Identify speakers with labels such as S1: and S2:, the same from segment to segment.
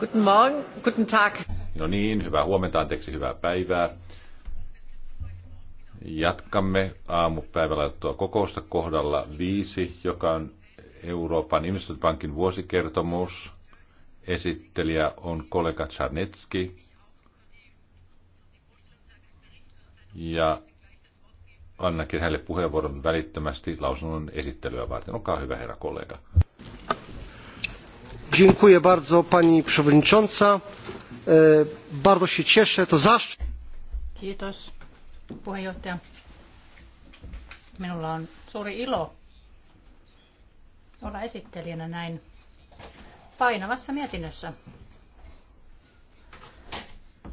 S1: Guten Morgen, guten Tag. No niin, hyvää huomenta, anteeksi, hyvää päivää. Jatkamme aamupäivällä tuo kokousta kohdalla viisi, joka on Euroopan investointipankin vuosikertomus. Esittelijä on kollega Czarnetski. Ja annakin hänelle puheenvuoron välittömästi lausunnon esittelyä varten. Olkaa hyvä, herra kollega.
S2: Dziękuję bardzo pani przewodnicząca. E,
S1: bardzo się cieszę, to zaszczyt.
S2: Kiitos puheenjohtaja. Minulla on suuri ilo olla esittelijänä näin painavassa mietinnössä.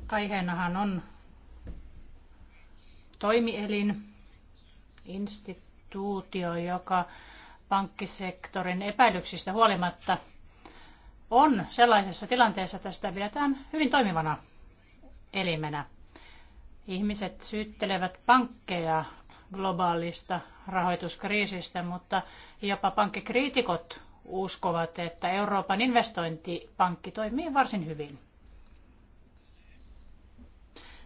S2: Aiheenahan on toimielin, instituutio, joka pankkisektorin epäilyksistä huolimatta – on sellaisessa tilanteessa, että sitä pidetään hyvin toimivana elimenä. Ihmiset syyttelevät pankkeja globaalista rahoituskriisistä, mutta jopa pankkikriitikot uskovat, että Euroopan investointipankki toimii varsin hyvin.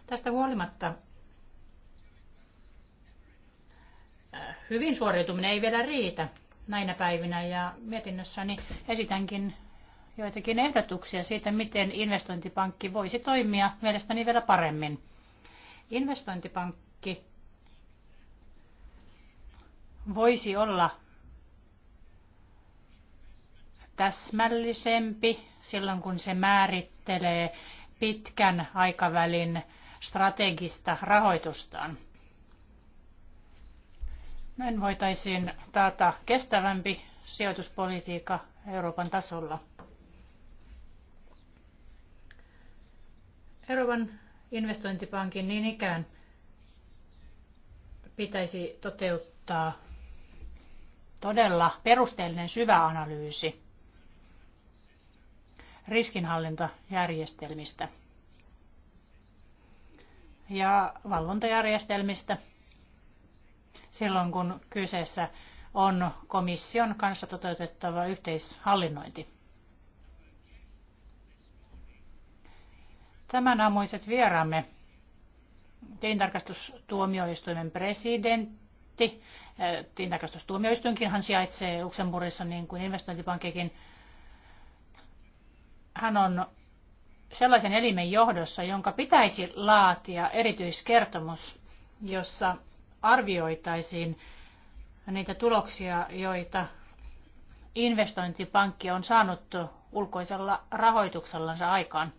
S2: Tästä huolimatta äh, hyvin suoriutuminen ei vielä riitä näinä päivinä ja mietinnössäni esitänkin joitakin ehdotuksia siitä, miten investointipankki voisi toimia mielestäni vielä paremmin. Investointipankki voisi olla täsmällisempi silloin, kun se määrittelee pitkän aikavälin strategista rahoitustaan. Näin voitaisiin taata kestävämpi sijoituspolitiikka Euroopan tasolla. Euroopan investointipankin niin ikään pitäisi toteuttaa todella perusteellinen syvä analyysi riskinhallintajärjestelmistä ja valvontajärjestelmistä silloin, kun kyseessä on komission kanssa toteutettava yhteishallinnointi. Tämän aamuiset vieraamme, tilintarkastustuomioistuimen presidentti, äh, Tilintarkastustuomioistuinkinhan sijaitsee Luxemburgissa niin kuin investointipankkikin. Hän on sellaisen elimen johdossa, jonka pitäisi laatia erityiskertomus, jossa arvioitaisiin niitä tuloksia, joita investointipankki on saanut ulkoisella rahoituksellansa aikaan.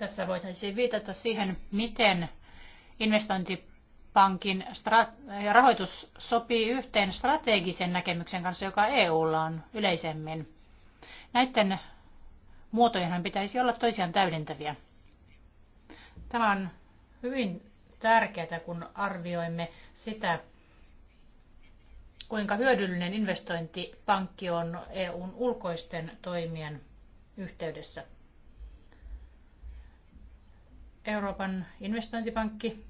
S2: Tässä voitaisiin viitata siihen, miten investointipankin rahoitus sopii yhteen strategisen näkemyksen kanssa, joka EUlla on yleisemmin. Näiden muotojenhan pitäisi olla toisiaan täydentäviä. Tämä on hyvin tärkeää, kun arvioimme sitä, kuinka hyödyllinen investointipankki on EUn ulkoisten toimien yhteydessä. Euroopan investointipankki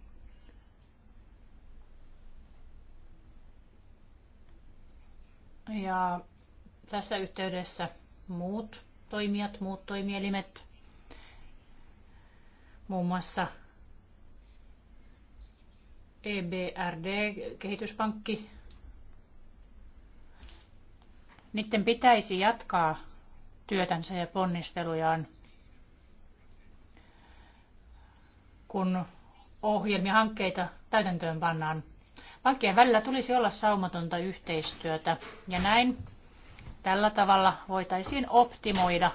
S2: ja tässä yhteydessä muut toimijat, muut toimielimet, muun muassa EBRD, kehityspankki, niiden pitäisi jatkaa työtänsä ja ponnistelujaan – kun ohjelmia, hankkeita täytäntöön pannaan. Pankkien välillä tulisi olla saumatonta yhteistyötä ja näin tällä tavalla voitaisiin optimoida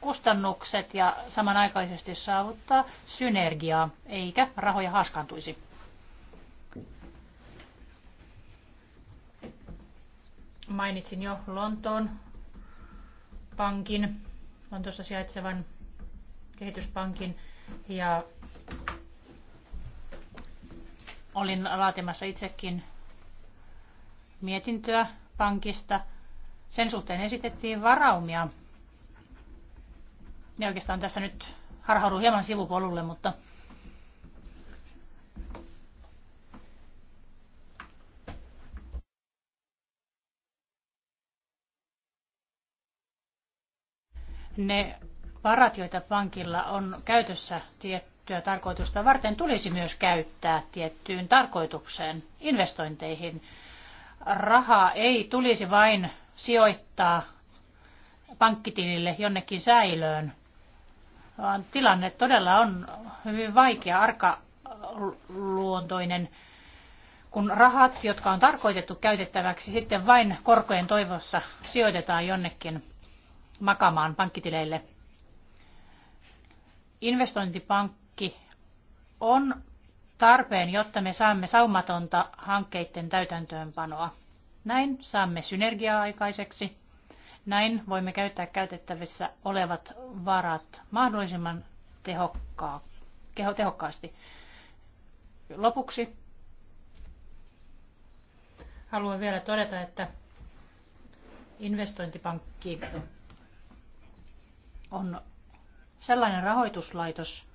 S2: kustannukset ja samanaikaisesti saavuttaa synergiaa, eikä rahoja haskantuisi. Mainitsin jo Lontoon pankin, Lontoossa sijaitsevan kehityspankin. Ja olin laatimassa itsekin mietintöä pankista. Sen suhteen esitettiin varaumia. Ja oikeastaan tässä nyt harhaudun hieman sivupolulle, mutta ne varat, joita pankilla on käytössä tiettyä tarkoitusta varten, tulisi myös käyttää tiettyyn tarkoitukseen, investointeihin. Rahaa ei tulisi vain sijoittaa pankkitilille jonnekin säilöön, vaan tilanne todella on hyvin vaikea, arkaluontoinen, kun rahat, jotka on tarkoitettu käytettäväksi, sitten vain korkojen toivossa sijoitetaan jonnekin makamaan pankkitileille – investointipankki on tarpeen, jotta me saamme saumatonta hankkeiden täytäntöönpanoa. Näin saamme synergiaa aikaiseksi. Näin voimme käyttää käytettävissä olevat varat mahdollisimman tehokkaa, keho, tehokkaasti. Lopuksi haluan vielä todeta, että investointipankki on sellainen rahoituslaitos,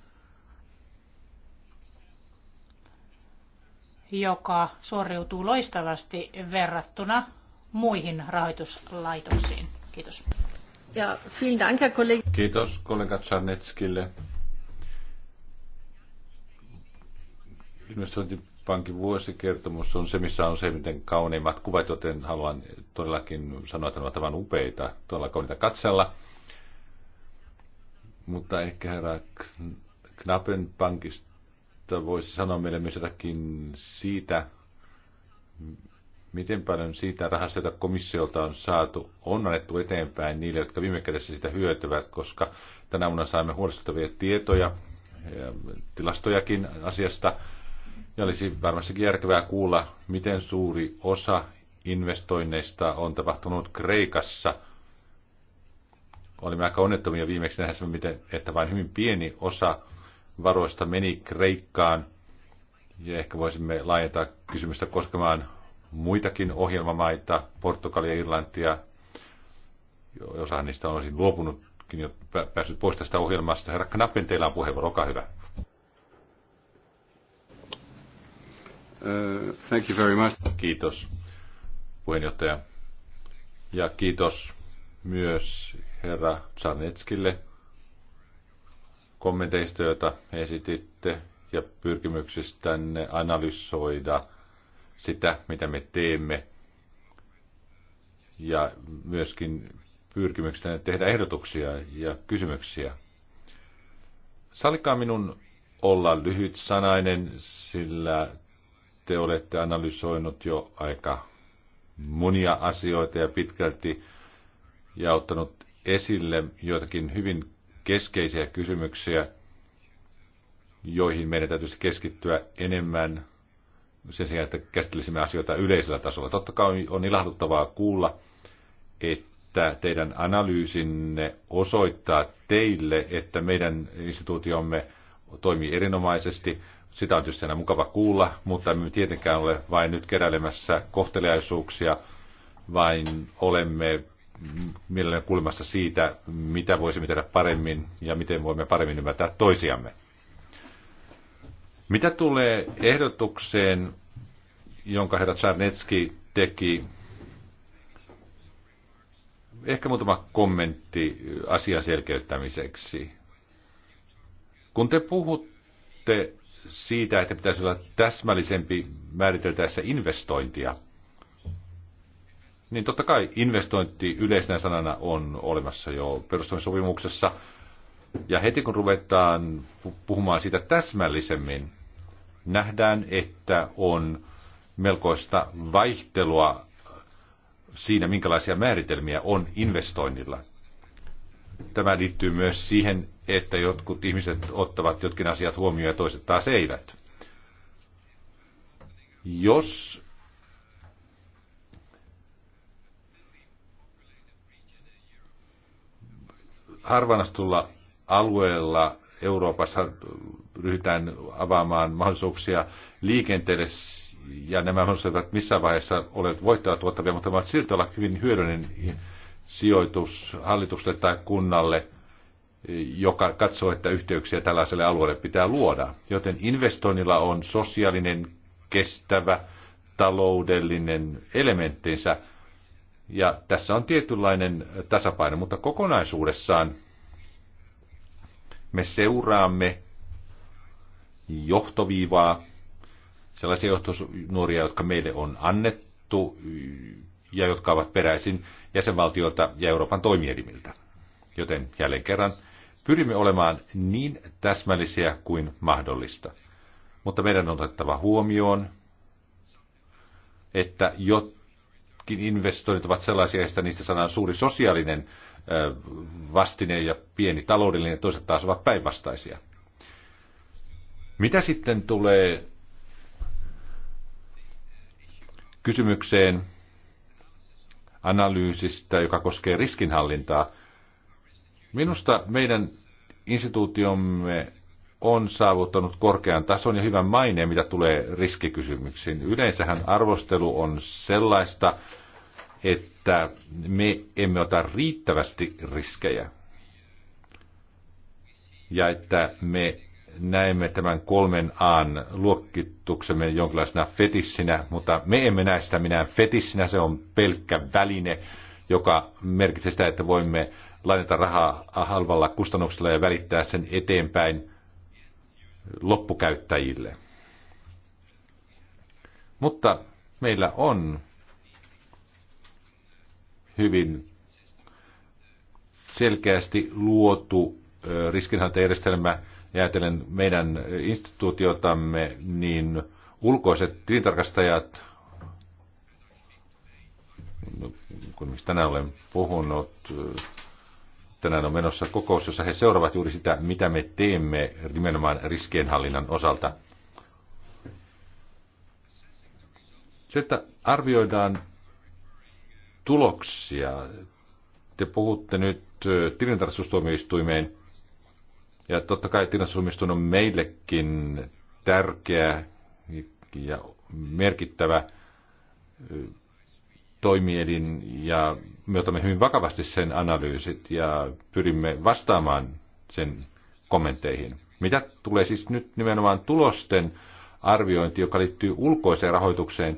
S2: joka suoriutuu loistavasti verrattuna muihin rahoituslaitoksiin. Kiitos.
S1: Ja, dank, Herr Kiitos kollega Czarneckille. Investointipankin vuosikertomus on se, missä on se, miten kauneimmat kuvat, joten haluan todellakin sanoa, että ne ovat upeita, todella kauniita katsella. Mutta ehkä herra Knappen pankista voisi sanoa meille myös jotakin siitä, miten paljon siitä rahasta, jota komissiolta on saatu, on annettu eteenpäin niille, jotka viime kädessä sitä hyötyvät, koska tänä vuonna saimme huolestuttavia tietoja, tilastojakin asiasta, ja olisi varmastikin järkevää kuulla, miten suuri osa investoinneista on tapahtunut Kreikassa – olimme aika onnettomia viimeksi nähdä, miten, että vain hyvin pieni osa varoista meni Kreikkaan. Ja ehkä voisimme laajentaa kysymystä koskemaan muitakin ohjelmamaita, Portugalia, Irlantia. Osa niistä on osin luopunutkin jo päässyt pois tästä ohjelmasta. Herra Knappen, teillä on puheenvuoro, olkaa hyvä. Uh, thank you very much. Kiitos puheenjohtaja. Ja kiitos myös herra Czarneckille kommenteista, joita esititte, ja pyrkimyksistänne analysoida sitä, mitä me teemme, ja myöskin pyrkimyksistänne tehdä ehdotuksia ja kysymyksiä. Sallikaa minun olla lyhyt sanainen, sillä te olette analysoinut jo aika monia asioita ja pitkälti ja ottanut esille joitakin hyvin keskeisiä kysymyksiä, joihin meidän täytyisi keskittyä enemmän sen sijaan, että käsittelisimme asioita yleisellä tasolla. Totta kai on ilahduttavaa kuulla, että teidän analyysinne osoittaa teille, että meidän instituutiomme toimii erinomaisesti. Sitä on tietysti aina mukava kuulla, mutta emme tietenkään ole vain nyt keräilemässä kohteliaisuuksia, vain olemme mielellään kulmasta siitä, mitä voisimme tehdä paremmin ja miten voimme paremmin ymmärtää toisiamme. Mitä tulee ehdotukseen, jonka herra Czarnetski teki, ehkä muutama kommentti asian selkeyttämiseksi. Kun te puhutte siitä, että pitäisi olla täsmällisempi määriteltäessä investointia – niin totta kai investointi yleisenä sanana on olemassa jo perustamissopimuksessa. Ja heti kun ruvetaan puhumaan siitä täsmällisemmin, nähdään, että on melkoista vaihtelua siinä, minkälaisia määritelmiä on investoinnilla. Tämä liittyy myös siihen, että jotkut ihmiset ottavat jotkin asiat huomioon ja toiset taas eivät. Jos harvanastulla alueella Euroopassa ryhdytään avaamaan mahdollisuuksia liikenteelle, ja nämä mahdollisuudet ovat missään vaiheessa olleet voittoa tuottavia, mutta ovat silti olla hyvin hyödyllinen sijoitus hallitukselle tai kunnalle, joka katsoo, että yhteyksiä tällaiselle alueelle pitää luoda. Joten investoinnilla on sosiaalinen, kestävä, taloudellinen elementtinsä – ja tässä on tietynlainen tasapaino, mutta kokonaisuudessaan me seuraamme johtoviivaa, sellaisia johtonuoria, jotka meille on annettu ja jotka ovat peräisin jäsenvaltioilta ja Euroopan toimielimiltä. Joten jälleen kerran pyrimme olemaan niin täsmällisiä kuin mahdollista. Mutta meidän on otettava huomioon, että jotta investoinnit ovat sellaisia, että niistä saadaan suuri sosiaalinen vastine ja pieni taloudellinen, toiset taas ovat päinvastaisia. Mitä sitten tulee kysymykseen analyysistä, joka koskee riskinhallintaa? Minusta meidän instituutiomme on saavuttanut korkean tason ja hyvän maineen, mitä tulee riskikysymyksiin. Yleensähän arvostelu on sellaista, että me emme ota riittävästi riskejä. Ja että me näemme tämän kolmen aan luokkituksemme jonkinlaisena fetissinä, mutta me emme näe sitä minään fetissinä, se on pelkkä väline, joka merkitsee sitä, että voimme lainata rahaa halvalla kustannuksella ja välittää sen eteenpäin loppukäyttäjille. Mutta meillä on hyvin selkeästi luotu riskinhallintajärjestelmä, ja ajatellen meidän instituutiotamme, niin ulkoiset tilintarkastajat, kun mistä tänään olen puhunut, tänään on menossa kokous, jossa he seuraavat juuri sitä, mitä me teemme nimenomaan riskienhallinnan osalta. Se, että arvioidaan tuloksia, te puhutte nyt äh, tilintarkastustuomioistuimeen, ja totta kai tilintarkastustuomioistuin on meillekin tärkeä ja merkittävä äh, toimielin ja me otamme hyvin vakavasti sen analyysit ja pyrimme vastaamaan sen kommentteihin. Mitä tulee siis nyt nimenomaan tulosten arviointi, joka liittyy ulkoiseen rahoitukseen,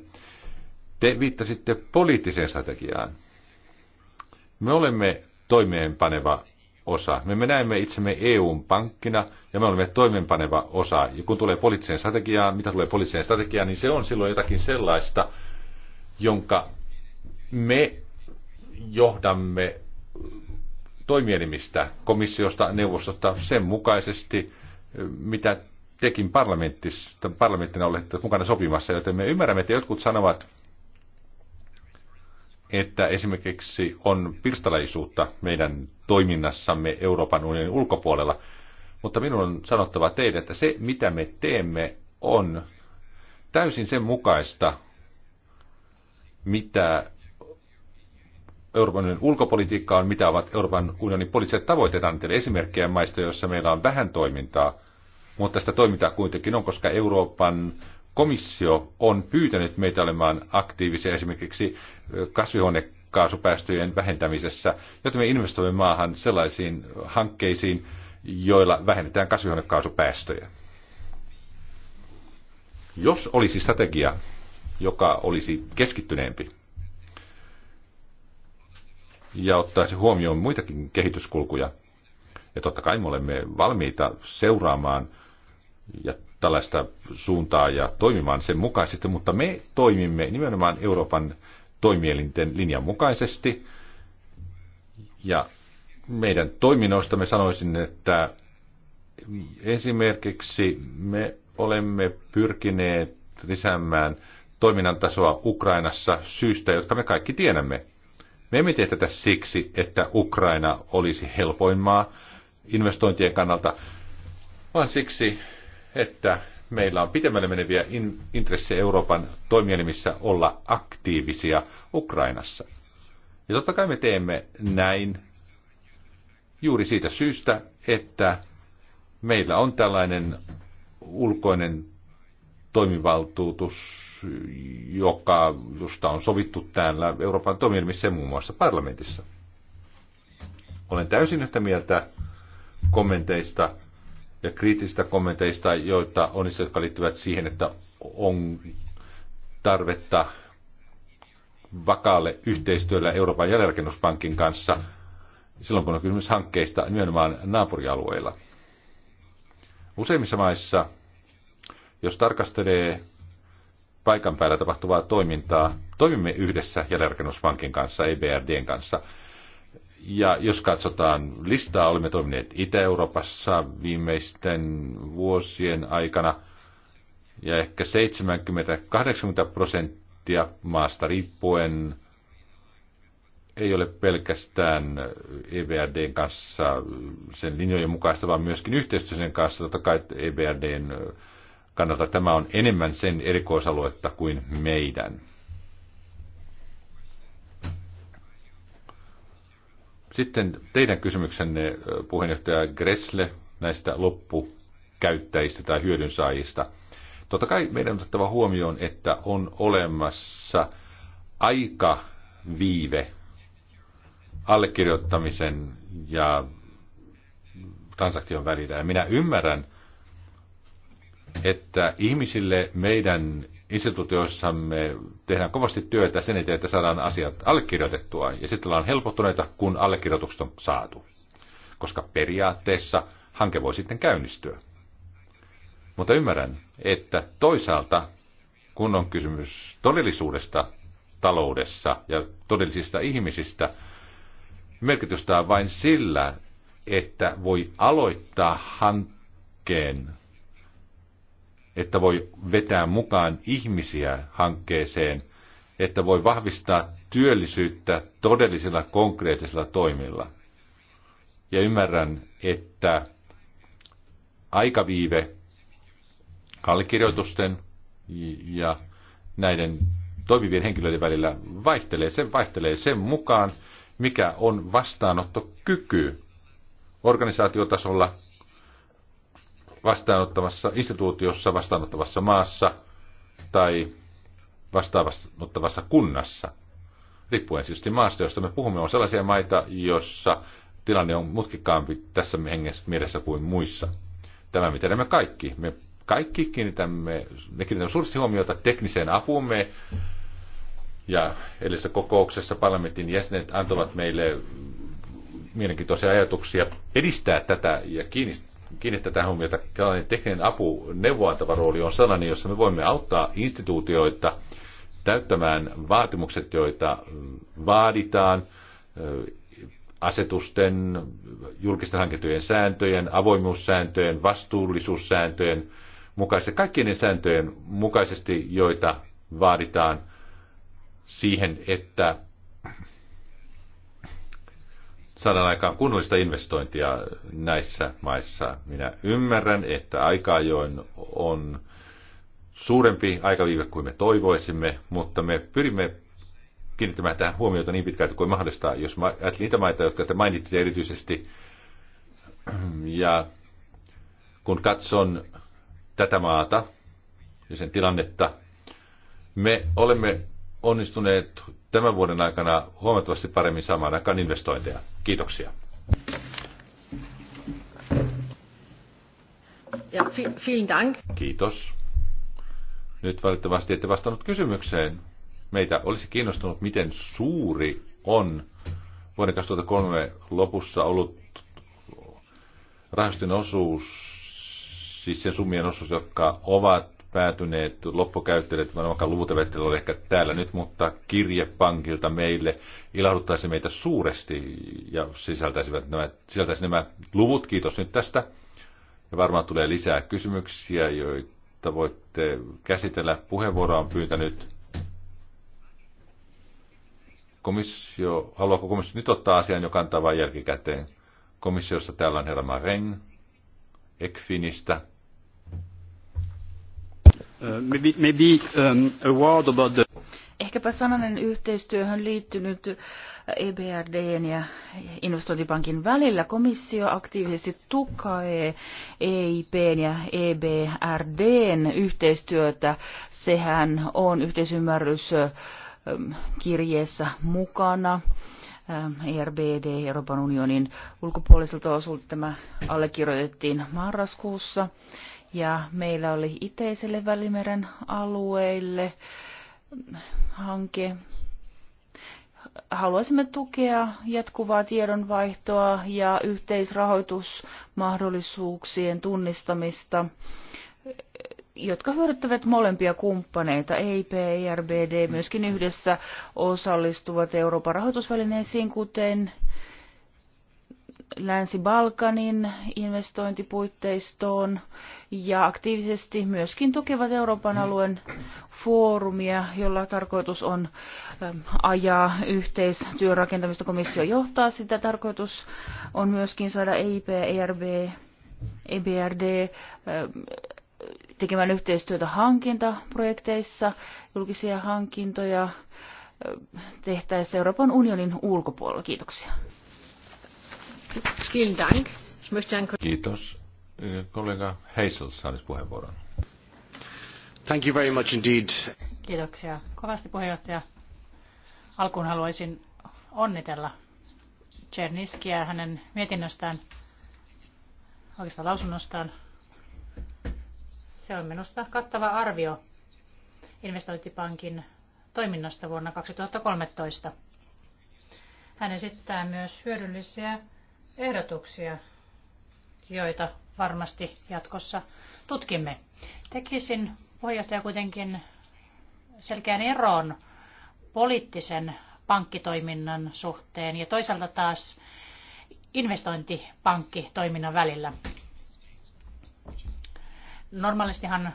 S1: te viittasitte poliittiseen strategiaan. Me olemme toimeenpaneva osa. Me näemme itsemme EUn pankkina ja me olemme toimeenpaneva osa. Ja kun tulee poliittiseen strategiaan, mitä tulee poliittiseen strategiaan, niin se on silloin jotakin sellaista, jonka me johdamme toimielimistä komissiosta neuvostosta sen mukaisesti, mitä tekin parlamenttina olette mukana sopimassa, joten me ymmärrämme, että jotkut sanovat, että esimerkiksi on pirstalaisuutta meidän toiminnassamme Euroopan unionin ulkopuolella, mutta minun on sanottava teille, että se mitä me teemme on täysin sen mukaista, mitä Euroopan unionin ulkopolitiikka on, mitä ovat Euroopan unionin poliittiset tavoitteet. Annan esimerkkejä maista, joissa meillä on vähän toimintaa, mutta sitä toimintaa kuitenkin on, koska Euroopan komissio on pyytänyt meitä olemaan aktiivisia esimerkiksi kasvihuonekaasupäästöjen vähentämisessä, joten me investoimme maahan sellaisiin hankkeisiin, joilla vähennetään kasvihuonekaasupäästöjä. Jos olisi strategia, joka olisi keskittyneempi, ja ottaisi huomioon muitakin kehityskulkuja. Ja totta kai me olemme valmiita seuraamaan ja tällaista suuntaa ja toimimaan sen mukaisesti, mutta me toimimme nimenomaan Euroopan toimielinten linjan mukaisesti. Ja meidän me sanoisin, että esimerkiksi me olemme pyrkineet lisäämään toiminnan tasoa Ukrainassa syystä, jotka me kaikki tiedämme. Me emme tee tätä siksi, että Ukraina olisi helpoin maa investointien kannalta, vaan siksi, että meillä on pitemmälle meneviä in, intressejä Euroopan toimielimissä olla aktiivisia Ukrainassa. Ja totta kai me teemme näin juuri siitä syystä, että meillä on tällainen ulkoinen toimivaltuutus, joka, josta on sovittu täällä Euroopan toimielimissä ja muun muassa parlamentissa. Olen täysin yhtä mieltä kommenteista ja kriittisistä kommenteista, joita on, jotka liittyvät siihen, että on tarvetta vakaalle yhteistyölle Euroopan jälleenrakennuspankin kanssa silloin, kun on kysymys hankkeista nimenomaan naapurialueilla. Useimmissa maissa jos tarkastelee paikan päällä tapahtuvaa toimintaa, toimimme yhdessä jälleenrakennuspankin kanssa, EBRDn kanssa. Ja jos katsotaan listaa, olemme toimineet Itä-Euroopassa viimeisten vuosien aikana, ja ehkä 70-80 prosenttia maasta riippuen ei ole pelkästään EBRDn kanssa sen linjojen mukaista, vaan myöskin yhteistyön kanssa, totta kai EBRDn kannalta tämä on enemmän sen erikoisaluetta kuin meidän. Sitten teidän kysymyksenne, puheenjohtaja Gressle, näistä loppukäyttäjistä tai hyödynsaajista. Totta kai meidän on otettava huomioon, että on olemassa aika viive allekirjoittamisen ja transaktion välillä. Ja minä ymmärrän että ihmisille meidän instituutioissamme tehdään kovasti työtä sen eteen, että saadaan asiat allekirjoitettua. Ja sitten ollaan helpottuneita, kun allekirjoitukset on saatu. Koska periaatteessa hanke voi sitten käynnistyä. Mutta ymmärrän, että toisaalta, kun on kysymys todellisuudesta taloudessa ja todellisista ihmisistä, merkitystä on vain sillä, että voi aloittaa hankkeen että voi vetää mukaan ihmisiä hankkeeseen, että voi vahvistaa työllisyyttä todellisilla konkreettisilla toimilla. Ja ymmärrän, että aikaviive allekirjoitusten ja näiden toimivien henkilöiden välillä vaihtelee. Se vaihtelee sen mukaan, mikä on vastaanottokyky organisaatiotasolla vastaanottavassa instituutiossa, vastaanottavassa maassa tai vastaanottavassa kunnassa. Riippuen siis maasta, josta me puhumme, on sellaisia maita, jossa tilanne on mutkikkaampi tässä mielessä kuin muissa. Tämä me tiedämme kaikki. Me kaikki kiinnitämme, me kiinnitämme suuresti huomiota tekniseen apuumme. Ja edellisessä kokouksessa parlamentin jäsenet antavat meille mielenkiintoisia ajatuksia edistää tätä ja kiinnittää kiinnitetään huomiota, tällainen tekninen apu, neuvoantava rooli on sellainen, jossa me voimme auttaa instituutioita täyttämään vaatimukset, joita vaaditaan asetusten, julkisten hankintojen sääntöjen, avoimuussääntöjen, vastuullisuussääntöjen mukaisesti, kaikkien niiden sääntöjen mukaisesti, joita vaaditaan siihen, että saadaan aikaan kunnollista investointia näissä maissa. Minä ymmärrän, että aika ajoin on suurempi aikaviive kuin me toivoisimme, mutta me pyrimme kiinnittämään tähän huomiota niin pitkälti kuin mahdollista. Jos ajattelin niitä maita, jotka te mainitsitte erityisesti, ja kun katson tätä maata ja sen tilannetta, me olemme onnistuneet tämän vuoden aikana huomattavasti paremmin saamaan aikaan investointeja. Kiitoksia. Ja, vielen dank. Kiitos. Nyt valitettavasti ette vastannut kysymykseen. Meitä olisi kiinnostunut, miten suuri on vuoden 2003 lopussa ollut rahastojen osuus, siis sen summien osuus, jotka ovat päätyneet loppukäyttäjät, vaikka luvut oli ehkä täällä nyt, mutta kirjepankilta meille ilahduttaisi meitä suuresti ja sisältäisivät nämä, sisältäisi nämä luvut. Kiitos nyt tästä. Ja varmaan tulee lisää kysymyksiä, joita voitte käsitellä. Puheenvuoroa on pyytänyt komissio, haluaako komissio nyt ottaa asian jo kantaa jälkikäteen? Komissiossa täällä on herra Maren Ekfinistä, Uh, um,
S3: Ehkäpä sananen yhteistyöhön liittynyt EBRDn ja investointipankin välillä. Komissio aktiivisesti tukee EIPn ja EBRDn yhteistyötä. Sehän on yhteisymmärrys um, kirjeessä mukana. Um, ERBD, Euroopan unionin ulkopuoliselta osuudelta tämä allekirjoitettiin marraskuussa ja meillä oli itäiselle Välimeren alueille hanke. Haluaisimme tukea jatkuvaa tiedonvaihtoa ja yhteisrahoitusmahdollisuuksien tunnistamista, jotka hyödyttävät molempia kumppaneita, EIP, ERBD, myöskin yhdessä osallistuvat Euroopan rahoitusvälineisiin, kuten Länsi-Balkanin investointipuitteistoon ja aktiivisesti myöskin tukevat Euroopan alueen foorumia, jolla tarkoitus on ähm, ajaa yhteistyörakentamista. Komissio johtaa sitä. Tarkoitus on myöskin saada EIP, ERB, EBRD ähm, tekemään yhteistyötä hankintaprojekteissa, julkisia hankintoja ähm, tehtäessä Euroopan unionin ulkopuolella. Kiitoksia.
S1: Kiitos. Äh, kollega Hazel, saa puheenvuoron. Thank you very much indeed.
S2: Kiitoksia kovasti puheenjohtaja. Alkuun haluaisin onnitella Cherniskiä hänen mietinnöstään, oikeastaan lausunnostaan. Se on minusta kattava arvio investointipankin toiminnasta vuonna 2013. Hän esittää myös hyödyllisiä ehdotuksia, joita varmasti jatkossa tutkimme. Tekisin puheenjohtaja kuitenkin selkeän eron poliittisen pankkitoiminnan suhteen ja toisaalta taas investointipankkitoiminnan välillä. Normaalistihan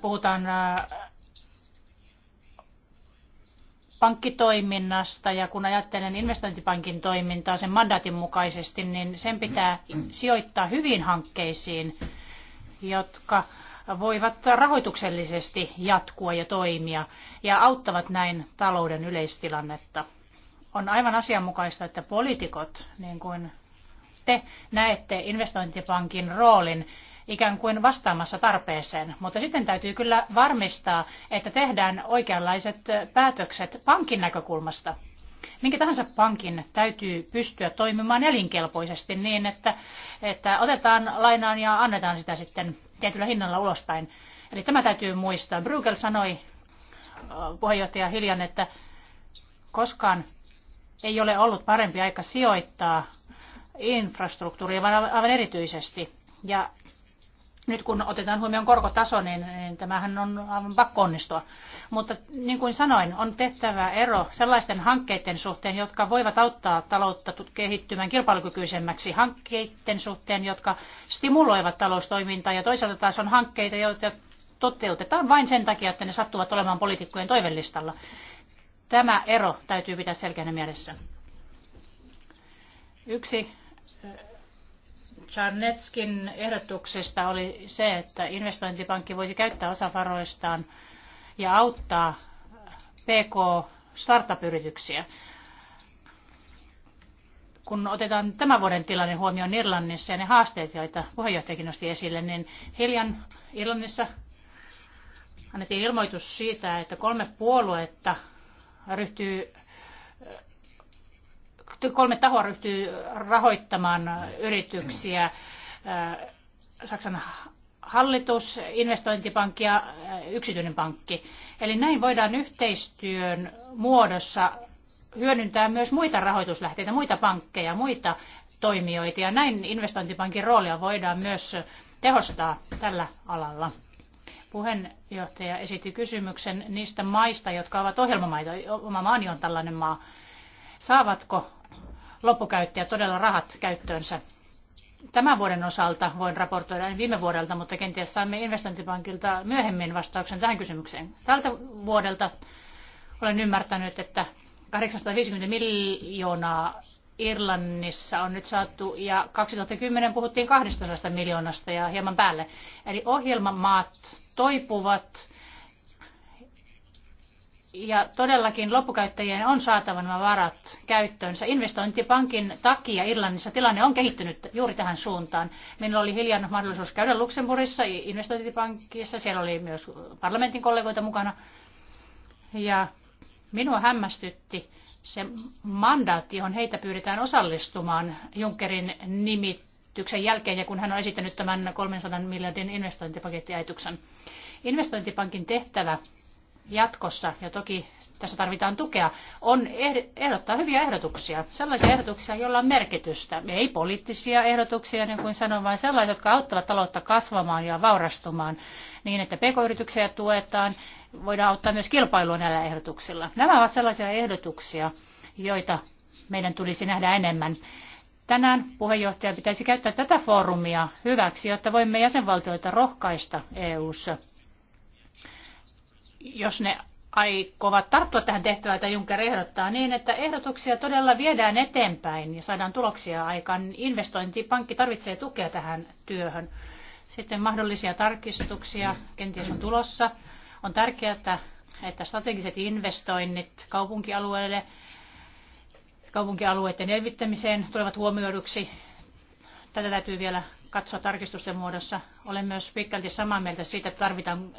S2: puhutaan äh, pankkitoiminnasta ja kun ajattelen investointipankin toimintaa sen mandaatin mukaisesti, niin sen pitää sijoittaa hyvin hankkeisiin, jotka voivat rahoituksellisesti jatkua ja toimia ja auttavat näin talouden yleistilannetta. On aivan asianmukaista, että poliitikot, niin kuin te näette investointipankin roolin ikään kuin vastaamassa tarpeeseen. Mutta sitten täytyy kyllä varmistaa, että tehdään oikeanlaiset päätökset pankin näkökulmasta. Minkä tahansa pankin täytyy pystyä toimimaan elinkelpoisesti niin, että, että otetaan lainaan ja annetaan sitä sitten tietyllä hinnalla ulospäin. Eli tämä täytyy muistaa. Bruegel sanoi äh, puheenjohtaja Hiljan, että koskaan ei ole ollut parempi aika sijoittaa infrastruktuuriin, vaan aivan erityisesti. Ja nyt kun otetaan huomioon korkotaso, niin, niin tämähän on aivan pakko onnistua. Mutta niin kuin sanoin, on tehtävä ero sellaisten hankkeiden suhteen, jotka voivat auttaa taloutta kehittymään kilpailukykyisemmäksi, hankkeiden suhteen, jotka stimuloivat taloustoimintaa, ja toisaalta taas on hankkeita, joita toteutetaan vain sen takia, että ne sattuvat olemaan poliitikkojen toivellistalla. Tämä ero täytyy pitää selkeänä mielessä. Yksi Czarneckin ehdotuksesta oli se, että investointipankki voisi käyttää osa varoistaan ja auttaa PK-startup-yrityksiä. Kun otetaan tämän vuoden tilanne huomioon Irlannissa ja ne haasteet, joita puheenjohtajakin nosti esille, niin hiljan Irlannissa annettiin ilmoitus siitä, että kolme puoluetta ryhtyy kolme tahoa ryhtyy rahoittamaan yrityksiä. Äh, Saksan hallitus, investointipankki ja äh, yksityinen pankki. Eli näin voidaan yhteistyön muodossa hyödyntää myös muita rahoituslähteitä, muita pankkeja, muita toimijoita. Ja näin investointipankin roolia voidaan myös tehostaa tällä alalla. Puheenjohtaja esitti kysymyksen niistä maista, jotka ovat ohjelmamaita. Oma maani on tällainen maa. Saavatko loppukäyttäjä todella rahat käyttöönsä. Tämän vuoden osalta voin raportoida en viime vuodelta, mutta kenties saamme investointipankilta myöhemmin vastauksen tähän kysymykseen. Tältä vuodelta olen ymmärtänyt, että 850 miljoonaa Irlannissa on nyt saatu, ja 2010 puhuttiin 200 miljoonasta ja hieman päälle. Eli ohjelmamaat toipuvat ja todellakin loppukäyttäjien on saatava nämä varat käyttöönsä. Investointipankin takia Irlannissa tilanne on kehittynyt juuri tähän suuntaan. Minulla oli hiljan mahdollisuus käydä Luxemburgissa investointipankissa, siellä oli myös parlamentin kollegoita mukana. Ja minua hämmästytti se mandaatti, johon heitä pyydetään osallistumaan Junckerin nimityksen jälkeen ja kun hän on esittänyt tämän 300 miljardin investointipakettiajatuksen. Investointipankin tehtävä jatkossa, ja toki tässä tarvitaan tukea, on ehdottaa hyviä ehdotuksia. Sellaisia ehdotuksia, joilla on merkitystä. Ei poliittisia ehdotuksia, niin kuin sanoin, vaan sellaisia, jotka auttavat taloutta kasvamaan ja vaurastumaan niin, että pk-yrityksiä tuetaan. Voidaan auttaa myös kilpailua näillä ehdotuksilla. Nämä ovat sellaisia ehdotuksia, joita meidän tulisi nähdä enemmän. Tänään puheenjohtaja pitäisi käyttää tätä foorumia hyväksi, jotta voimme jäsenvaltioita rohkaista EU:ssa jos ne aikovat tarttua tähän tehtävään, että Juncker ehdottaa, niin että ehdotuksia todella viedään eteenpäin ja saadaan tuloksia aikaan. Investointipankki tarvitsee tukea tähän työhön. Sitten mahdollisia tarkistuksia kenties on tulossa. On tärkeää, että strategiset investoinnit kaupunkialueelle, kaupunkialueiden elvyttämiseen tulevat huomioiduksi. Tätä täytyy vielä katsoa tarkistusten muodossa. Olen myös pitkälti samaa mieltä siitä, että tarvitaan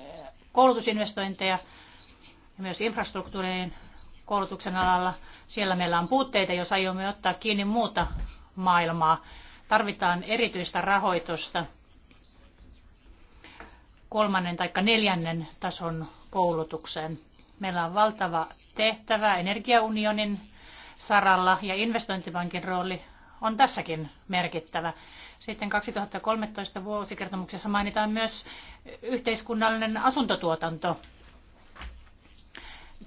S2: koulutusinvestointeja ja myös infrastruktuurin koulutuksen alalla. Siellä meillä on puutteita, jos aiomme ottaa kiinni muuta maailmaa. Tarvitaan erityistä rahoitusta kolmannen tai neljännen tason koulutukseen. Meillä on valtava tehtävä energiaunionin saralla ja investointipankin rooli on tässäkin merkittävä. Sitten 2013 vuosikertomuksessa mainitaan myös yhteiskunnallinen asuntotuotanto.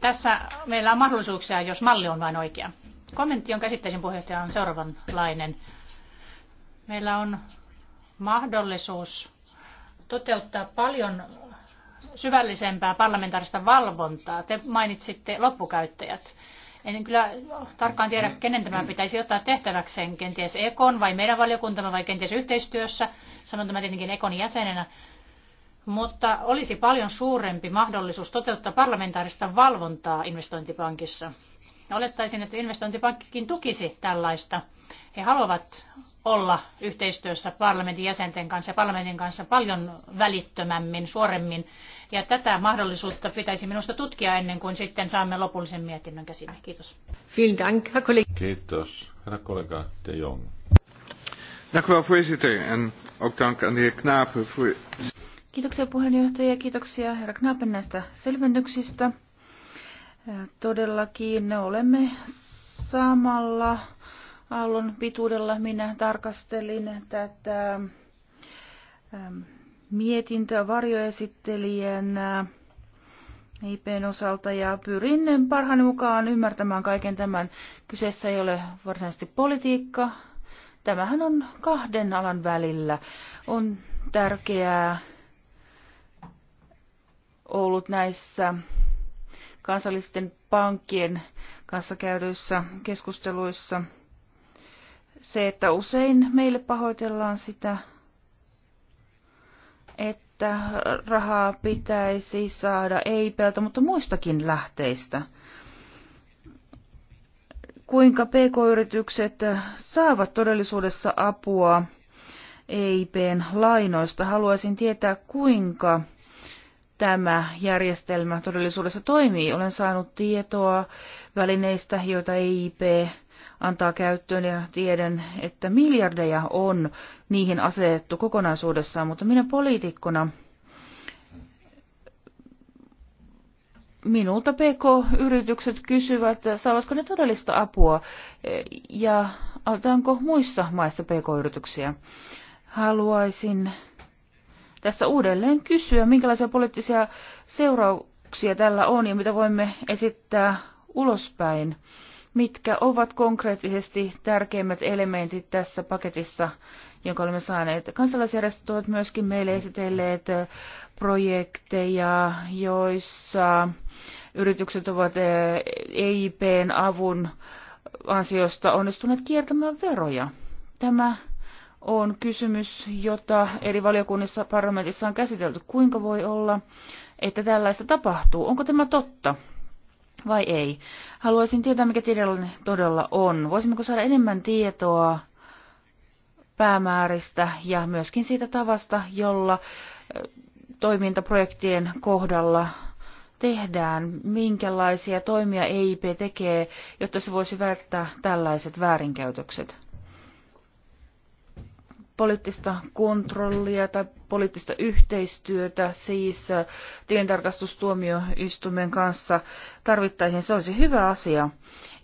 S2: Tässä meillä on mahdollisuuksia, jos malli on vain oikea. Kommentti, jonka esittäisin puheenjohtaja, on seuraavanlainen. Meillä on mahdollisuus toteuttaa paljon syvällisempää parlamentaarista valvontaa. Te mainitsitte loppukäyttäjät. En kyllä tarkkaan tiedä, kenen tämä pitäisi ottaa tehtäväkseen, kenties Ekon vai meidän valiokuntamme vai kenties yhteistyössä. Sanon tämä tietenkin Ekon jäsenenä. Mutta olisi paljon suurempi mahdollisuus toteuttaa parlamentaarista valvontaa investointipankissa. Ja olettaisin, että investointipankkikin tukisi tällaista. He haluavat olla yhteistyössä parlamentin jäsenten kanssa ja parlamentin kanssa paljon välittömämmin, suoremmin ja tätä mahdollisuutta pitäisi minusta tutkia ennen kuin sitten saamme lopullisen mietinnön käsimme. Kiitos. Vielen Dank,
S1: Kiitos. Herra kollega De Jong. Dank u wel, voorzitter. En ook dank aan de heer
S3: Kiitoksia puheenjohtaja ja kiitoksia herra Knapen näistä selvennyksistä. Todellakin olemme samalla aallon pituudella. Minä tarkastelin tätä ähm, mietintöä varjoesittelijän äh, IPn osalta ja pyrin parhaani mukaan ymmärtämään kaiken tämän. Kyseessä ei ole varsinaisesti politiikka. Tämähän on kahden alan välillä. On tärkeää ollut näissä kansallisten pankkien kanssa käydyissä keskusteluissa se, että usein meille pahoitellaan sitä että rahaa pitäisi saada e pelta, mutta muistakin lähteistä. Kuinka pk-yritykset saavat todellisuudessa apua EIPn lainoista? Haluaisin tietää, kuinka tämä järjestelmä todellisuudessa toimii. Olen saanut tietoa välineistä, joita EIP antaa käyttöön ja tiedän, että miljardeja on niihin asetettu kokonaisuudessaan, mutta minä poliitikkona minulta PK-yritykset kysyvät, saavatko ne todellista apua ja autetaanko muissa maissa PK-yrityksiä. Haluaisin tässä uudelleen kysyä, minkälaisia poliittisia seurauksia tällä on ja mitä voimme esittää ulospäin mitkä ovat konkreettisesti tärkeimmät elementit tässä paketissa, jonka olemme saaneet. Kansalaisjärjestöt ovat myöskin meille esitelleet projekteja, joissa yritykset ovat EIPn eh, e avun ansiosta onnistuneet kiertämään veroja. Tämä on kysymys, jota eri valiokunnissa parlamentissa on käsitelty. Kuinka voi olla, että tällaista tapahtuu? Onko tämä totta? vai ei. Haluaisin tietää, mikä tiedon todella on. Voisimmeko saada enemmän tietoa päämääristä ja myöskin siitä tavasta, jolla toimintaprojektien kohdalla tehdään, minkälaisia toimia EIP tekee, jotta se voisi välttää tällaiset väärinkäytökset poliittista kontrollia tai poliittista yhteistyötä, siis äh, tilintarkastustuomioistuimen kanssa tarvittaisiin. Se olisi hyvä asia.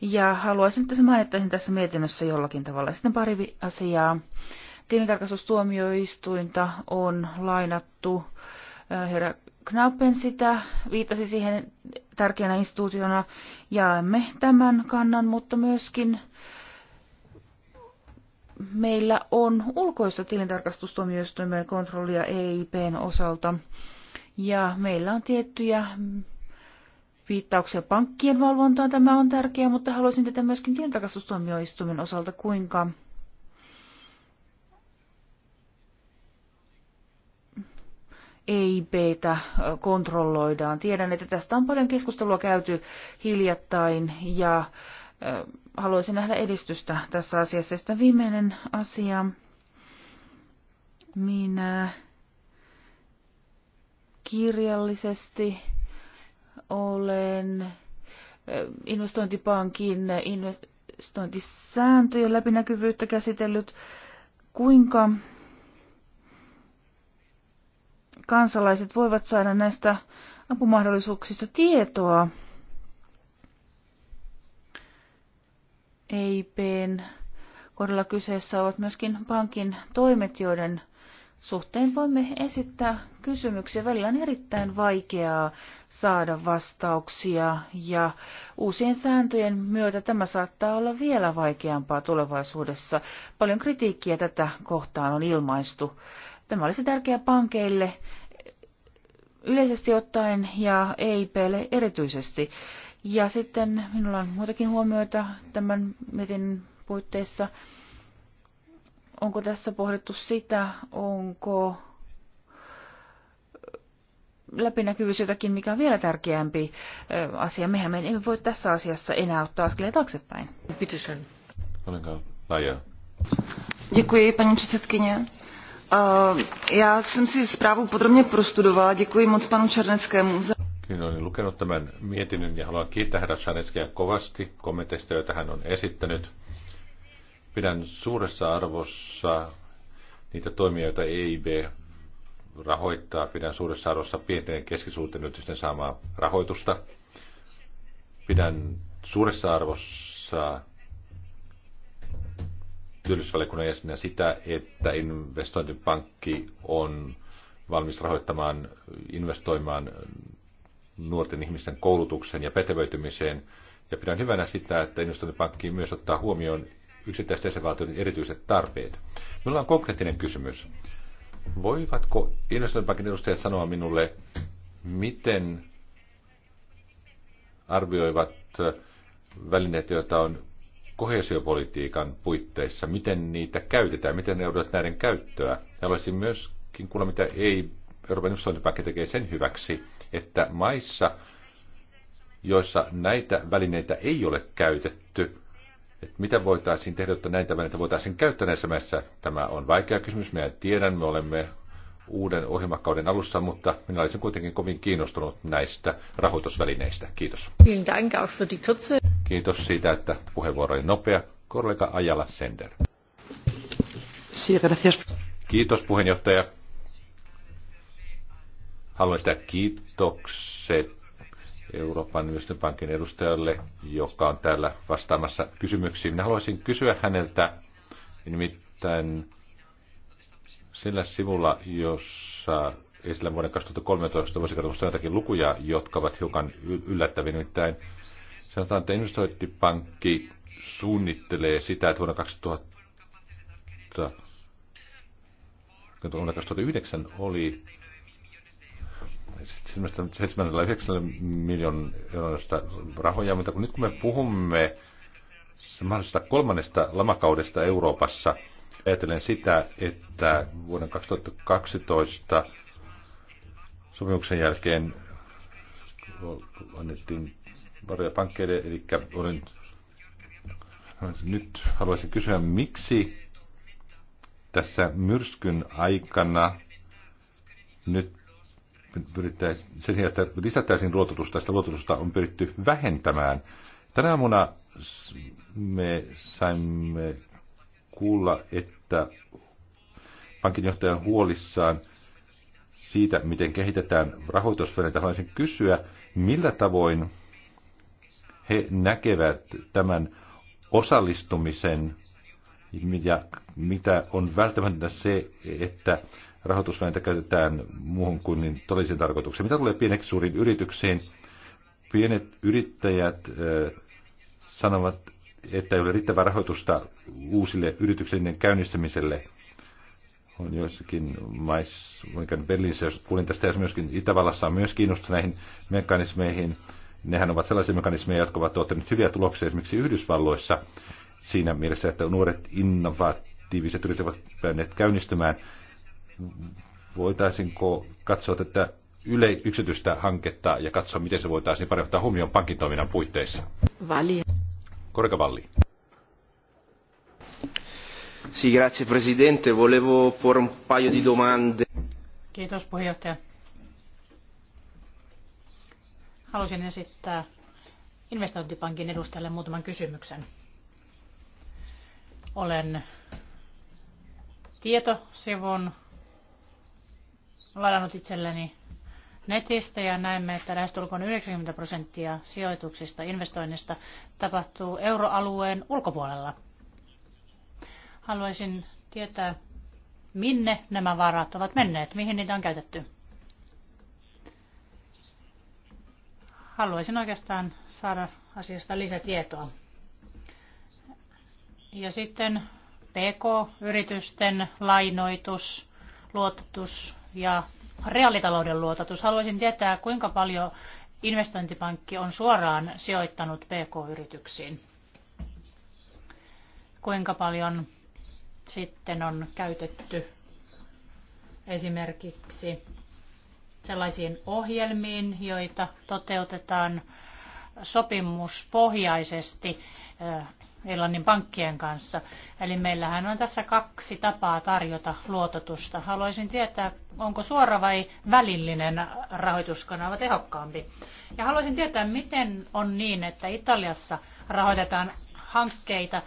S3: Ja haluaisin, että se mainittaisiin tässä mietinnössä jollakin tavalla. Sitten pari asiaa. Tilintarkastustuomioistuinta on lainattu äh, herra Knappen sitä viittasi siihen tärkeänä instituutiona. Jaamme tämän kannan, mutta myöskin meillä on ulkoista tilintarkastustuomioistuimen kontrollia EIPn osalta. Ja meillä on tiettyjä viittauksia pankkien valvontaan. Tämä on tärkeää, mutta haluaisin tätä myöskin tilintarkastustuomioistuimen osalta, kuinka EIPtä kontrolloidaan. Tiedän, että tästä on paljon keskustelua käyty hiljattain ja haluaisin nähdä edistystä tässä asiassa. Ja sitten viimeinen asia. Minä kirjallisesti olen investointipankin investointisääntöjen läpinäkyvyyttä käsitellyt, kuinka kansalaiset voivat saada näistä apumahdollisuuksista tietoa EIPn kohdalla kyseessä ovat myöskin pankin toimet, joiden suhteen voimme esittää kysymyksiä. Välillä on erittäin vaikeaa saada vastauksia ja uusien sääntöjen myötä tämä saattaa olla vielä vaikeampaa tulevaisuudessa. Paljon kritiikkiä tätä kohtaan on ilmaistu. Tämä olisi tärkeää pankeille yleisesti ottaen ja EIPlle erityisesti. Ja sitten minulla on muitakin huomioita tämän mietin puitteissa. Onko tässä pohdittu sitä, onko läpinäkyvyys jotakin, mikä on vielä tärkeämpi asia. Mehän me emme voi tässä asiassa enää ottaa askeleen taaksepäin. Pitysön.
S1: Olenkaan Laja.
S3: Děkuji, paní předsedkyně. Já jsem si zprávu podrobně prostudovala. Děkuji moc panu Černeckému za
S1: niin olen lukenut tämän mietinnön ja haluan kiittää herra Saneskia kovasti kommenteista, joita hän on esittänyt. Pidän suuressa arvossa niitä toimia, joita EIB rahoittaa. Pidän suuressa arvossa pienten ja keskisuurten yritysten saamaa rahoitusta. Pidän suuressa arvossa työllisyysvaliokunnan jäsenä sitä, että investointipankki on valmis rahoittamaan, investoimaan nuorten ihmisten koulutukseen ja pätevöitymiseen. Ja pidän hyvänä sitä, että investointipankki myös ottaa huomioon yksittäisten jäsenvaltioiden erityiset tarpeet. Minulla on konkreettinen kysymys. Voivatko investointipankin edustajat sanoa minulle, miten arvioivat välineet, joita on kohesiopolitiikan puitteissa, miten niitä käytetään, miten ne odotat näiden käyttöä. Haluaisin myöskin kuulla, mitä ei Euroopan investointipankki tekee sen hyväksi, että maissa, joissa näitä välineitä ei ole käytetty, että mitä voitaisiin tehdä, että näitä välineitä voitaisiin käyttää näissä maissa. Tämä on vaikea kysymys, minä tiedän, me olemme uuden ohjelmakauden alussa, mutta minä olisin kuitenkin kovin kiinnostunut näistä rahoitusvälineistä. Kiitos. Kiitos siitä, että puheenvuoro oli nopea. Kollega Ajala Sender. Kiitos puheenjohtaja. Haluan sitä kiitokset Euroopan pankin edustajalle, joka on täällä vastaamassa kysymyksiin. Minä haluaisin kysyä häneltä nimittäin sillä sivulla, jossa esillä vuoden 2013 vuosikertomusta on jotakin lukuja, jotka ovat hiukan yllättäviä. Nimittäin sanotaan, että investointipankki suunnittelee sitä, että vuonna 2000 vuonna 2009 oli 7-9 miljoon euroista rahoja, mutta kun nyt kun me puhumme mahdollisesta kolmannesta lamakaudesta Euroopassa, ajatellen sitä, että vuoden 2012 sopimuksen jälkeen annettiin varoja pankkeille, eli olin, nyt haluaisin kysyä, miksi tässä myrskyn aikana nyt sen että lisättäisiin luototusta, sitä luototusta on pyritty vähentämään. Tänä aamuna me saimme kuulla, että pankinjohtaja on huolissaan siitä, miten kehitetään rahoitusvälineitä. Haluaisin kysyä, millä tavoin he näkevät tämän osallistumisen ja mitä on välttämättä se, että rahoitusvälineitä käytetään muuhun kuin niin todellisiin tarkoituksiin. Mitä tulee pieneksi suuriin yrityksiin? Pienet yrittäjät sanovat, että ei ole riittävää rahoitusta uusille yrityksille käynnistämiselle. On joissakin maissa, Berliinissä, jos kuulin tästä, ja myöskin Itävallassa on myös kiinnostunut näihin mekanismeihin. Nehän ovat sellaisia mekanismeja, jotka ovat tuottaneet hyviä tuloksia esimerkiksi Yhdysvalloissa siinä mielessä, että nuoret innovaatiiviset yritykset ovat käynnistymään voitaisinko katsoa tätä yle- yksityistä hanketta ja katsoa, miten se voitaisiin paremmin ottaa huomioon pankintoiminnan puitteissa? Vali. Korka Valli. Sì, grazie Presidente. Volevo porre un paio di domande.
S2: Kiitos puheenjohtaja. Haluaisin esittää investointipankin edustajalle muutaman kysymyksen. Olen tietosivun ladannut itselleni netistä ja näemme, että lähestulkoon 90 prosenttia sijoituksista, investoinnista tapahtuu euroalueen ulkopuolella. Haluaisin tietää, minne nämä varat ovat menneet, mihin niitä on käytetty. Haluaisin oikeastaan saada asiasta lisätietoa. Ja sitten PK-yritysten lainoitus, luototus, ja reaalitalouden luototus. Haluaisin tietää, kuinka paljon investointipankki on suoraan sijoittanut PK-yrityksiin. Kuinka paljon sitten on käytetty esimerkiksi sellaisiin ohjelmiin, joita toteutetaan sopimuspohjaisesti Irlannin pankkien kanssa. Eli meillähän on tässä kaksi tapaa tarjota luototusta. Haluaisin tietää, onko suora vai välillinen rahoituskanava tehokkaampi. Ja haluaisin tietää, miten on niin, että Italiassa rahoitetaan hankkeita,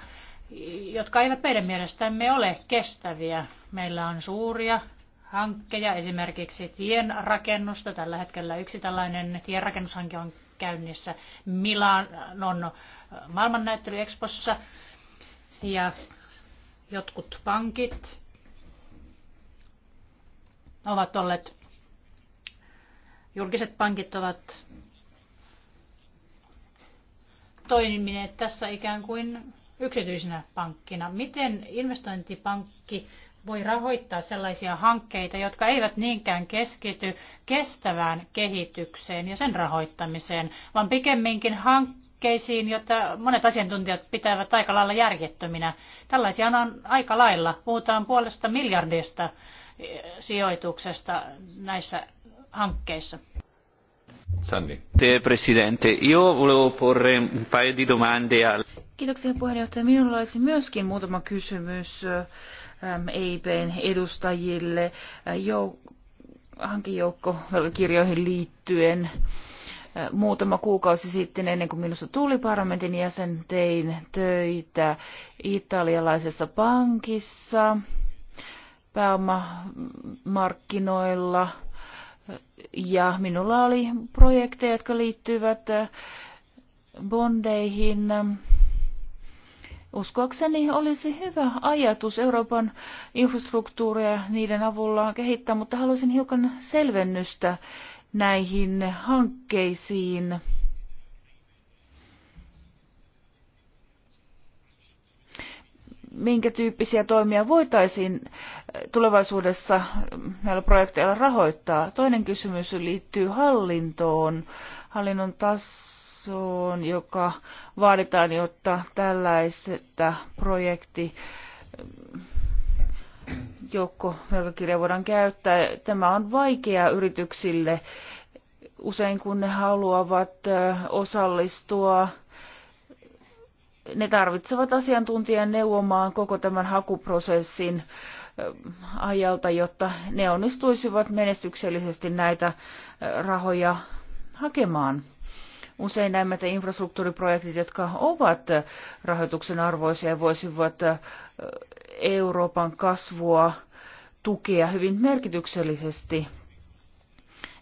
S2: jotka eivät meidän mielestämme ole kestäviä. Meillä on suuria hankkeja, esimerkiksi tien rakennusta. Tällä hetkellä yksi tällainen tienrakennushanke on käynnissä Milanon maailmannäyttelyekspossa ja jotkut pankit ovat olleet, julkiset pankit ovat toimineet tässä ikään kuin yksityisenä pankkina. Miten investointipankki voi rahoittaa sellaisia hankkeita, jotka eivät niinkään keskity kestävään kehitykseen ja sen rahoittamiseen, vaan pikemminkin hankkeisiin, joita monet asiantuntijat pitävät aika lailla järjettöminä. Tällaisia on aika lailla. Puhutaan puolesta miljardista eh, sijoituksesta näissä hankkeissa.
S1: Sanni. Presidente, io volevo porre un paio di domande
S3: Kiitoksia puheenjohtaja. Minulla olisi myöskin muutama kysymys EIPn edustajille hankijoukkokirjoihin liittyen. Muutama kuukausi sitten, ennen kuin minusta tuli parlamentin jäsen, tein töitä italialaisessa pankissa, pääomamarkkinoilla, ja minulla oli projekteja, jotka liittyvät bondeihin, Uskoakseni olisi hyvä ajatus Euroopan infrastruktuuria niiden avulla kehittää, mutta haluaisin hiukan selvennystä näihin hankkeisiin. Minkä tyyppisiä toimia voitaisiin äh, tulevaisuudessa äh, näillä projekteilla rahoittaa? Toinen kysymys liittyy hallintoon, hallinnon tasoon tasoon, joka vaaditaan, jotta tällaista projekti velkakirja voidaan käyttää. Tämä on vaikeaa yrityksille usein, kun ne haluavat osallistua. Ne tarvitsevat asiantuntijan neuvomaan koko tämän hakuprosessin ajalta, jotta ne onnistuisivat menestyksellisesti näitä rahoja hakemaan. Usein näemme, että infrastruktuuriprojektit, jotka ovat rahoituksen arvoisia, voisivat Euroopan kasvua tukea hyvin merkityksellisesti,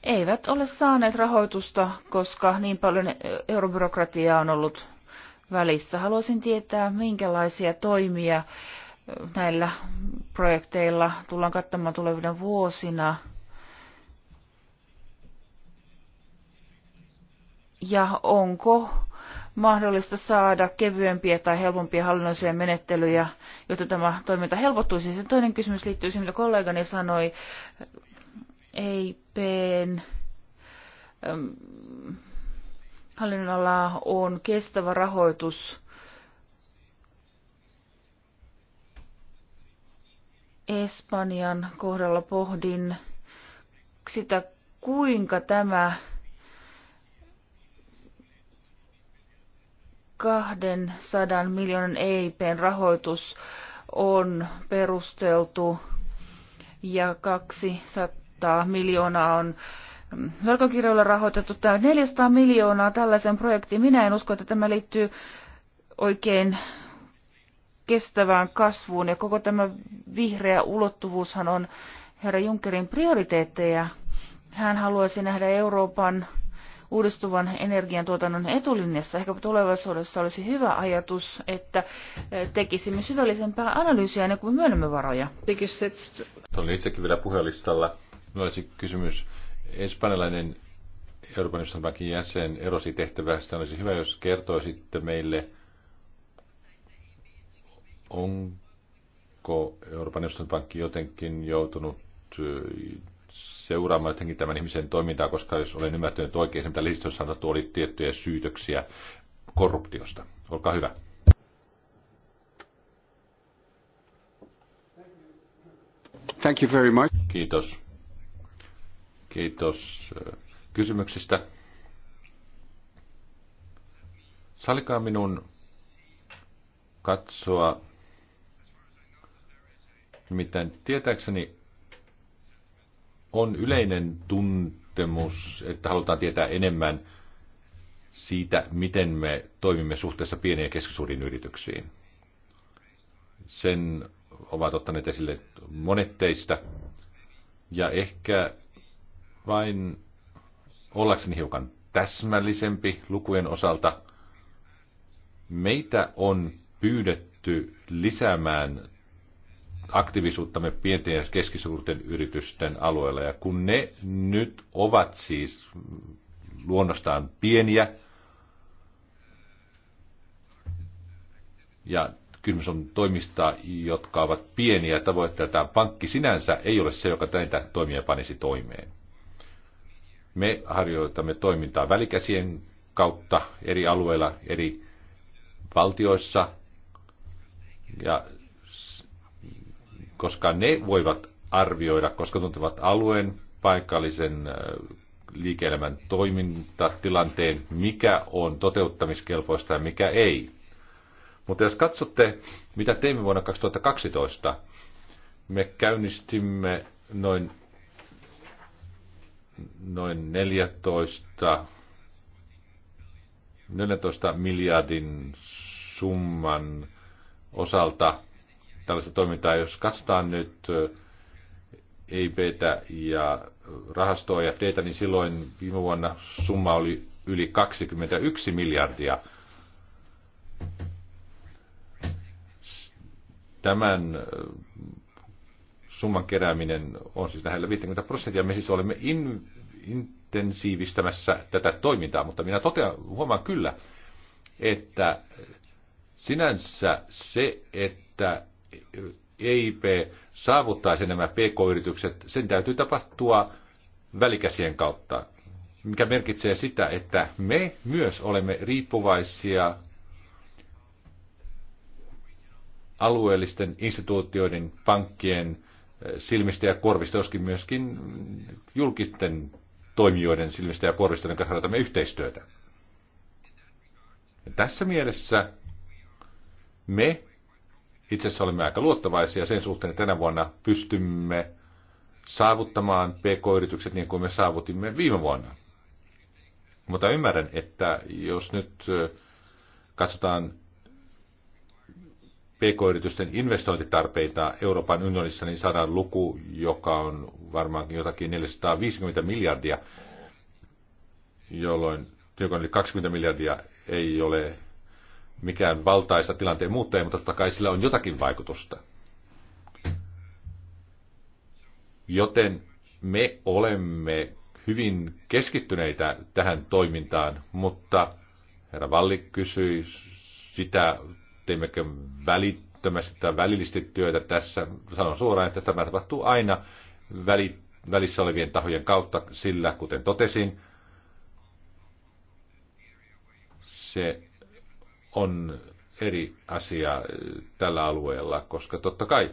S3: eivät ole saaneet rahoitusta, koska niin paljon eurobyrokratiaa on ollut välissä. Haluaisin tietää, minkälaisia toimia näillä projekteilla tullaan kattamaan tulevina vuosina. ja onko mahdollista saada kevyempiä tai helpompia hallinnollisia menettelyjä, jotta tämä toiminta helpottuisi. Se toinen kysymys liittyy siihen, mitä kollegani sanoi, ei EIPn hallinnolla on kestävä rahoitus. Espanjan kohdalla pohdin sitä, kuinka tämä 200 miljoonan EIPn rahoitus on perusteltu ja 200 miljoonaa on mm, velkakirjoilla rahoitettu. Tämä 400 miljoonaa tällaisen projektiin. Minä en usko, että tämä liittyy oikein kestävään kasvuun. Ja koko tämä vihreä ulottuvuushan on herra Junckerin prioriteetteja. Hän haluaisi nähdä Euroopan uudistuvan energiantuotannon etulinjassa. Ehkä tulevaisuudessa olisi hyvä ajatus, että eh, tekisimme syvällisempää analyysiä ennen kuin myönnämme varoja.
S1: Olin itsekin vielä puheenlistalla. Minulla olisi kysymys. Espanjalainen Euroopan ystävänkin jäsen erosi tehtävästä. Olisi hyvä, jos kertoisitte meille, onko Euroopan ystävänpankki jotenkin joutunut eh, seuraamaan jotenkin tämän ihmisen toimintaa, koska jos olen ymmärtänyt oikein, se mitä lehdistössä sanottu oli tiettyjä syytöksiä korruptiosta. Olkaa hyvä. Thank you very much. Kiitos. Kiitos äh, kysymyksistä. Salikaa minun katsoa, miten tietääkseni on yleinen tuntemus, että halutaan tietää enemmän siitä, miten me toimimme suhteessa pieniin ja keskisuuriin yrityksiin. Sen ovat ottaneet esille monet teistä. Ja ehkä vain ollakseni hiukan täsmällisempi lukujen osalta, meitä on pyydetty lisäämään aktiivisuuttamme pienten ja keskisuurten yritysten alueella. Ja kun ne nyt ovat siis luonnostaan pieniä, ja kysymys on toimista, jotka ovat pieniä tavoitteita, Pankki sinänsä ei ole se, joka näitä toimia panisi toimeen. Me harjoitamme toimintaa välikäsien kautta eri alueilla, eri valtioissa, ja koska ne voivat arvioida, koska tuntevat alueen, paikallisen äh, liike-elämän toimintatilanteen, mikä on toteuttamiskelpoista ja mikä ei. Mutta jos katsotte, mitä teimme vuonna 2012, me käynnistimme noin, noin 14, 14 miljardin summan osalta tällaista toimintaa. Jos katsotaan nyt EIBtä ja rahastoa ja FDtä, niin silloin viime vuonna summa oli yli 21 miljardia. Tämän summan kerääminen on siis lähellä 50 prosenttia. Me siis olemme in, intensiivistämässä tätä toimintaa, mutta minä totean, huomaan kyllä, että sinänsä se, että EIP saavuttaisi nämä PK-yritykset, sen täytyy tapahtua välikäsien kautta, mikä merkitsee sitä, että me myös olemme riippuvaisia alueellisten instituutioiden, pankkien eh, silmistä ja korvista, joskin myöskin julkisten toimijoiden silmistä ja korvista, jonka harjoitamme yhteistyötä. Ja tässä mielessä me itse asiassa olemme aika luottavaisia sen suhteen, että tänä vuonna pystymme saavuttamaan pk-yritykset niin kuin me saavutimme viime vuonna. Mutta ymmärrän, että jos nyt katsotaan pk-yritysten investointitarpeita Euroopan unionissa, niin saadaan luku, joka on varmaankin jotakin 450 miljardia, jolloin joka 20 miljardia ei ole mikään valtaista tilanteen muuttaja, mutta totta kai sillä on jotakin vaikutusta. Joten me olemme hyvin keskittyneitä tähän toimintaan, mutta herra Valli kysyi sitä, teimmekö välittömästi tai välillisesti työtä tässä. Sanon suoraan, että tämä tapahtuu aina välissä olevien tahojen kautta, sillä kuten totesin, se on eri asia äh, tällä alueella, koska totta kai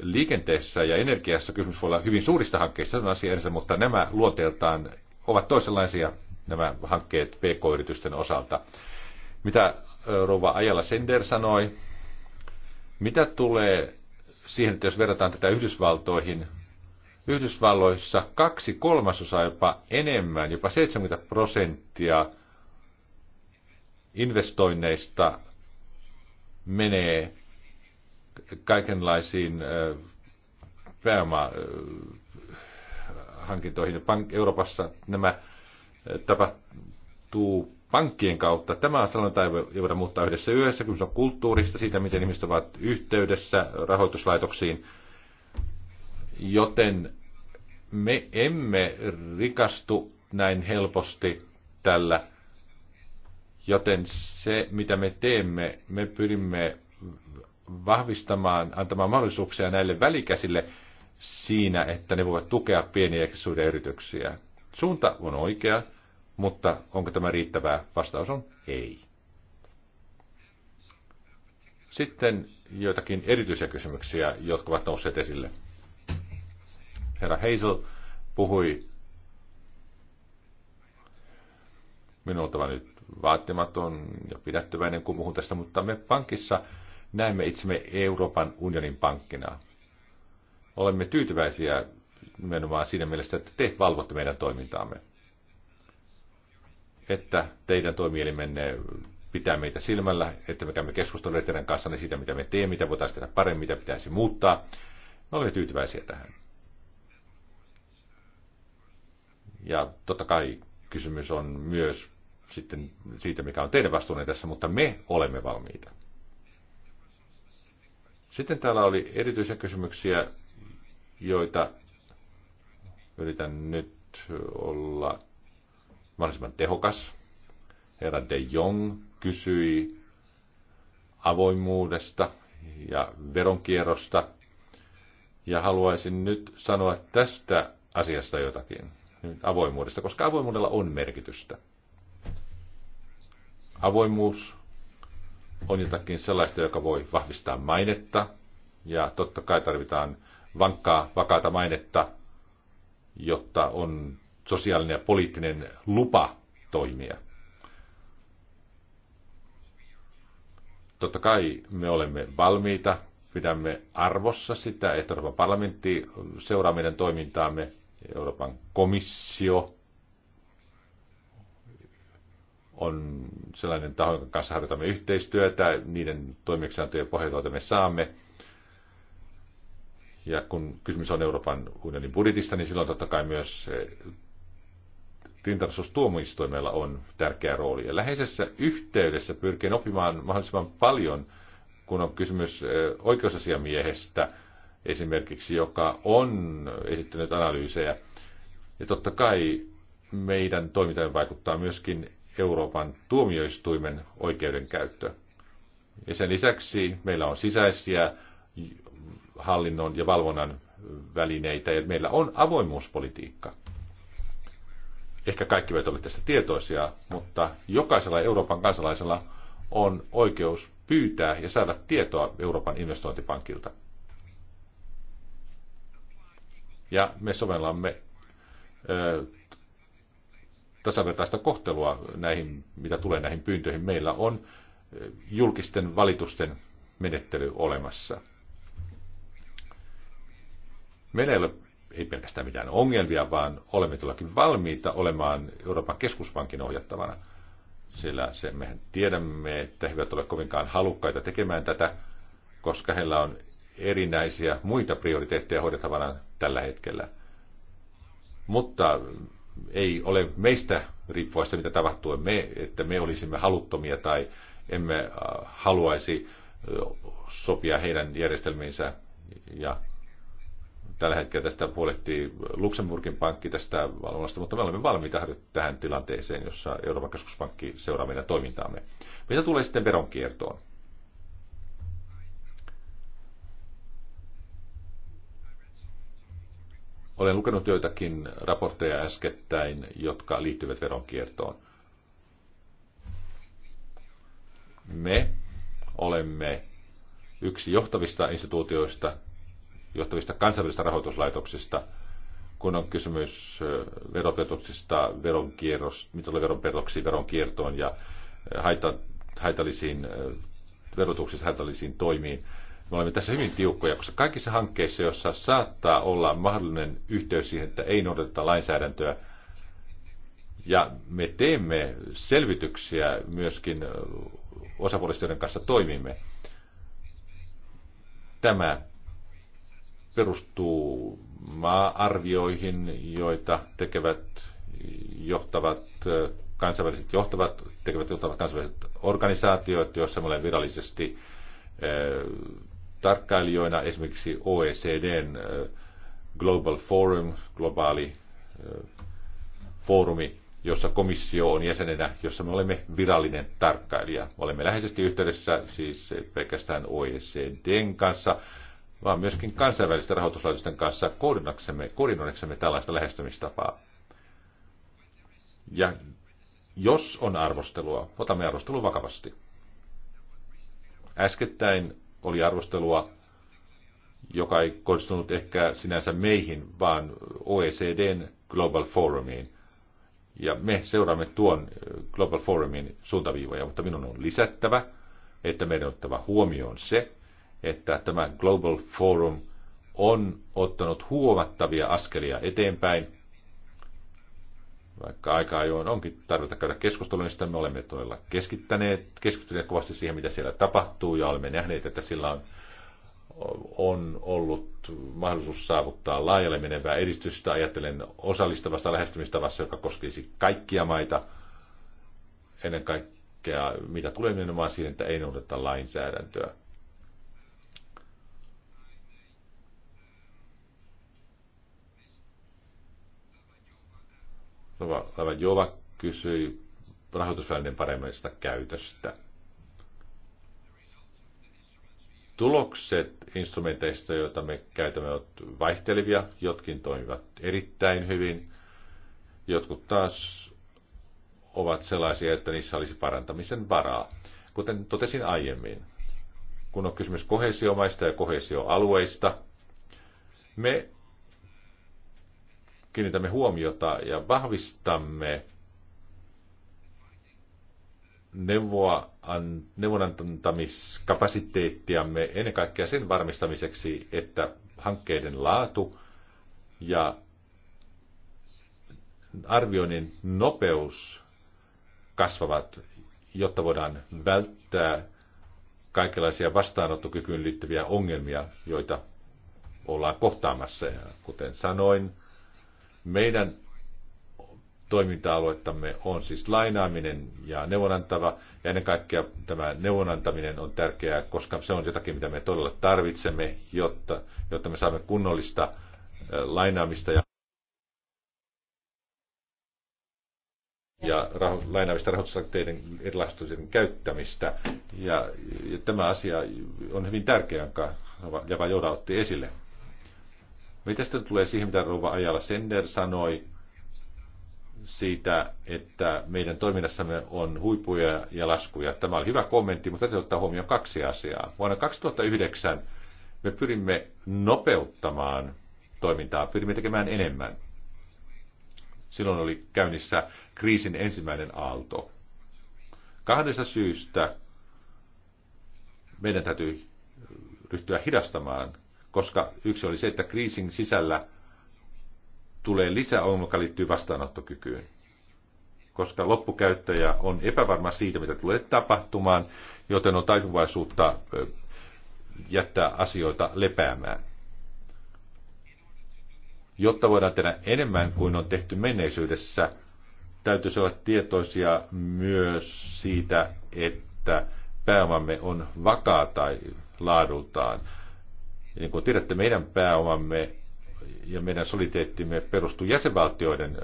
S1: liikenteessä ja energiassa kysymys voi olla hyvin suurista hankkeista, on asia edessä, mutta nämä luonteeltaan ovat toisenlaisia nämä hankkeet PK-yritysten osalta. Mitä äh, Rova Ajala Sender sanoi, mitä tulee siihen, että jos verrataan tätä Yhdysvaltoihin, Yhdysvalloissa kaksi kolmasosaa jopa enemmän, jopa 70 prosenttia – investoinneista menee kaikenlaisiin pääomahankintoihin. Euroopassa nämä tapahtuu pankkien kautta. Tämä on sellainen, ei voida muuttaa yhdessä yössä, kun se on kulttuurista, siitä, miten ihmiset ovat yhteydessä rahoituslaitoksiin. Joten me emme rikastu näin helposti tällä Joten se, mitä me teemme, me pyrimme vahvistamaan, antamaan mahdollisuuksia näille välikäsille siinä, että ne voivat tukea pieniä ja yrityksiä. Suunta on oikea, mutta onko tämä riittävää? Vastaus on ei. Sitten joitakin erityisiä kysymyksiä, jotka ovat nousseet esille. Herra Hazel puhui minulta nyt vaatimaton ja pidättyväinen kuin muuhun tästä, mutta me pankissa näemme itsemme Euroopan unionin pankkina. Olemme tyytyväisiä nimenomaan siinä mielessä, että te valvotte meidän toimintaamme. Että teidän toimielimenne pitää meitä silmällä, että me käymme keskustelua teidän niin siitä, mitä me teemme, mitä voitaisiin tehdä paremmin, mitä pitäisi muuttaa. Me olemme tyytyväisiä tähän. Ja totta kai kysymys on myös sitten siitä, mikä on teidän vastuunne tässä, mutta me olemme valmiita. Sitten täällä oli erityisiä kysymyksiä, joita yritän nyt olla mahdollisimman tehokas. Herra de Jong kysyi avoimuudesta ja veronkierrosta. Ja haluaisin nyt sanoa tästä asiasta jotakin, avoimuudesta, koska avoimuudella on merkitystä avoimuus on jotakin sellaista, joka voi vahvistaa mainetta. Ja totta kai tarvitaan vankkaa, vakaata mainetta, jotta on sosiaalinen ja poliittinen lupa toimia. Totta kai me olemme valmiita, pidämme arvossa sitä, että Euroopan parlamentti seuraa meidän toimintaamme, Euroopan komissio on sellainen taho, jonka kanssa harjoitamme yhteistyötä, niiden toimeksiantojen pohjalta me saamme. Ja kun kysymys on Euroopan unionin budjetista, niin silloin totta kai myös rintarastustuomioistuimella eh, on tärkeä rooli. Ja läheisessä yhteydessä pyrkien oppimaan mahdollisimman paljon, kun on kysymys eh, oikeusasiamiehestä esimerkiksi, joka on esittänyt analyysejä. Ja totta kai meidän toimintaan vaikuttaa myöskin Euroopan tuomioistuimen oikeudenkäyttö. Ja sen lisäksi meillä on sisäisiä hallinnon ja valvonnan välineitä ja meillä on avoimuuspolitiikka. Ehkä kaikki eivät ole tästä tietoisia, mutta jokaisella Euroopan kansalaisella on oikeus pyytää ja saada tietoa Euroopan investointipankilta. Ja me sovellamme tasavertaista kohtelua näihin, mitä tulee näihin pyyntöihin. Meillä on eh, julkisten valitusten menettely olemassa. Meillä ei ole ei pelkästään mitään ongelmia, vaan olemme todellakin valmiita olemaan Euroopan keskuspankin ohjattavana. Sillä se, mehän tiedämme, että he eivät ole kovinkaan halukkaita tekemään tätä, koska heillä on erinäisiä muita prioriteetteja hoidettavana tällä hetkellä. Mutta ei ole meistä riippuvassa, mitä tapahtuu, me, että me olisimme haluttomia tai emme äh, haluaisi äh, sopia heidän järjestelmiinsä. Ja tällä hetkellä tästä huolehtii Luxemburgin pankki tästä valvonnasta, mutta me olemme valmiita tähän tilanteeseen, jossa Euroopan keskuspankki seuraa meidän toimintaamme. Mitä tulee sitten veronkiertoon? Olen lukenut joitakin raportteja äskettäin, jotka liittyvät veronkiertoon. Me olemme yksi johtavista instituutioista, johtavista kansainvälisistä rahoituslaitoksista, kun on kysymys veropetoksista, veronkierrosta, mitä tulee veronpetoksiin, veronkiertoon ja haita, haitallisiin verotuksista haitallisiin toimiin. Me olemme tässä hyvin tiukkoja, koska kaikissa hankkeissa, joissa saattaa olla mahdollinen yhteys siihen, että ei noudateta lainsäädäntöä, ja me teemme selvityksiä myöskin osapuolistyöiden kanssa toimimme. Tämä perustuu maa-arvioihin, joita tekevät johtavat kansainväliset johtavat, tekevät johtavat kansainväliset organisaatiot, joissa me olemme virallisesti tarkkailijoina esimerkiksi OECDn Global Forum, globaali foorumi, jossa komissio on jäsenenä, jossa me olemme virallinen tarkkailija. Me olemme läheisesti yhteydessä siis pelkästään OECDn kanssa, vaan myöskin kansainvälisten rahoituslaitosten kanssa koordinoineksemme tällaista lähestymistapaa. Ja jos on arvostelua, otamme arvostelun vakavasti. Äskettäin oli arvostelua, joka ei kohdistunut ehkä sinänsä meihin, vaan OECDn Global Forumiin. Ja me seuraamme tuon eh, Global Forumin suuntaviivoja, mutta minun on lisättävä, että meidän on ottava huomioon se, että tämä Global Forum on ottanut huomattavia askelia eteenpäin vaikka aika ajoin onkin tarvita käydä keskustelua, niin sitä me olemme todella keskittäneet, keskittyneet kovasti siihen, mitä siellä tapahtuu, ja olemme nähneet, että sillä on, on ollut mahdollisuus saavuttaa laajalle menevää edistystä, ajattelen osallistavasta lähestymistavassa, joka koskisi kaikkia maita, ennen kaikkea mitä tulee nimenomaan siihen, että ei noudata lainsäädäntöä. Lava Jova kysyi rahoitusvälineen paremmista käytöstä. Tulokset instrumenteista, joita me käytämme, ovat vaihtelevia. Jotkin toimivat erittäin hyvin. Jotkut taas ovat sellaisia, että niissä olisi parantamisen varaa. Kuten totesin aiemmin, kun on kysymys kohesiomaista ja kohesioalueista, me kiinnitämme huomiota ja vahvistamme neuvoa, neuvonantamiskapasiteettiamme ennen kaikkea sen varmistamiseksi, että hankkeiden laatu ja arvioinnin nopeus kasvavat, jotta voidaan välttää kaikenlaisia vastaanottokykyyn liittyviä ongelmia, joita ollaan kohtaamassa. Ja kuten sanoin, meidän toiminta-aluettamme on siis lainaaminen ja neuvonantava. Ja ennen kaikkea tämä neuvonantaminen on tärkeää, koska se on jotakin, mitä me todella tarvitsemme, jotta, jotta me saamme kunnollista lainaamista ja, ja raho, lainaamista rahoitusakteiden erilaisten käyttämistä. Ja, ja tämä asia on hyvin tärkeä, jonka Java Jouda otti esille. Mitä sitten tulee siihen, mitä Rova Ajala Sender sanoi siitä, että meidän toiminnassamme on huipuja ja laskuja. Tämä oli hyvä kommentti, mutta täytyy ottaa huomioon kaksi asiaa. Vuonna 2009 me pyrimme nopeuttamaan toimintaa, pyrimme tekemään enemmän. Silloin oli käynnissä kriisin ensimmäinen aalto. Kahdesta syystä meidän täytyy ryhtyä hidastamaan koska yksi oli se, että kriisin sisällä tulee lisää ongelma, joka liittyy vastaanottokykyyn. Koska loppukäyttäjä on epävarma siitä, mitä tulee tapahtumaan, joten on taipuvaisuutta jättää asioita lepäämään. Jotta voidaan tehdä enemmän kuin on tehty menneisyydessä, täytyisi olla tietoisia myös siitä, että pääomamme on vakaa tai laadultaan. Niin kuin tiedätte, meidän pääomamme ja meidän soliteettimme perustuu jäsenvaltioiden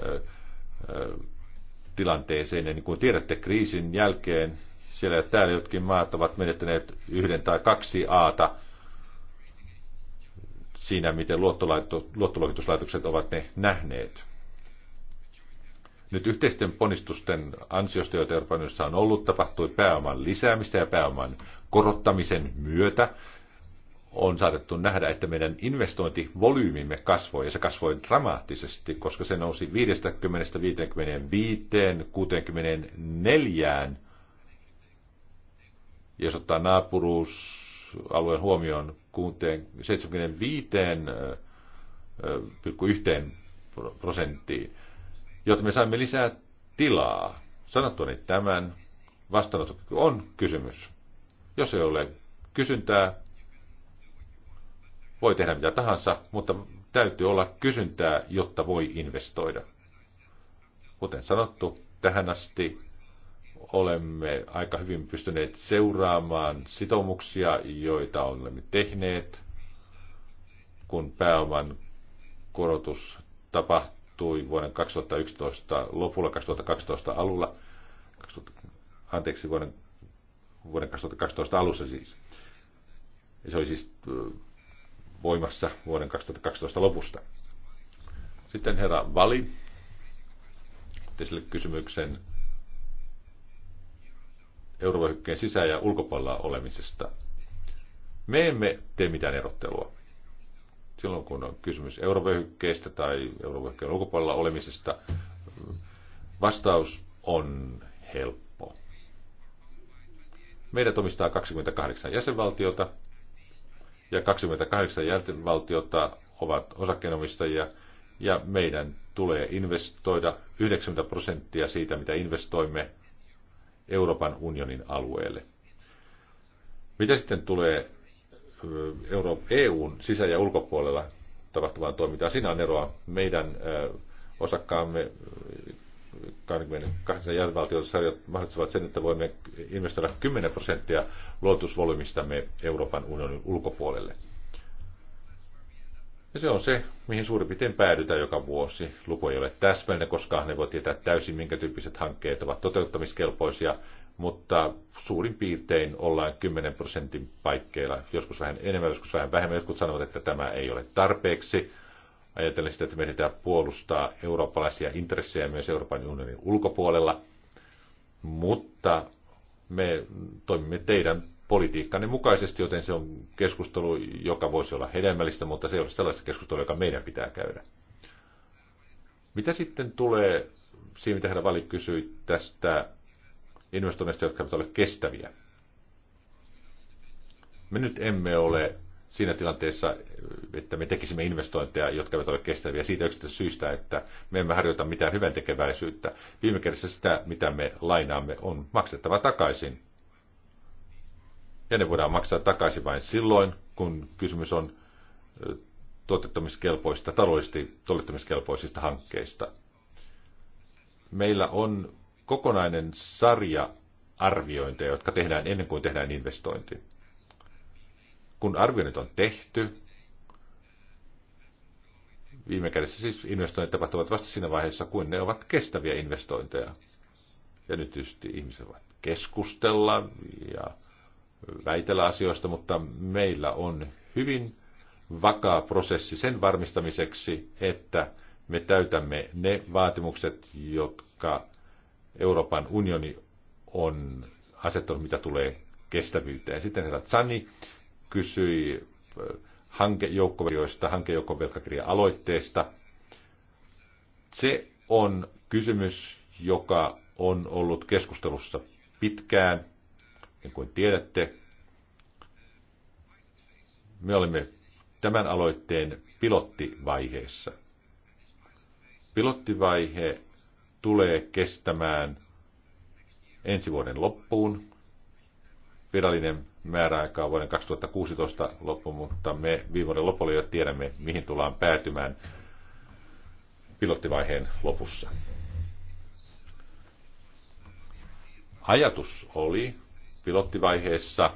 S1: tilanteeseen. Ja niin kuin tiedätte, kriisin jälkeen siellä ja täällä jotkin maat ovat menettäneet yhden tai kaksi aata siinä, miten luottoluokituslaitokset ovat ne nähneet. Nyt yhteisten ponnistusten ansiosta, joita Euroopan on ollut, tapahtui pääoman lisäämistä ja pääoman korottamisen myötä on saatettu nähdä, että meidän investointivolyymimme kasvoi, ja se kasvoi dramaattisesti, koska se nousi 50-55, 64. Ja jos ottaa naapuruusalueen huomioon 75,1 prosenttiin, jotta me saimme lisää tilaa. Sanottuani tämän, vastaanotto on kysymys. Jos ei ole kysyntää, voi tehdä mitä tahansa, mutta täytyy olla kysyntää, jotta voi investoida. Kuten sanottu, tähän asti olemme aika hyvin pystyneet seuraamaan sitoumuksia, joita olemme tehneet, kun pääoman korotus tapahtui vuoden 2011 lopulla, 2012 alulla, 2000, anteeksi, vuoden, vuoden 2012 alussa siis. Se oli siis voimassa vuoden 2012 lopusta. Sitten herra Vali sille kysymyksen eurovyöhykkeen sisä- ja ulkopuolella olemisesta. Me emme tee mitään erottelua. Silloin kun on kysymys eurovyöhykkeestä tai eurovyöhykkeen ulkopuolella olemisesta, vastaus on helppo. Meidät omistaa 28 jäsenvaltiota, ja 28 jäsenvaltiota ovat osakkeenomistajia ja meidän tulee investoida 90 prosenttia siitä, mitä investoimme Euroopan unionin alueelle. Mitä sitten tulee Euro- EUn sisä- ja ulkopuolella tapahtuvaan toimintaan? Siinä on eroa. Meidän osakkaamme 28 jäsenvaltiota mahdollistavat sen, että voimme investoida 10 prosenttia luotusvolyymistamme Euroopan unionin ulkopuolelle. Ja se on se, mihin suurin piirtein päädytään joka vuosi. Luku ei ole täsmällinen, koska ne voi tietää täysin, minkä tyyppiset hankkeet ovat toteuttamiskelpoisia, mutta suurin piirtein ollaan 10 prosentin paikkeilla, joskus vähän enemmän, joskus vähän vähemmän. Jotkut sanovat, että tämä ei ole tarpeeksi, ajatellen sitä, että meidän pitää puolustaa eurooppalaisia intressejä myös Euroopan unionin ulkopuolella, mutta me toimimme teidän politiikkanne mukaisesti, joten se on keskustelu, joka voisi olla hedelmällistä, mutta se ei ole sellaista keskustelua, joka meidän pitää käydä. Mitä sitten tulee siihen, mitä herra Vali kysyi tästä investoinneista, jotka eivät ole kestäviä? Me nyt emme ole siinä tilanteessa, että me tekisimme investointeja, jotka eivät ole kestäviä siitä yksilöstä syystä, että me emme harjoita mitään hyvän tekeväisyyttä. Viime kädessä sitä, mitä me lainaamme, on maksettava takaisin. Ja ne voidaan maksaa takaisin vain silloin, kun kysymys on tuotettamiskelpoisista, taloudellisesti tuotettamiskelpoisista hankkeista. Meillä on kokonainen sarja arviointeja, jotka tehdään ennen kuin tehdään investointi kun arvioinnit on tehty, viime kädessä siis investoinnit tapahtuvat vasta siinä vaiheessa, kun ne ovat kestäviä investointeja. Ja nyt tietysti ihmiset voivat keskustella ja väitellä asioista, mutta meillä on hyvin vakaa prosessi sen varmistamiseksi, että me täytämme ne vaatimukset, jotka Euroopan unioni on asettanut, mitä tulee kestävyyteen. Sitten herra Zani kysyi äh, hankejoukkovelkakirjoista, hankejoukkovelkakirjan aloitteesta. Se on kysymys, joka on ollut keskustelussa pitkään, niin kuin tiedätte. Me olemme tämän aloitteen pilottivaiheessa. Pilottivaihe tulee kestämään ensi vuoden loppuun virallinen määräaika on vuoden 2016 loppu, mutta me viime vuoden lopulla jo tiedämme, mihin tullaan päätymään pilottivaiheen lopussa. Ajatus oli pilottivaiheessa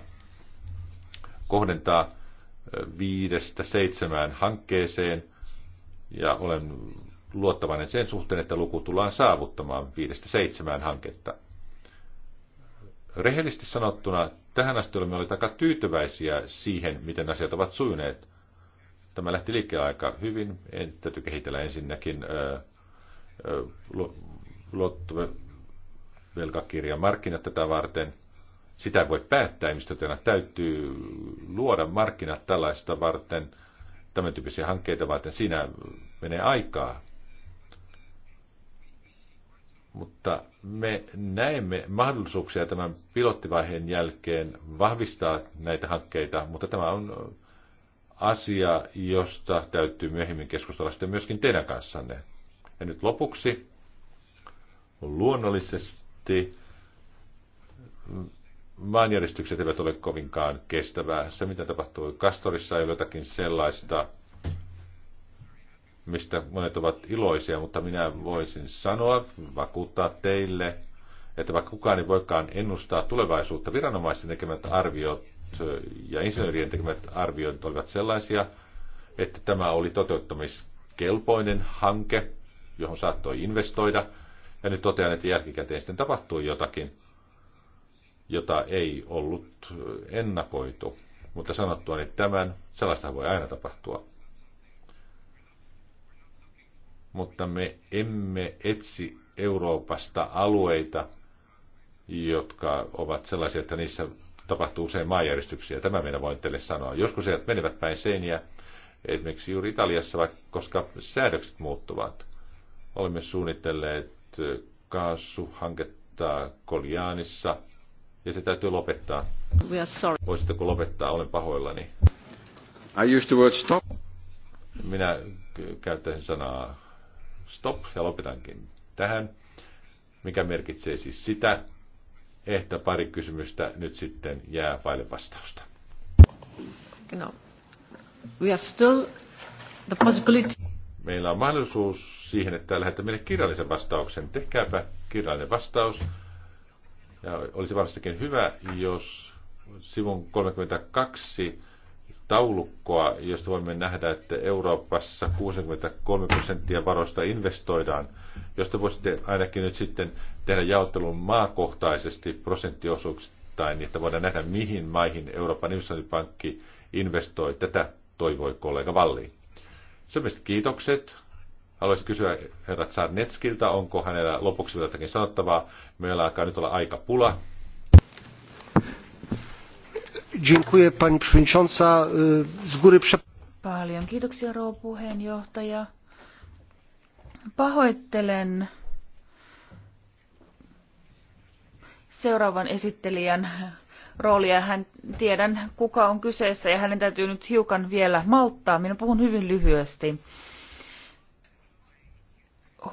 S1: kohdentaa viidestä seitsemään hankkeeseen, ja olen luottavainen sen suhteen, että luku tullaan saavuttamaan viidestä seitsemään hanketta. Rehellisesti sanottuna Tähän asti olemme olleet aika tyytyväisiä siihen, miten asiat ovat sujuneet. Tämä lähti liikkeelle aika hyvin. En, täytyy kehitellä ensinnäkin luottovelkakirjan markkinat tätä varten. Sitä ei voi päättää ihmistyönä. Täytyy luoda markkinat tällaista varten, tämän tyyppisiä hankkeita varten. Siinä menee aikaa mutta me näemme mahdollisuuksia tämän pilottivaiheen jälkeen vahvistaa näitä hankkeita, mutta tämä on asia, josta täytyy myöhemmin keskustella sitten myöskin teidän kanssanne. Ja nyt lopuksi luonnollisesti maanjäristykset eivät ole kovinkaan kestävää. Se, mitä tapahtui Kastorissa, ei ole jotakin sellaista, mistä monet ovat iloisia, mutta minä voisin sanoa, vakuuttaa teille, että vaikka kukaan ei voikaan ennustaa tulevaisuutta, viranomaisten tekemät arviot ja insinöörien tekemät arviot olivat sellaisia, että tämä oli toteuttamiskelpoinen hanke, johon saattoi investoida. Ja nyt totean, että jälkikäteen sitten tapahtui jotakin, jota ei ollut ennakoitu. Mutta sanottua, että tämän, sellaista voi aina tapahtua mutta me emme etsi Euroopasta alueita, jotka ovat sellaisia, että niissä tapahtuu usein maanjäristyksiä. Tämä minä voin teille sanoa. Joskus se menevät päin seiniä, esimerkiksi juuri Italiassa, koska säädökset muuttuvat. Olemme suunnitelleet eh, kaasuhanketta Koljaanissa, ja se täytyy lopettaa. We are sorry. Voisitteko lopettaa? Olen pahoillani. I used the word stop. Minä käyttäisin sanaa Stop, ja lopetankin tähän, mikä merkitsee siis sitä, että pari kysymystä nyt sitten jää vaille vastausta.
S3: No,
S2: we are still the possibility.
S1: Meillä on mahdollisuus siihen, että lähette meille kirjallisen vastauksen. Tehkääpä kirjallinen vastaus. Ja olisi varmastikin hyvä, jos sivun 32 taulukkoa, josta voimme nähdä, että Euroopassa 63 prosenttia varoista investoidaan, josta voisitte ainakin nyt sitten tehdä jaottelun maakohtaisesti prosenttiosuuksittain, niin että voidaan nähdä, mihin maihin Euroopan investointipankki investoi. Tätä toivoi kollega Valli. Sellaiset kiitokset. Haluaisin kysyä herra Tsarnetskiltä, onko hänellä lopuksi jotakin sanottavaa. Meillä alkaa nyt olla aika pula
S3: pani przewodnicząca. Z góry kiitoksia Pahoittelen seuraavan esittelijän roolia. Hän tiedän, kuka on kyseessä ja hänen täytyy nyt hiukan vielä malttaa. Minä puhun hyvin lyhyesti.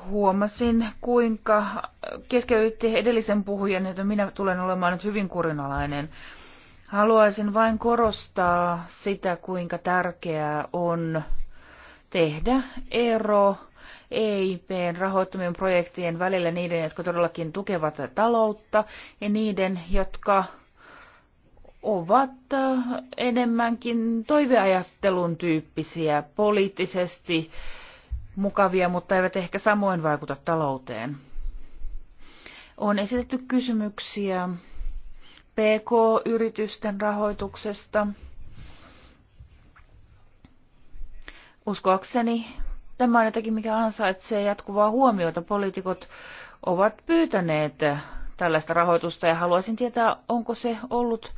S3: Huomasin, kuinka keskeytti edellisen puhujan, että minä tulen olemaan nyt hyvin kurinalainen. Haluaisin vain korostaa sitä, kuinka tärkeää on tehdä ero EIPn rahoittamien projektien välillä niiden, jotka todellakin tukevat taloutta ja niiden, jotka ovat enemmänkin toiveajattelun tyyppisiä, poliittisesti mukavia, mutta eivät ehkä samoin vaikuta talouteen. On esitetty kysymyksiä PK-yritysten rahoituksesta. Uskoakseni tämä on jotakin, mikä ansaitsee jatkuvaa huomiota. Poliitikot ovat pyytäneet tällaista rahoitusta ja haluaisin tietää, onko se ollut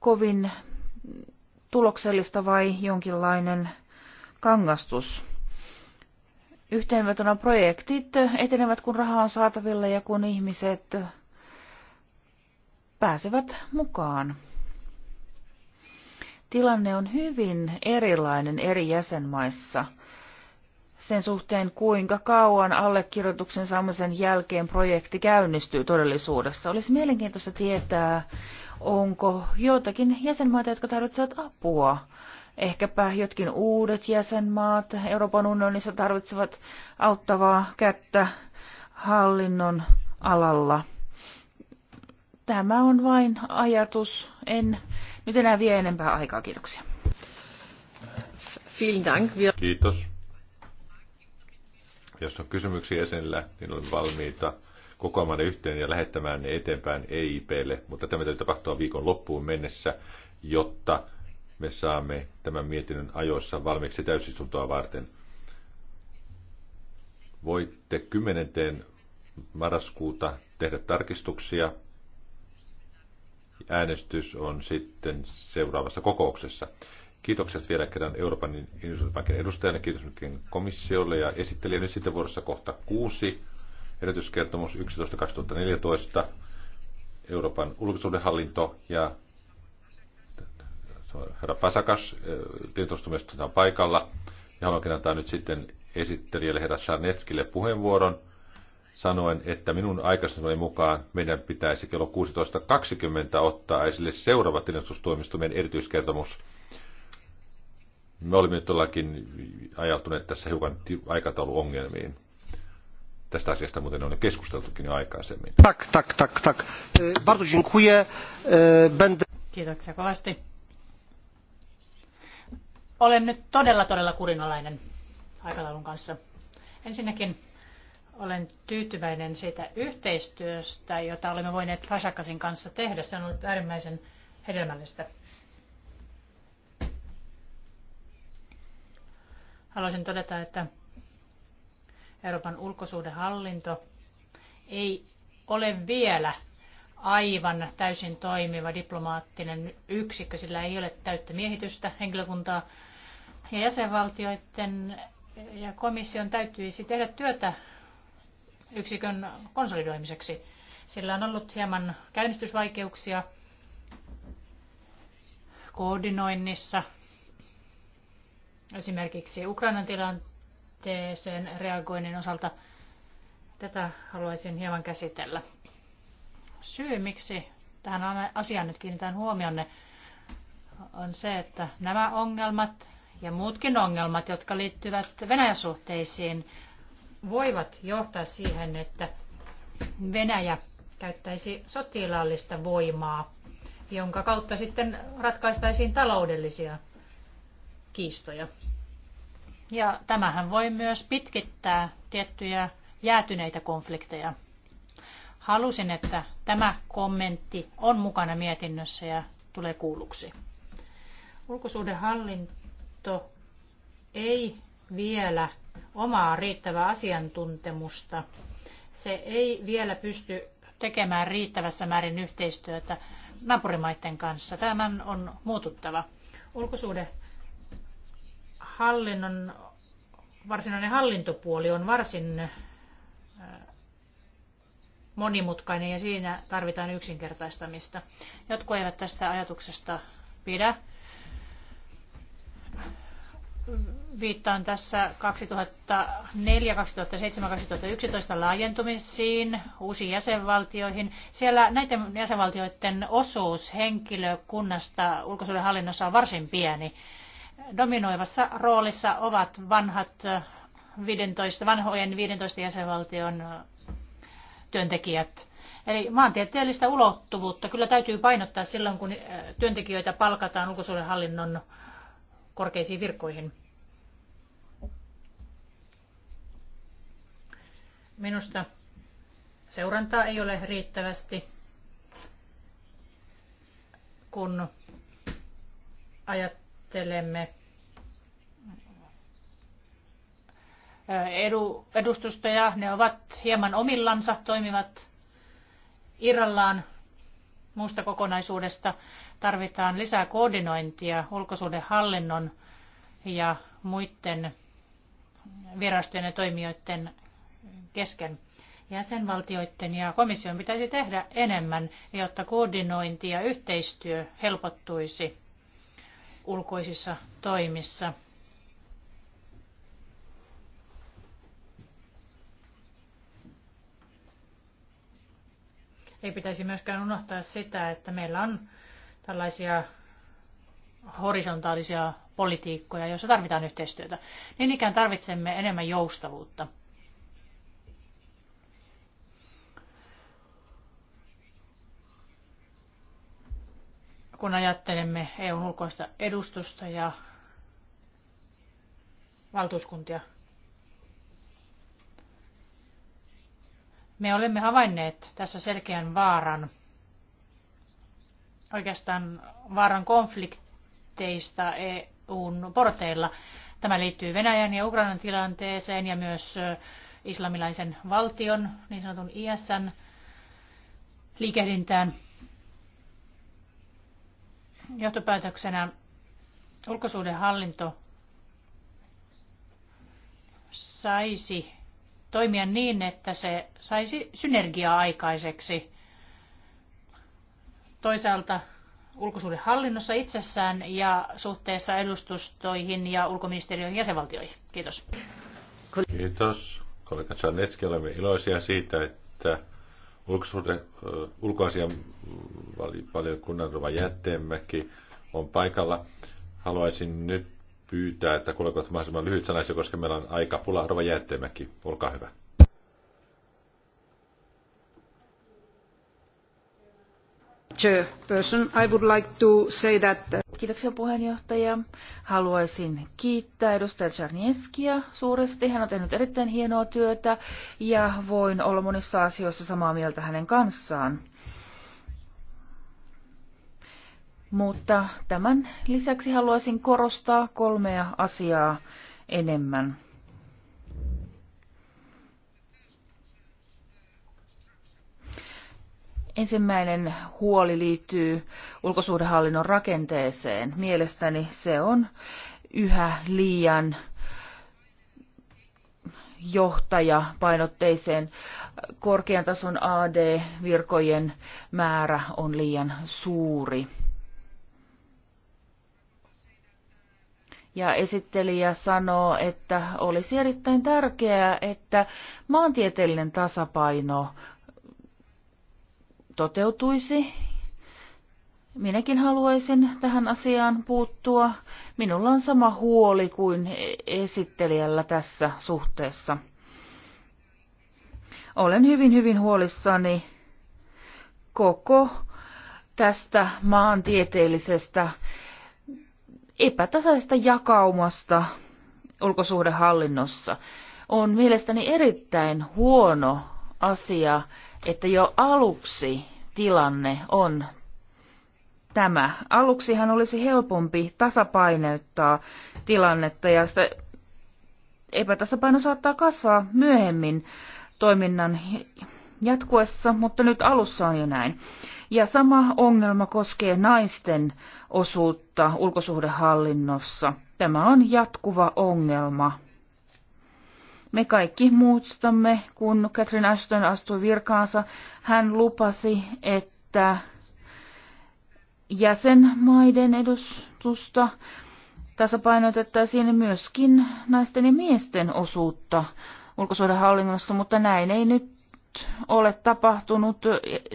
S3: kovin tuloksellista vai jonkinlainen kangastus. Yhteenvetona projektit etenevät, kun rahaa on saatavilla ja kun ihmiset pääsevät mukaan. Tilanne on hyvin erilainen eri jäsenmaissa sen suhteen, kuinka kauan allekirjoituksen saamisen jälkeen projekti käynnistyy todellisuudessa. Olisi mielenkiintoista tietää, onko joitakin jäsenmaita, jotka tarvitsevat apua. Ehkäpä jotkin uudet jäsenmaat Euroopan unionissa tarvitsevat auttavaa kättä hallinnon alalla tämä on vain ajatus. En nyt enää vie enempää aikaa. Kiitoksia.
S1: Kiitos. Jos on kysymyksiä esillä, niin olen valmiita kokoamaan ne yhteen ja lähettämään ne eteenpäin EIPlle, mutta tämä täytyy tapahtua viikon loppuun mennessä, jotta me saamme tämän mietinnön ajoissa valmiiksi täysistuntoa varten. Voitte 10. marraskuuta tehdä tarkistuksia Äänestys on sitten seuraavassa kokouksessa. Kiitokset vielä kerran Euroopan investointipankin edustajana, kiitos myöskin komissiolle ja esittelijä. Nyt sitten vuorossa kohta kuusi, erityiskertomus 11.2014, Euroopan Hallinto ja herra Pasakas eh, tietoistumisesta on paikalla. Ja haluankin antaa nyt sitten esittelijälle herra Sarnetskille puheenvuoron sanoen, että minun aikaisemmin mukaan meidän pitäisi kello 16.20 ottaa esille seuraava tilastustoimistumien erityiskertomus. Me olimme nyt todellakin ajautuneet tässä hiukan aikatauluongelmiin. Tästä asiasta muuten on jo keskusteltukin jo aikaisemmin. Tak, tak, tak, tak. E,
S2: bardzo dziękuję. E, będę... Kiitoksia kovasti. Olen nyt todella, todella kurinalainen aikataulun kanssa. Ensinnäkin olen tyytyväinen siitä yhteistyöstä, jota olemme voineet Fasakasin kanssa tehdä. Se on ollut äärimmäisen hedelmällistä. Haluaisin todeta, että Euroopan ulkosuhdehallinto ei ole vielä aivan täysin toimiva diplomaattinen yksikkö, sillä ei ole täyttä miehitystä, henkilökuntaa. Ja jäsenvaltioiden ja komission täytyisi tehdä työtä yksikön konsolidoimiseksi. Sillä on ollut hieman käynnistysvaikeuksia koordinoinnissa. Esimerkiksi Ukrainan tilanteeseen reagoinnin osalta tätä haluaisin hieman käsitellä. Syy, miksi tähän asiaan nyt kiinnitän huomionne, on se, että nämä ongelmat ja muutkin ongelmat, jotka liittyvät Venäjän suhteisiin, voivat johtaa siihen, että Venäjä käyttäisi sotilaallista voimaa, jonka kautta sitten ratkaistaisiin taloudellisia kiistoja. Ja tämähän voi myös pitkittää tiettyjä jäätyneitä konflikteja. Halusin, että tämä kommentti on mukana mietinnössä ja tulee kuulluksi. Ulkosuhdehallinto ei vielä omaa riittävää asiantuntemusta. Se ei vielä pysty tekemään riittävässä määrin yhteistyötä naapurimaiden kanssa. Tämän on muututtava. Ulkosuuden hallinnon varsinainen hallintopuoli on varsin monimutkainen ja siinä tarvitaan yksinkertaistamista. Jotkut eivät tästä ajatuksesta pidä. Viittaan tässä 2004, 2007, 2011 laajentumisiin, uusiin jäsenvaltioihin. Siellä näiden jäsenvaltioiden osuus henkilökunnasta ulkosuudenhallinnossa on varsin pieni. Dominoivassa roolissa ovat vanhat 15, vanhojen 15 jäsenvaltion työntekijät. Eli maantieteellistä ulottuvuutta kyllä täytyy painottaa silloin, kun työntekijöitä palkataan ulkosuudenhallinnon hallinnon korkeisiin virkoihin. Minusta seurantaa ei ole riittävästi, kun ajattelemme edu, edustustoja. Ne ovat hieman omillansa, toimivat irrallaan muusta kokonaisuudesta tarvitaan lisää koordinointia ulkosuhdehallinnon ja muiden virastojen ja toimijoiden kesken. Jäsenvaltioiden ja komission pitäisi tehdä enemmän, jotta koordinointi ja yhteistyö helpottuisi ulkoisissa toimissa. Ei pitäisi myöskään unohtaa sitä, että meillä on tällaisia horisontaalisia politiikkoja, joissa tarvitaan yhteistyötä. Niin ikään tarvitsemme enemmän joustavuutta. Kun ajattelemme EUn ulkoista edustusta ja valtuuskuntia, me olemme havainneet tässä selkeän vaaran – oikeastaan vaaran konflikteista EUn porteilla. Tämä liittyy Venäjän ja Ukrainan tilanteeseen ja myös islamilaisen valtion, niin sanotun ISN, liikehdintään. Johtopäätöksenä hallinto saisi toimia niin, että se saisi synergiaa aikaiseksi toisaalta ulkosuhdehallinnossa itsessään ja suhteessa edustustoihin ja ulkoministeriön jäsenvaltioihin. Kiitos.
S1: Kiitos. Kollega Czarnetski, olemme iloisia siitä, että ulkosuhde, ulkoasianvaliokunnan Rova Jätteenmäki on paikalla. Haluaisin nyt pyytää, että kollegat mahdollisimman lyhyt sanaisia, koska meillä on aika pula. Rova Jätteenmäki, olkaa hyvä.
S3: chairperson, I uh, Kiitoksia puheenjohtaja. Haluaisin kiittää edustaja Czarnieskia suuresti. Hän on tehnyt erittäin hienoa työtä ja voin olla monissa asioissa samaa mieltä hänen kanssaan. Mutta tämän lisäksi haluaisin korostaa kolmea asiaa enemmän. Ensimmäinen huoli liittyy ulkosuhdehallinnon rakenteeseen. Mielestäni se on yhä liian johtaja painotteiseen. Korkean tason AD-virkojen määrä on liian suuri. Ja esittelijä sanoo, että olisi erittäin tärkeää, että maantieteellinen tasapaino toteutuisi. Minäkin haluaisin tähän asiaan puuttua. Minulla on sama huoli kuin esittelijällä tässä suhteessa. Olen hyvin, hyvin huolissani koko tästä maantieteellisestä epätasaisesta jakaumasta ulkosuhdehallinnossa on mielestäni erittäin huono asia, että jo aluksi tilanne on tämä. Aluksihan olisi helpompi tasapainottaa tilannetta ja sitä epätasapaino saattaa kasvaa myöhemmin toiminnan jatkuessa, mutta nyt alussa on jo näin. Ja sama ongelma koskee naisten osuutta ulkosuhdehallinnossa. Tämä on jatkuva ongelma. Me kaikki muistamme, kun Catherine Ashton astui virkaansa, hän lupasi, että jäsenmaiden edustusta tasapainotettaisiin myöskin naisten ja miesten osuutta ulkosuuden hallinnossa, mutta näin ei nyt ole tapahtunut.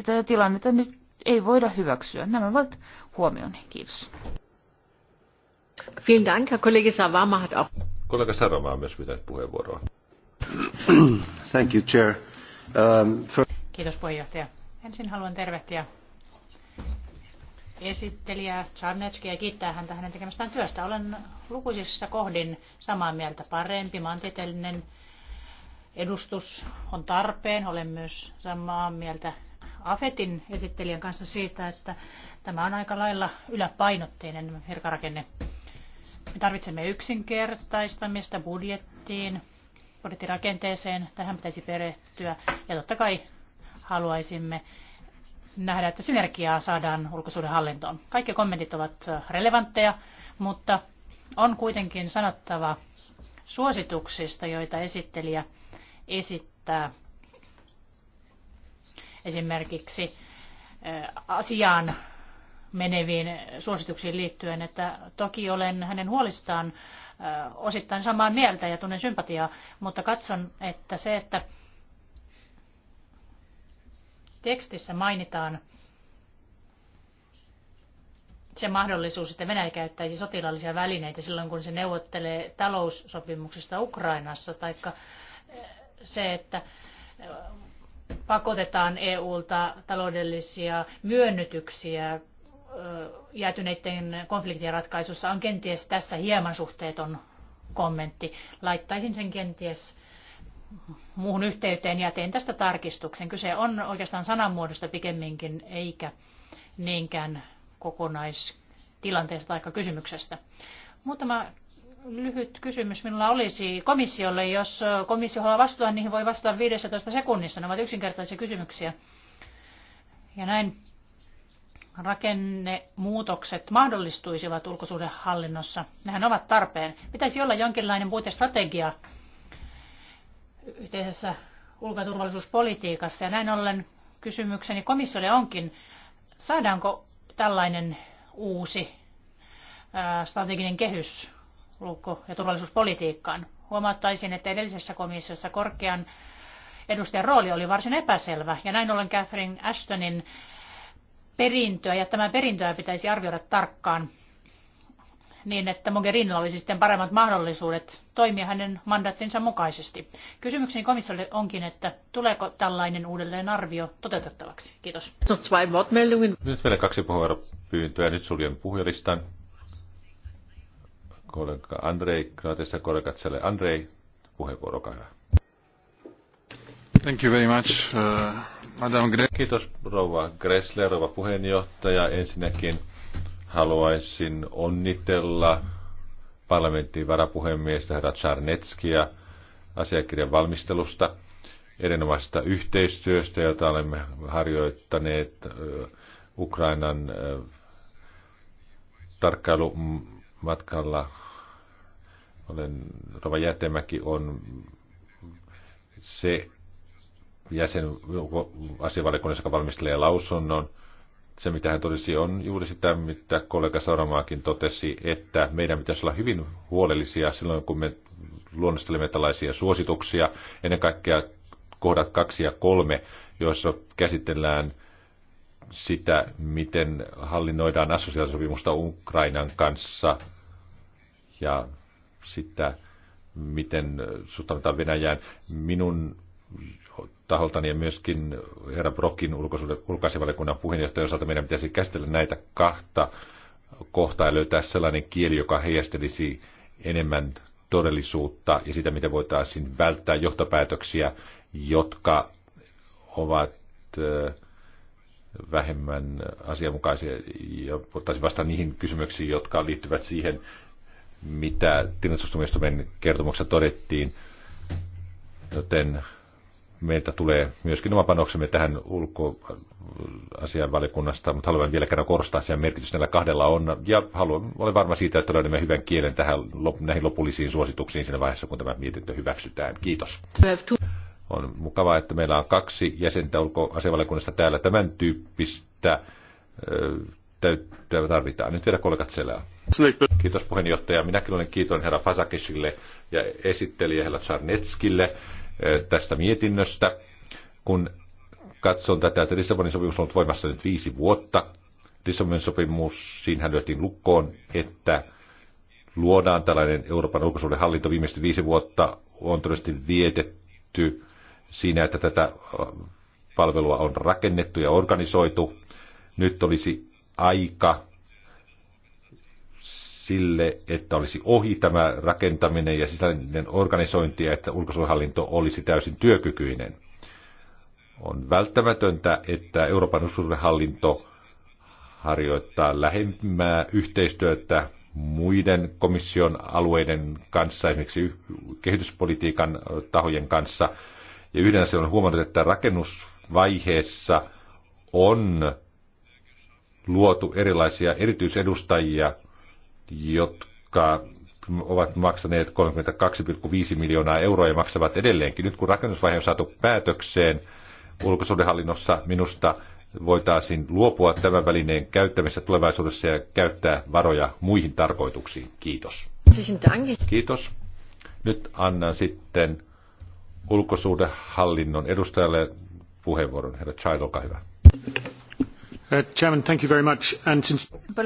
S3: Tätä tilannetta nyt ei voida hyväksyä. Nämä ovat huomioni. Kiitos. Vielen Dank, Herr Kollege Savama hat auch.
S1: Kollega Sarama on myös pitänyt puheenvuoroa arvoisa um,
S2: puhemies Ensin haluan tervehtiä Esittelijä Czarneckia ja kiittää häntä hänen tekemästään työstä. Olen lukuisissa kohdin samaa mieltä. Parempi maantieteellinen edustus on tarpeen. Olen myös samaa mieltä Afetin esittelijän kanssa siitä, että tämä on aika lailla yläpainotteinen virkarakenne. Me tarvitsemme yksinkertaistamista budjettiin, budjettirakenteeseen. Tähän pitäisi perehtyä. Ja totta kai haluaisimme nähdä, että synergiaa saadaan ulkosuuden hallintoon. Kaikki kommentit ovat relevantteja, mutta on kuitenkin sanottava suosituksista, joita esittelijä esittää esimerkiksi äh, asiaan meneviin suosituksiin liittyen, että toki olen hänen huolistaan osittain samaa mieltä ja tunnen sympatiaa, mutta katson, että se, että tekstissä mainitaan se mahdollisuus, että Venäjä käyttäisi sotilaallisia välineitä silloin, kun se neuvottelee taloussopimuksesta Ukrainassa, tai se, että pakotetaan EUlta taloudellisia myönnytyksiä jäätyneiden konfliktien ratkaisussa on kenties tässä hieman suhteeton kommentti. Laittaisin sen kenties muuhun yhteyteen ja teen tästä tarkistuksen. Kyse on oikeastaan sananmuodosta pikemminkin, eikä niinkään kokonaistilanteesta tai kysymyksestä. Muutama lyhyt kysymys minulla olisi komissiolle. Jos komissio haluaa vastata, niihin voi vastata 15 sekunnissa. Ne ovat yksinkertaisia kysymyksiä. Ja näin rakennemuutokset mahdollistuisivat ulkosuhdehallinnossa. Nehän ovat tarpeen. Pitäisi olla jonkinlainen puitestrategia yhteisessä ulko- ja turvallisuuspolitiikassa. Ja näin ollen kysymykseni komissiolle onkin, saadaanko tällainen uusi strateginen kehys ulko- ja turvallisuuspolitiikkaan? Huomauttaisin, että edellisessä komissiossa korkean edustajan rooli oli varsin epäselvä, ja näin ollen Catherine Ashtonin perintöä ja tämä perintöä pitäisi arvioida tarkkaan niin, että Mogherinilla olisi sitten paremmat mahdollisuudet toimia hänen mandaattinsa mukaisesti. Kysymykseni komissiolle onkin, että tuleeko tällainen uudelleenarvio toteutettavaksi? Kiitos.
S1: Nyt vielä kaksi puheenvuoropyyntöä. Nyt suljen puhujalistan. Kollega Andrei, Kroatista kollega Tselle. Andrei, puheenvuoro, Thank you very much. Uh... Gre- Kiitos rouva Gressler, rouva puheenjohtaja. Ensinnäkin haluaisin onnitella parlamentin varapuhemiestä herra Czarneckia asiakirjan valmistelusta, erinomaisesta yhteistyöstä, jota olemme harjoittaneet Ukrainan tarkkailumatkalla. Olen, Rova Jätemäki on se jäsen asiavaliokunnassa, joka valmistelee lausunnon. Se, mitä hän todisi, on juuri sitä, mitä kollega Sauramaakin totesi, että meidän pitäisi olla hyvin huolellisia silloin, kun me luonnostelemme tällaisia suosituksia, ennen kaikkea kohdat kaksi ja kolme, joissa käsitellään sitä, miten hallinnoidaan assosiaalisopimusta Ukrainan kanssa ja sitä, miten suhtaudutaan Venäjään. Minun taholtani ja myöskin herra Brokin ulkoasianvaliokunnan puheenjohtajan osalta meidän pitäisi käsitellä näitä kahta kohtaa ja löytää sellainen kieli, joka heijastelisi enemmän todellisuutta ja sitä, miten voitaisiin välttää johtopäätöksiä, jotka ovat vähemmän asianmukaisia ja ottaisin vastaan niihin kysymyksiin, jotka liittyvät siihen, mitä tilintustumistomen kertomuksessa todettiin. Joten meiltä tulee myöskin oma panoksemme tähän ulkoasianvalikunnasta, mutta haluan vielä kerran korostaa sen merkitys näillä kahdella on. Ja haluan, olen varma siitä, että löydämme hyvän kielen tähän, näihin lopullisiin suosituksiin siinä vaiheessa, kun tämä mietintö hyväksytään. Kiitos. On mukavaa, että meillä on kaksi jäsentä ulkoasianvalikunnasta täällä tämän tyyppistä täyttöä tarvitaan. Nyt vielä kollegat selää. Kiitos puheenjohtaja. Minäkin olen kiitollinen herra Fasakisille ja esittelijä herra Tsarnetskille tästä mietinnöstä. Kun katson tätä, että Lissabonin sopimus on ollut voimassa nyt viisi vuotta, Lissabonin sopimus, siinähän lyötiin lukkoon, että luodaan tällainen Euroopan ulkosuuden hallinto viimeiset viisi vuotta on todellisesti vietetty siinä, että tätä palvelua on rakennettu ja organisoitu. Nyt olisi aika sille, että olisi ohi tämä rakentaminen ja sisäinen organisointi ja että ulkosuojelhallinto olisi täysin työkykyinen. On välttämätöntä, että Euroopan ulkosuojelhallinto harjoittaa lähempää yhteistyötä muiden komission alueiden kanssa, esimerkiksi kehityspolitiikan tahojen kanssa. Ja yhden asian on huomannut, että rakennusvaiheessa on luotu erilaisia erityisedustajia jotka ovat maksaneet 32,5 miljoonaa euroa ja maksavat edelleenkin. Nyt kun rakennusvaihe on saatu päätökseen ulkosuhdehallinnossa, minusta voitaisiin luopua tämän välineen käyttämisestä tulevaisuudessa ja käyttää varoja muihin tarkoituksiin. Kiitos. Kiitos. Nyt annan sitten ulkosuhdehallinnon edustajalle puheenvuoron. Herra Child, olkaa hyvä. Uh, Chairman, thank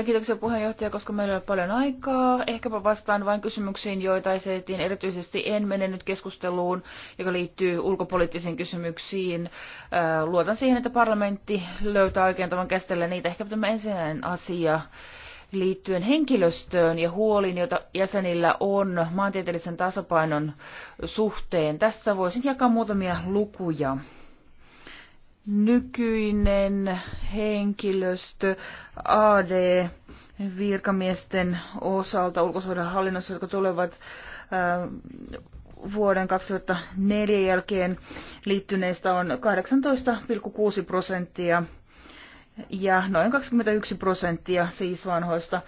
S3: kiitoksia puheenjohtaja, koska meillä on paljon aikaa. Ehkäpä vastaan vain kysymyksiin, joita esitettiin. Erityisesti en mene nyt keskusteluun, joka liittyy ulkopoliittisiin kysymyksiin. Uh, luotan siihen, että parlamentti löytää oikean tavan käsitellä niitä. Ehkäpä tämä ensimmäinen asia liittyen henkilöstöön ja huoliin, joita jäsenillä on maantieteellisen tasapainon suhteen. Tässä voisin jakaa muutamia lukuja nykyinen henkilöstö AD virkamiesten osalta hallinnossa, jotka tulevat äh, vuoden 2004 jälkeen liittyneistä on 18,6 prosenttia ja noin 21 prosenttia siis vanhoista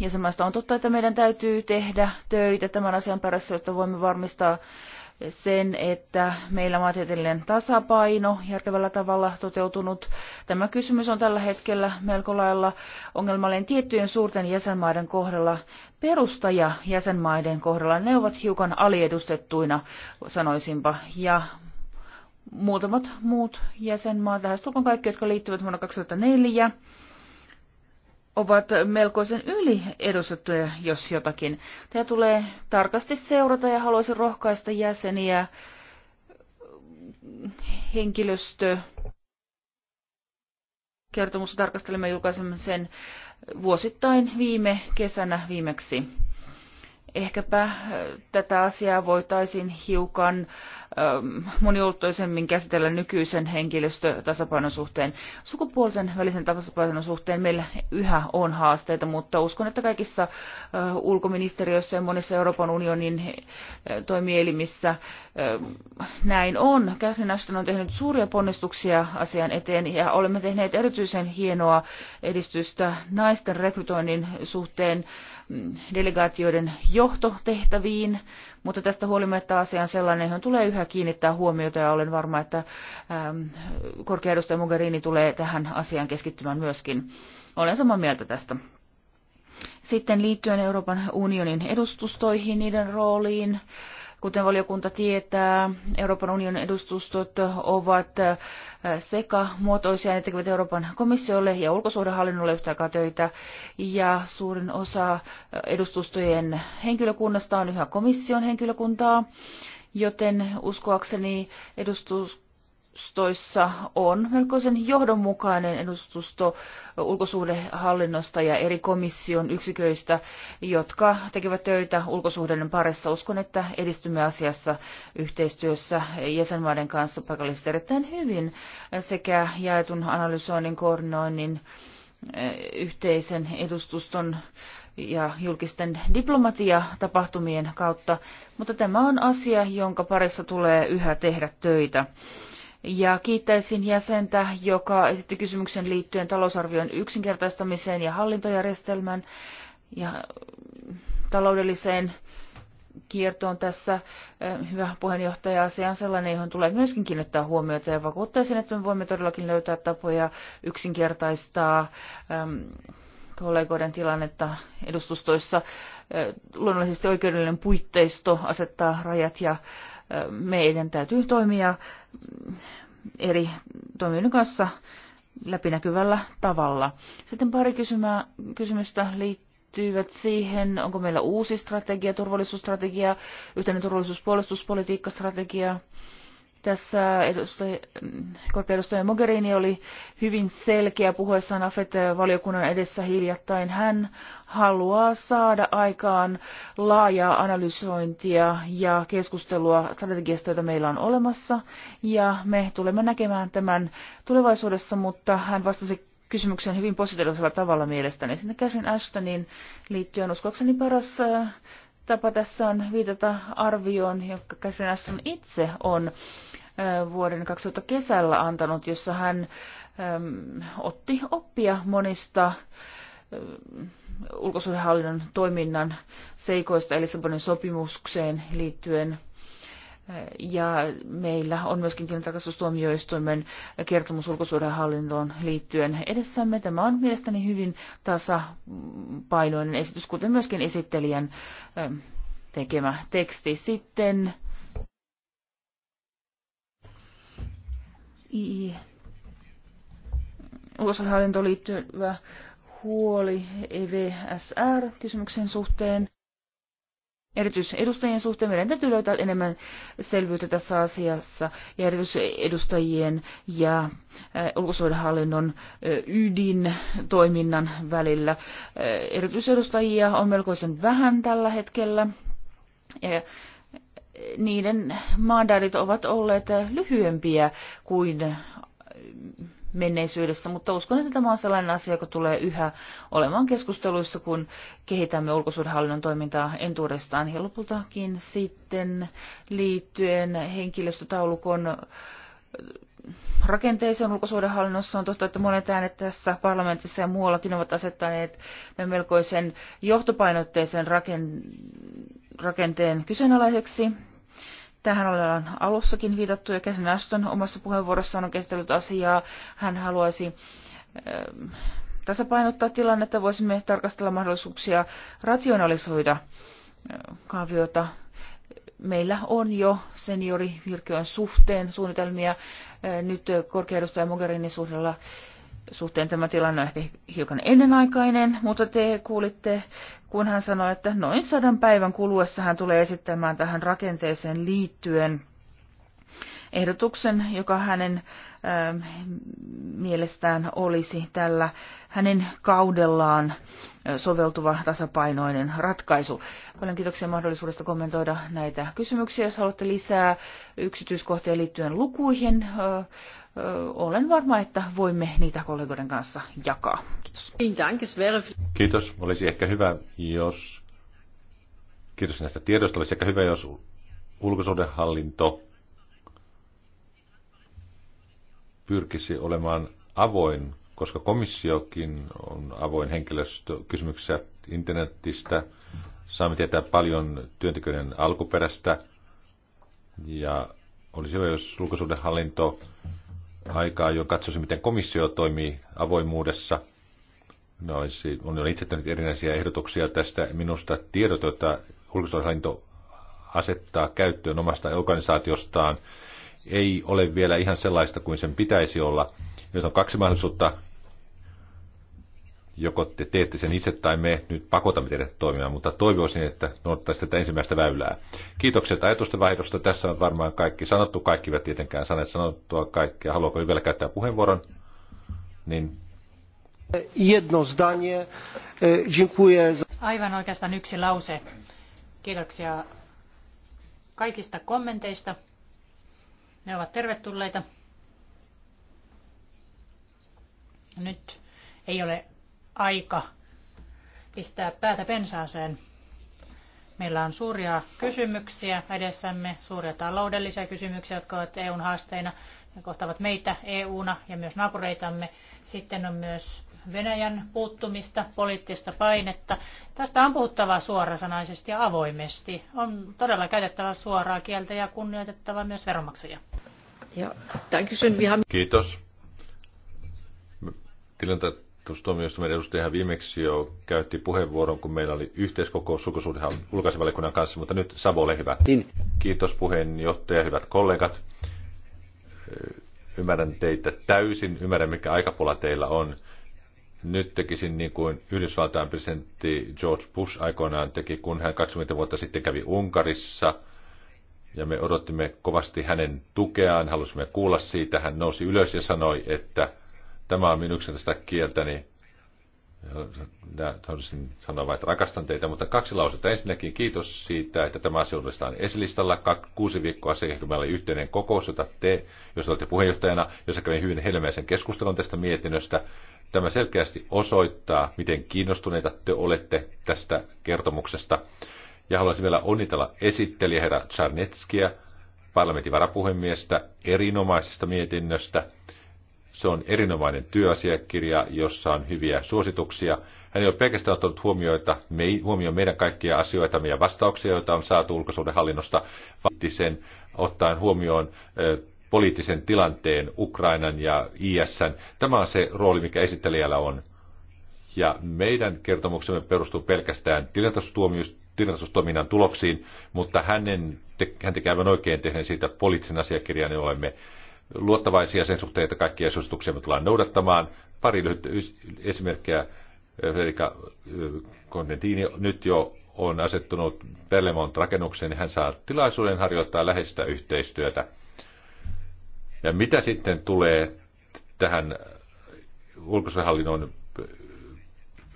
S3: jäsenmaista. On totta, että meidän täytyy tehdä töitä tämän asian perässä, josta voimme varmistaa sen, että meillä maantieteellinen tasapaino järkevällä tavalla toteutunut. Tämä kysymys on tällä hetkellä melko lailla ongelmallinen tiettyjen suurten jäsenmaiden kohdalla. Perustaja jäsenmaiden kohdalla ne ovat hiukan aliedustettuina, sanoisinpa, ja muutamat muut jäsenmaat, lähestulkoon kaikki, jotka liittyvät vuonna 2004 ovat melkoisen yliedustettuja, jos jotakin. Tämä tulee tarkasti seurata ja haluaisin rohkaista jäseniä, henkilöstö, kertomusta tarkastelemme julkaisemme sen vuosittain viime kesänä viimeksi. Ehkäpä tätä asiaa voitaisiin hiukan äh, Ähm, moniulotteisemmin käsitellä nykyisen henkilöstötasapainon suhteen. Sukupuolten välisen tasapainon suhteen meillä yhä on haasteita, mutta uskon, että kaikissa äh, ulkoministeriöissä ja monissa Euroopan unionin äh, toimielimissä äh, näin on. Catherine Ashton on tehnyt suuria ponnistuksia asian eteen ja olemme tehneet erityisen hienoa edistystä naisten rekrytoinnin suhteen mm, delegaatioiden johtotehtäviin mutta tästä huolimatta asia on sellainen, johon tulee yhä kiinnittää huomiota ja olen varma, että äm, korkea edustaja Mogherini tulee tähän asiaan keskittymään myöskin. Olen samaa mieltä tästä. Sitten liittyen Euroopan unionin edustustoihin, niiden rooliin. Kuten valiokunta tietää, Euroopan unionin edustustot ovat äh, sekä muotoisia, ne tekevät Euroopan komissiolle ja ulkosuhdehallinnolle yhtä aikaa töitä, ja suurin osa äh, edustustojen henkilökunnasta on yhä komission henkilökuntaa, joten uskoakseni edustus edustustoissa on melkoisen johdonmukainen edustusto ulkosuhdehallinnosta ja eri komission yksiköistä, jotka tekevät töitä ulkosuhdeiden parissa. Uskon, että edistymme asiassa yhteistyössä jäsenmaiden kanssa paikallisesti erittäin hyvin sekä jaetun analysoinnin, koordinoinnin, eh, yhteisen edustuston ja julkisten diplomatiatapahtumien kautta, mutta tämä on asia, jonka parissa tulee yhä tehdä töitä. Ja kiittäisin jäsentä, joka esitti kysymyksen liittyen talousarvion yksinkertaistamiseen ja hallintojärjestelmän ja taloudelliseen kiertoon tässä. Äh, hyvä puheenjohtaja, asia on sellainen, johon tulee myöskin kiinnittää huomiota ja vakuuttaisin, että me voimme todellakin löytää tapoja yksinkertaistaa ähm, kollegoiden tilannetta edustustoissa. Äh, luonnollisesti oikeudellinen puitteisto asettaa rajat ja meidän täytyy toimia eri toimijoiden kanssa läpinäkyvällä tavalla. Sitten pari kysymystä liittyvät siihen, onko meillä uusi strategia, turvallisuusstrategia, yhteinen turvallisuus- ja puolustuspolitiikkastrategia. strategia tässä korkeudustaja Mogherini oli hyvin selkeä puhuessaan AFET-valiokunnan edessä hiljattain. Hän haluaa saada aikaan laajaa analysointia ja keskustelua strategiasta, jota meillä on olemassa. Ja me tulemme näkemään tämän tulevaisuudessa, mutta hän vastasi kysymykseen hyvin positiivisella tavalla mielestäni. Sinne käsin Ashtonin liittyen uskoakseni paras äh, tapa tässä on viitata arvioon, jonka Catherine Ashton itse on vuoden 2000 kesällä antanut, jossa hän otti oppia monista ulkosuhdehallinnon toiminnan seikoista Lissabonin sopimukseen liittyen – ja meillä on myöskin tilintarkastustuomioistuimen kertomus ulkosuhdehallintoon liittyen edessämme. Tämä on mielestäni hyvin tasapainoinen esitys, kuten myöskin esittelijän ähm, tekemä teksti. Sitten Ulkosuhdehallintoon liittyvä huoli EVSR-kysymyksen suhteen erityisedustajien suhteen meidän täytyy löytää enemmän selvyyttä tässä asiassa ja erityisedustajien ja ydin äh, äh, ydintoiminnan välillä. Äh, erityisedustajia on melkoisen vähän tällä hetkellä ja niiden mandaatit ovat olleet lyhyempiä kuin menneisyydessä, mutta uskon, että tämä on sellainen asia, joka tulee yhä olemaan keskusteluissa, kun kehitämme ulkosuudenhallinnon toimintaa entuudestaan. Ja lopultakin sitten liittyen henkilöstötaulukon rakenteeseen ulkosuudenhallinnossa on totta, että monet äänet tässä parlamentissa ja muuallakin ovat asettaneet melkoisen johtopainotteisen rakenteen kyseenalaiseksi. Tähän ollaan alussakin viitattu ja Käsin Ashton omassa puheenvuorossaan on käsitellyt asiaa. Hän haluaisi eh, tasapainottaa tilannetta. Voisimme tarkastella mahdollisuuksia rationalisoida eh, kaaviota. Meillä on jo seniorivirkeön suhteen suunnitelmia eh, nyt korkeudustaja Mogherinin suhdella suhteen tämä tilanne on ehkä hiukan ennenaikainen, mutta te kuulitte, kun hän sanoi, että noin sadan päivän kuluessa hän tulee esittämään tähän rakenteeseen liittyen ehdotuksen, joka hänen ö, ähm, mielestään olisi tällä hänen kaudellaan äh, soveltuva tasapainoinen ratkaisu. Paljon kiitoksia mahdollisuudesta kommentoida näitä kysymyksiä. Jos haluatte lisää yksityiskohtia liittyen lukuihin, ö, äh, olen varma, että voimme niitä kollegoiden kanssa jakaa. Kiitos.
S1: Kiitos. Olisi ehkä hyvä, jos... Kiitos näistä tiedoista. Olisi ehkä hyvä, jos ulkosuhdehallinto pyrkisi olemaan avoin, koska komissiokin on avoin henkilöstökysymyksessä internetistä. Saamme tietää paljon työntekijöiden alkuperästä ja olisi hyvä, jos ulkosuhdehallinto aikaa jo katsoisi, miten komissio toimii avoimuudessa. No, on on itse tehnyt erinäisiä ehdotuksia tästä. Minusta tiedot, joita ulkoistushallinto asettaa käyttöön omasta organisaatiostaan, ei ole vielä ihan sellaista kuin sen pitäisi olla. Nyt on kaksi mahdollisuutta, joko te teette sen itse tai me nyt pakotamme teidät toimimaan, mutta toivoisin, että noudattaisiin tätä ensimmäistä väylää. Kiitokset ajatusten vaihdosta. Tässä on varmaan kaikki sanottu. Kaikki eivät tietenkään saaneet sanottua kaikkea. Haluaako vielä käyttää puheenvuoron? Niin.
S3: Jedno zdanie. E, dziękuję.
S2: Aivan oikeastaan yksi lause. Kiitoksia kaikista kommenteista. Ne ovat tervetulleita. Nyt ei ole aika pistää päätä pensaaseen. Meillä on suuria kysymyksiä edessämme, suuria taloudellisia kysymyksiä, jotka ovat EUn haasteina. ja kohtavat meitä EUna ja myös naapureitamme. Sitten on myös Venäjän puuttumista, poliittista painetta. Tästä on puhuttava suorasanaisesti ja avoimesti. On todella käytettävä suoraa kieltä ja kunnioitettava myös veronmaksajia.
S1: Kiitos. Tilanteet tuomioistuimen ihan viimeksi jo käytti puheenvuoron, kun meillä oli yhteiskokous sukusuudenhan ulkoisevalikunnan kanssa, mutta nyt Savo, ole hyvä. Niin. Kiitos puheenjohtaja, hyvät kollegat. Ymmärrän teitä täysin, ymmärrän mikä aikapula teillä on. Nyt tekisin niin kuin Yhdysvaltain presidentti George Bush aikoinaan teki, kun hän 20 vuotta sitten kävi Unkarissa. Ja me odottimme kovasti hänen tukeaan, halusimme kuulla siitä. Hän nousi ylös ja sanoi, että – Tämä on minun tästä kieltäni. Minä haluaisin sanoa vain, että rakastan teitä, mutta kaksi lausetta. Ensinnäkin kiitos siitä, että tämä asia on esilistalla. Kuusi viikkoa sitten meillä oli yhteinen kokous, jota te, jos olette puheenjohtajana, jossa kävin hyvin helmeisen keskustelun tästä mietinnöstä. Tämä selkeästi osoittaa, miten kiinnostuneita te olette tästä kertomuksesta. Ja haluaisin vielä onnitella esittelijä herra Czarneckia, parlamentin varapuhemiestä, erinomaisesta mietinnöstä. Se on erinomainen työasiakirja, jossa on hyviä suosituksia. Hän ei ole pelkästään ottanut huomioita, me, huomioon meidän kaikkia asioita meidän vastauksia, joita on saatu ulkosuhdehallinnosta, vaan sen ottaen huomioon poliittisen tilanteen Ukrainan ja ISN. Tämä on se rooli, mikä esittelijällä on. Ja meidän kertomuksemme perustuu pelkästään tilintarkastustoiminnan tuloksiin, mutta hänen, hän tekee aivan oikein tehden siitä poliittisen asiakirjan, niin olemme luottavaisia sen suhteen, että kaikkia suosituksia me tullaan noudattamaan. Pari lyhyttä esimerkkiä. Federica Contentini nyt jo on asettunut Berlemont rakennukseen, niin hän saa tilaisuuden harjoittaa läheistä yhteistyötä. Ja mitä sitten tulee tähän ulkoishallinnon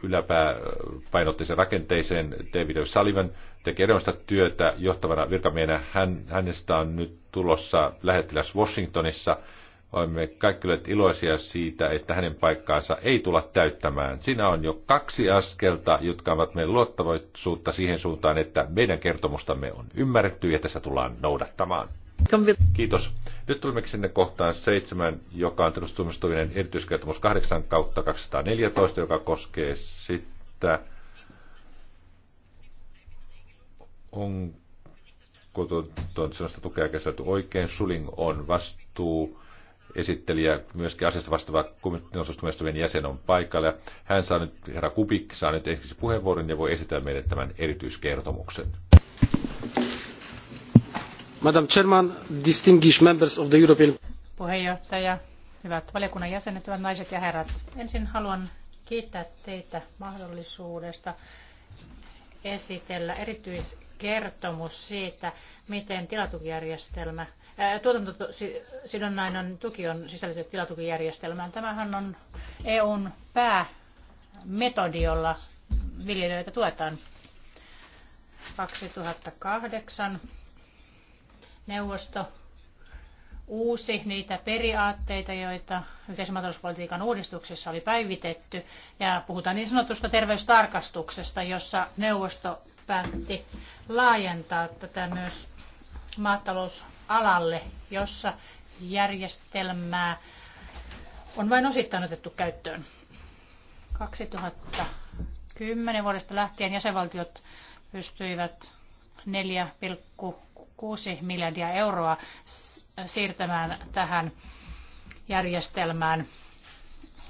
S1: yläpääpainotteisen rakenteeseen, David Sullivan teki erinomaista työtä johtavana virkamiehenä. Hän, hänestä on nyt tulossa lähettiläs Washingtonissa. Olemme kaikki olleet iloisia siitä, että hänen paikkaansa ei tulla täyttämään. Siinä on jo kaksi askelta, jotka ovat meidän luottavaisuutta siihen suuntaan, että meidän kertomustamme on ymmärretty ja tässä tullaan noudattamaan. Kiitos. Nyt tulemme sinne kohtaan seitsemän, joka on tilastuomioistuimen erityiskertomus 8 kautta 214, joka koskee sitä, Onko tuota sellaista tukea käsitelty oikein? Suling on vastuu esittelijä, myöskin asiasta vastaava komiteanosuustumistuvien jäsen on paikalla. Hän saa nyt, herra Kupik, saa nyt ensiksi puheenvuoron ja voi esitellä meille tämän erityiskertomuksen.
S3: Madam Chairman, distinguished members of the European...
S2: Puheenjohtaja, hyvät valiokunnan jäsenet, hyvät naiset ja herrat. Ensin haluan kiittää teitä mahdollisuudesta esitellä erityis kertomus siitä, miten tilatukijärjestelmä, tuotantosidonnainen tuki on sisällytetty tilatukijärjestelmään. Tämähän on EUn päämetodi, jolla viljelijöitä tuetaan. 2008 neuvosto uusi niitä periaatteita, joita yhteisen maatalouspolitiikan uudistuksessa oli päivitetty. Ja puhutaan niin sanotusta terveystarkastuksesta, jossa neuvosto päätti laajentaa tätä myös maatalousalalle, jossa järjestelmää on vain osittain otettu käyttöön. 2010 vuodesta lähtien jäsenvaltiot pystyivät 4,6 miljardia euroa siirtämään tähän järjestelmään.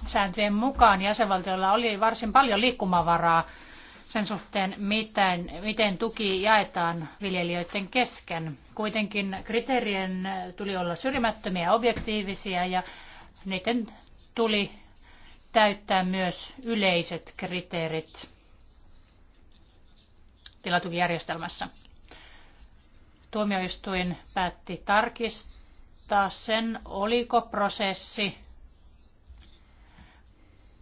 S2: Sääntöjen mukaan jäsenvaltioilla oli varsin paljon liikkumavaraa sen suhteen, miten, miten tuki jaetaan viljelijöiden kesken. Kuitenkin kriteerien tuli olla syrjimättömiä ja objektiivisia ja niiden tuli täyttää myös yleiset kriteerit tilatukijärjestelmässä. Tuomioistuin päätti tarkistaa sen, oliko prosessi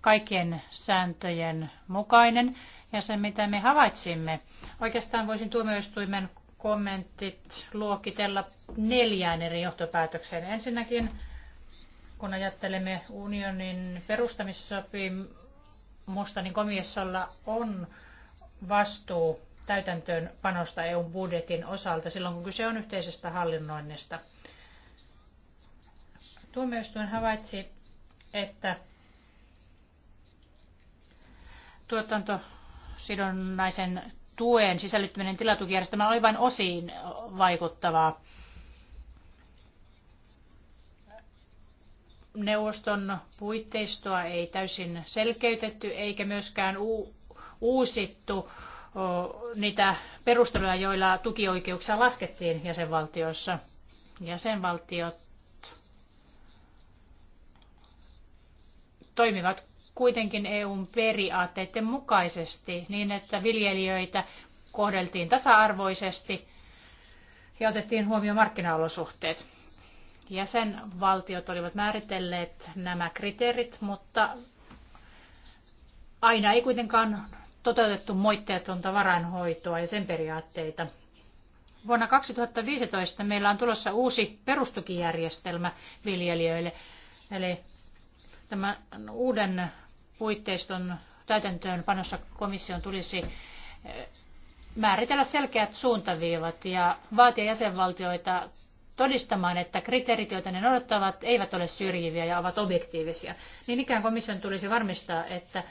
S2: kaikkien sääntöjen mukainen ja sen, mitä me havaitsimme. Oikeastaan voisin tuomioistuimen kommentit luokitella neljään eri johtopäätökseen. Ensinnäkin, kun ajattelemme unionin perustamissopimusta, niin komissiolla on vastuu täytäntöön panosta EUn budjetin osalta silloin, kun kyse on yhteisestä hallinnoinnista. Tuomioistuin havaitsi, että tuotanto sidonnaisen tuen sisällyttäminen tilatukijärjestelmään oli vain osiin vaikuttavaa. Neuvoston puitteistoa ei täysin selkeytetty eikä myöskään uusittu niitä perusteluja, joilla tukioikeuksia laskettiin jäsenvaltioissa. Jäsenvaltiot toimivat kuitenkin EUn periaatteiden mukaisesti niin, että viljelijöitä kohdeltiin tasa-arvoisesti ja otettiin huomioon markkinaolosuhteet. Jäsenvaltiot olivat määritelleet nämä kriteerit, mutta aina ei kuitenkaan toteutettu moitteetonta varainhoitoa ja sen periaatteita. Vuonna 2015 meillä on tulossa uusi perustukijärjestelmä viljelijöille, eli tämän uuden puitteiston täytäntöönpanossa komission tulisi eh, määritellä selkeät suuntaviivat ja vaatia jäsenvaltioita todistamaan, että kriteerit, joita ne noudattavat, eivät ole syrjiviä ja ovat objektiivisia. Niin ikään komission tulisi varmistaa, että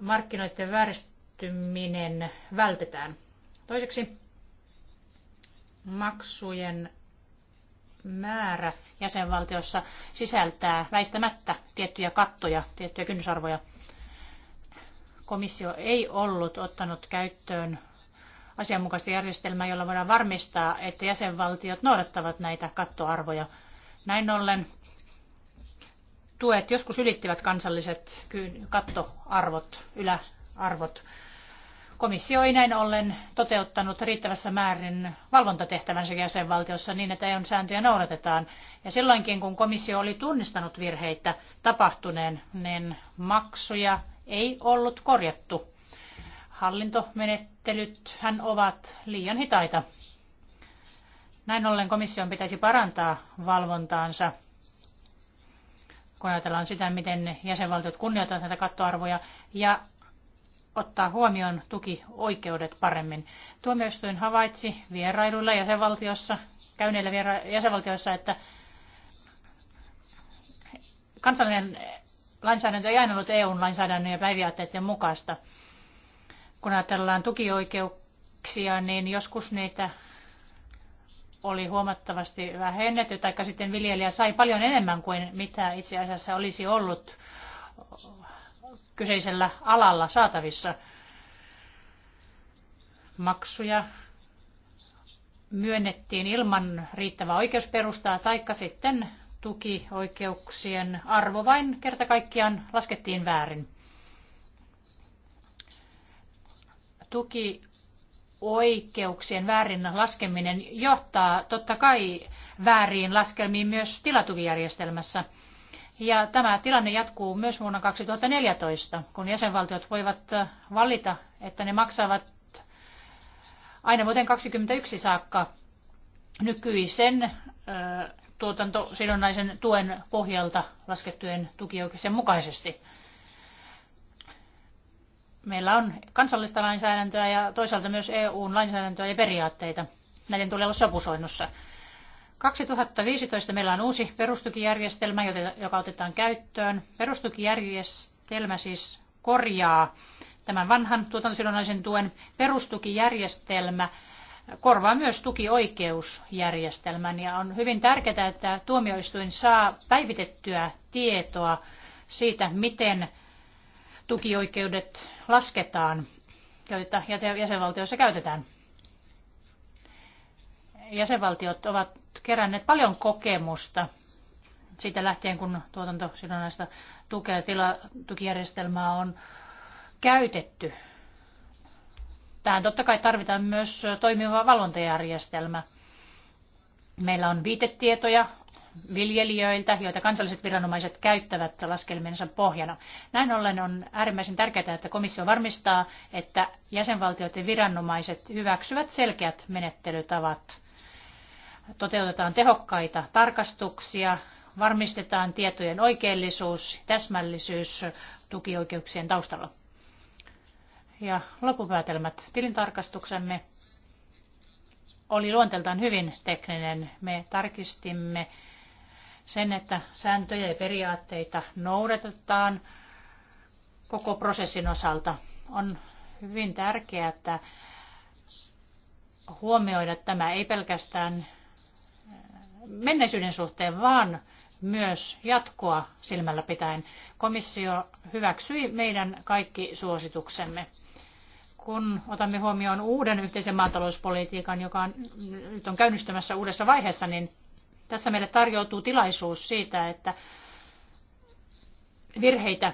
S2: markkinoiden vääristyminen vältetään. Toiseksi maksujen määrä jäsenvaltiossa sisältää väistämättä tiettyjä kattoja, tiettyjä kynnysarvoja – komissio ei ollut ottanut käyttöön asianmukaista järjestelmää, jolla voidaan varmistaa, että jäsenvaltiot noudattavat näitä kattoarvoja. Näin ollen tuet joskus ylittivät kansalliset kattoarvot, yläarvot. Komissio ei näin ollen toteuttanut riittävässä määrin valvontatehtävänsä jäsenvaltiossa niin, että EUn sääntöjä noudatetaan. Ja silloinkin, kun komissio oli tunnistanut virheitä tapahtuneen, niin maksuja ei ollut korjattu. hän ovat liian hitaita. Näin ollen komission pitäisi parantaa valvontaansa, kun ajatellaan sitä, miten jäsenvaltiot kunnioittavat näitä kattoarvoja, ja ottaa huomioon tukioikeudet paremmin. Tuomioistuin havaitsi vierailuilla jäsenvaltiossa, käyneillä jäsenvaltioissa, että kansallinen lainsäädäntö ei aina ollut EUn lainsäädännön ja periaatteiden mukaista. Kun ajatellaan tukioikeuksia, niin joskus niitä oli huomattavasti vähennetty, tai sitten viljelijä sai paljon enemmän kuin mitä itse asiassa olisi ollut kyseisellä alalla saatavissa. Maksuja myönnettiin ilman riittävää oikeusperustaa, taikka sitten tukioikeuksien arvo vain kerta kaikkiaan laskettiin väärin. Tukioikeuksien väärin laskeminen johtaa totta kai vääriin laskelmiin myös tilatukijärjestelmässä. Ja tämä tilanne jatkuu myös vuonna 2014, kun jäsenvaltiot voivat valita, että ne maksavat aina vuoteen 2021 saakka nykyisen tuotantosidonnaisen tuen pohjalta laskettujen tukioikeuksien mukaisesti. Meillä on kansallista lainsäädäntöä ja toisaalta myös EUn lainsäädäntöä ja periaatteita. Näiden tulee olla sopusoinnussa. 2015 meillä on uusi perustukijärjestelmä, joka otetaan käyttöön. Perustukijärjestelmä siis korjaa tämän vanhan tuotantosidonnaisen tuen perustukijärjestelmä – korvaa myös tukioikeusjärjestelmän ja on hyvin tärkeää, että tuomioistuin saa päivitettyä tietoa siitä, miten tukioikeudet lasketaan, joita jäsenvaltioissa käytetään. Jäsenvaltiot ovat keränneet paljon kokemusta siitä lähtien, kun tuotantosidonnaista tukea, tila, tukijärjestelmää on käytetty Tähän totta kai tarvitaan myös toimiva valvontajärjestelmä. Meillä on viitetietoja viljelijöiltä, joita kansalliset viranomaiset käyttävät laskelmiensa pohjana. Näin ollen on äärimmäisen tärkeää, että komissio varmistaa, että jäsenvaltiot ja viranomaiset hyväksyvät selkeät menettelytavat. Toteutetaan tehokkaita tarkastuksia, varmistetaan tietojen oikeellisuus, täsmällisyys tukioikeuksien taustalla ja loppupäätelmät. Tilintarkastuksemme oli luonteeltaan hyvin tekninen. Me tarkistimme sen, että sääntöjä ja periaatteita noudatetaan koko prosessin osalta. On hyvin tärkeää, että huomioida tämä ei pelkästään menneisyyden suhteen, vaan myös jatkoa silmällä pitäen. Komissio hyväksyi meidän kaikki suosituksemme kun otamme huomioon uuden yhteisen maatalouspolitiikan, joka on, nyt on käynnistymässä uudessa vaiheessa, niin tässä meille tarjoutuu tilaisuus siitä, että virheitä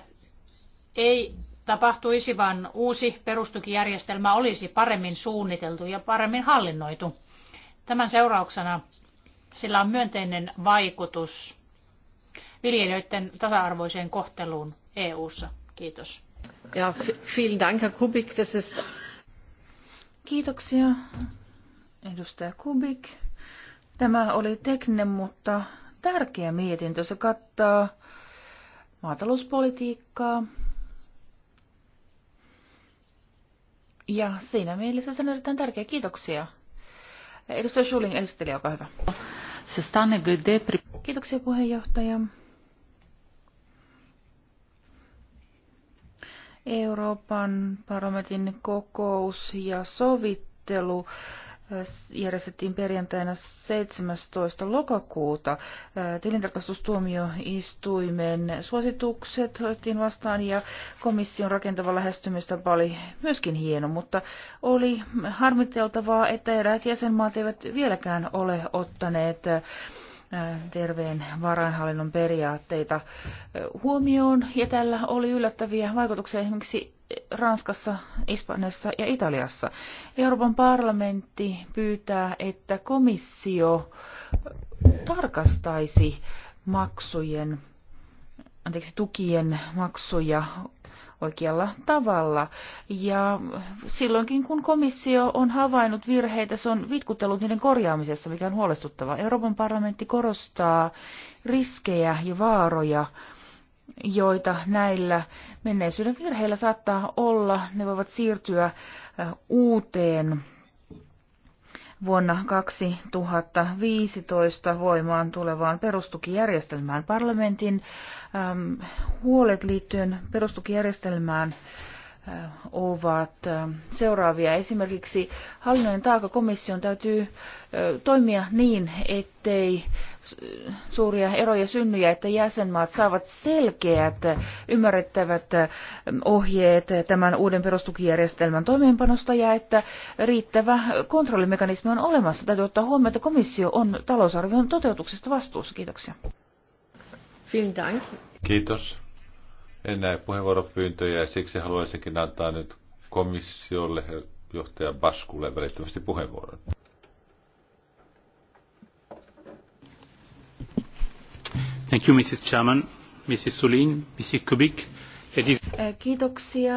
S2: ei tapahtuisi, vaan uusi perustukijärjestelmä olisi paremmin suunniteltu ja paremmin hallinnoitu. Tämän seurauksena sillä on myönteinen vaikutus viljelijöiden tasa-arvoiseen kohteluun EU:ssa. Kiitos
S3: vielen Dank, Herr Kubik. Das ist... Kiitoksia, edustaja Kubik. Tämä oli tekninen, mutta tärkeä mietintö. Se kattaa maatalouspolitiikkaa. Ja siinä mielessä se on erittäin tärkeä. Kiitoksia. Edustaja Schulin, esittelijä, olkaa hyvä. Kiitoksia puheenjohtaja. Euroopan parlamentin kokous ja sovittelu äh, järjestettiin perjantaina 17. lokakuuta. Äh, tilintarkastustuomioistuimen suositukset otettiin vastaan ja komission rakentava lähestymistapa oli myöskin hieno, mutta oli harmiteltavaa, että eräät jäsenmaat eivät vieläkään ole ottaneet äh, terveen varainhallinnon periaatteita huomioon, ja tällä oli yllättäviä vaikutuksia esimerkiksi Ranskassa, Espanjassa ja Italiassa. Euroopan parlamentti pyytää, että komissio tarkastaisi maksujen, anteeksi, tukien maksuja oikealla tavalla. Ja silloinkin, kun komissio on havainnut virheitä, se on vitkutellut niiden korjaamisessa, mikä on huolestuttavaa. Euroopan parlamentti korostaa riskejä ja vaaroja, joita näillä menneisyyden virheillä saattaa olla. Ne voivat siirtyä uuteen vuonna 2015 voimaan tulevaan perustukijärjestelmään. Parlamentin äm, huolet liittyen perustukijärjestelmään ovat seuraavia. Esimerkiksi hallinnollinen taakka komission täytyy toimia niin, ettei suuria eroja synny ja että jäsenmaat saavat selkeät, ymmärrettävät ohjeet tämän uuden perustukijärjestelmän toimeenpanosta ja että riittävä kontrollimekanismi on olemassa. Täytyy ottaa huomioon, että komissio on talousarvion toteutuksesta vastuussa. Kiitoksia.
S1: Vielen Dank. Kiitos. En näe puheenvuoropyyntöjä ja siksi haluaisinkin antaa nyt komissiolle johtaja Baskulle välittömästi puheenvuoron. Thank you, Mrs. Chairman, Mrs. Sulin, Mrs. Kubik.
S3: Kiitoksia.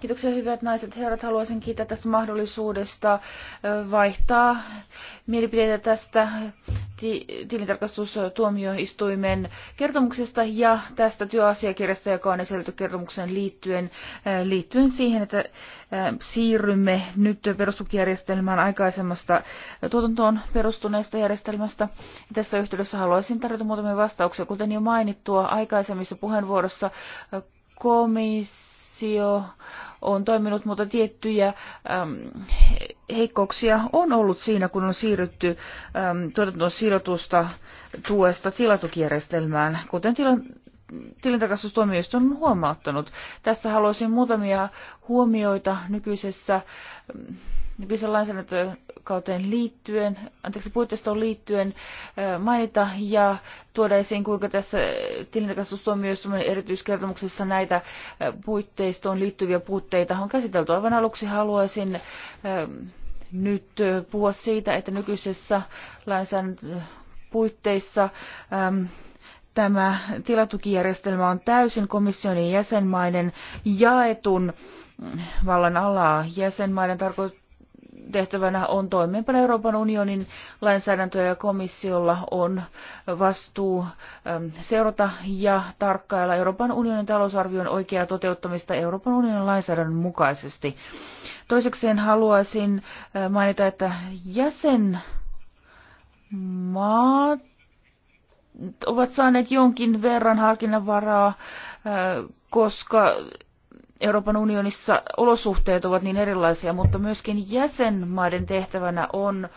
S3: Kiitoksia hyvät naiset herrat. Haluaisin kiittää tästä mahdollisuudesta vaihtaa mielipiteitä tästä tilintarkastustuomioistuimen kertomuksesta ja tästä työasiakirjasta, joka on esitelty kertomukseen liittyen, liittyen siihen, että siirrymme nyt perustukijärjestelmään aikaisemmasta tuotantoon perustuneesta järjestelmästä. Tässä yhteydessä haluaisin tarjota muutamia vastauksia. Kuten jo mainittua aikaisemmissa puheenvuorossa, komissio on toiminut, mutta tiettyjä äm, heikkouksia on ollut siinä, kun on siirrytty äm, tuotannon siirrotusta tuesta tilatukijärjestelmään, kuten tila, tilintakastustuomioista on huomauttanut. Tässä haluaisin muutamia huomioita nykyisessä äm, nykyisen lainsäädäntökauteen liittyen, anteeksi puitteistoon liittyen mainita ja tuoda esiin, kuinka tässä tilintarkastustuomioistuimen erityiskertomuksessa näitä puitteistoon liittyviä puutteita on käsitelty. Aivan aluksi haluaisin nyt puhua siitä, että nykyisessä lainsäädäntöpuitteissa tämä tilatukijärjestelmä on täysin komission jäsenmaiden jaetun mm, vallan alaa. Jäsenmaiden tarkoitus tehtävänä on toimeenpano Euroopan unionin lainsäädäntöä ja komissiolla on vastuu seurata ja tarkkailla Euroopan unionin talousarvion oikeaa toteuttamista Euroopan unionin lainsäädännön mukaisesti. Toisekseen haluaisin mainita, että jäsenmaat ovat saaneet jonkin verran harkinnanvaraa, koska Euroopan unionissa olosuhteet ovat niin erilaisia, mutta myöskin jäsenmaiden tehtävänä on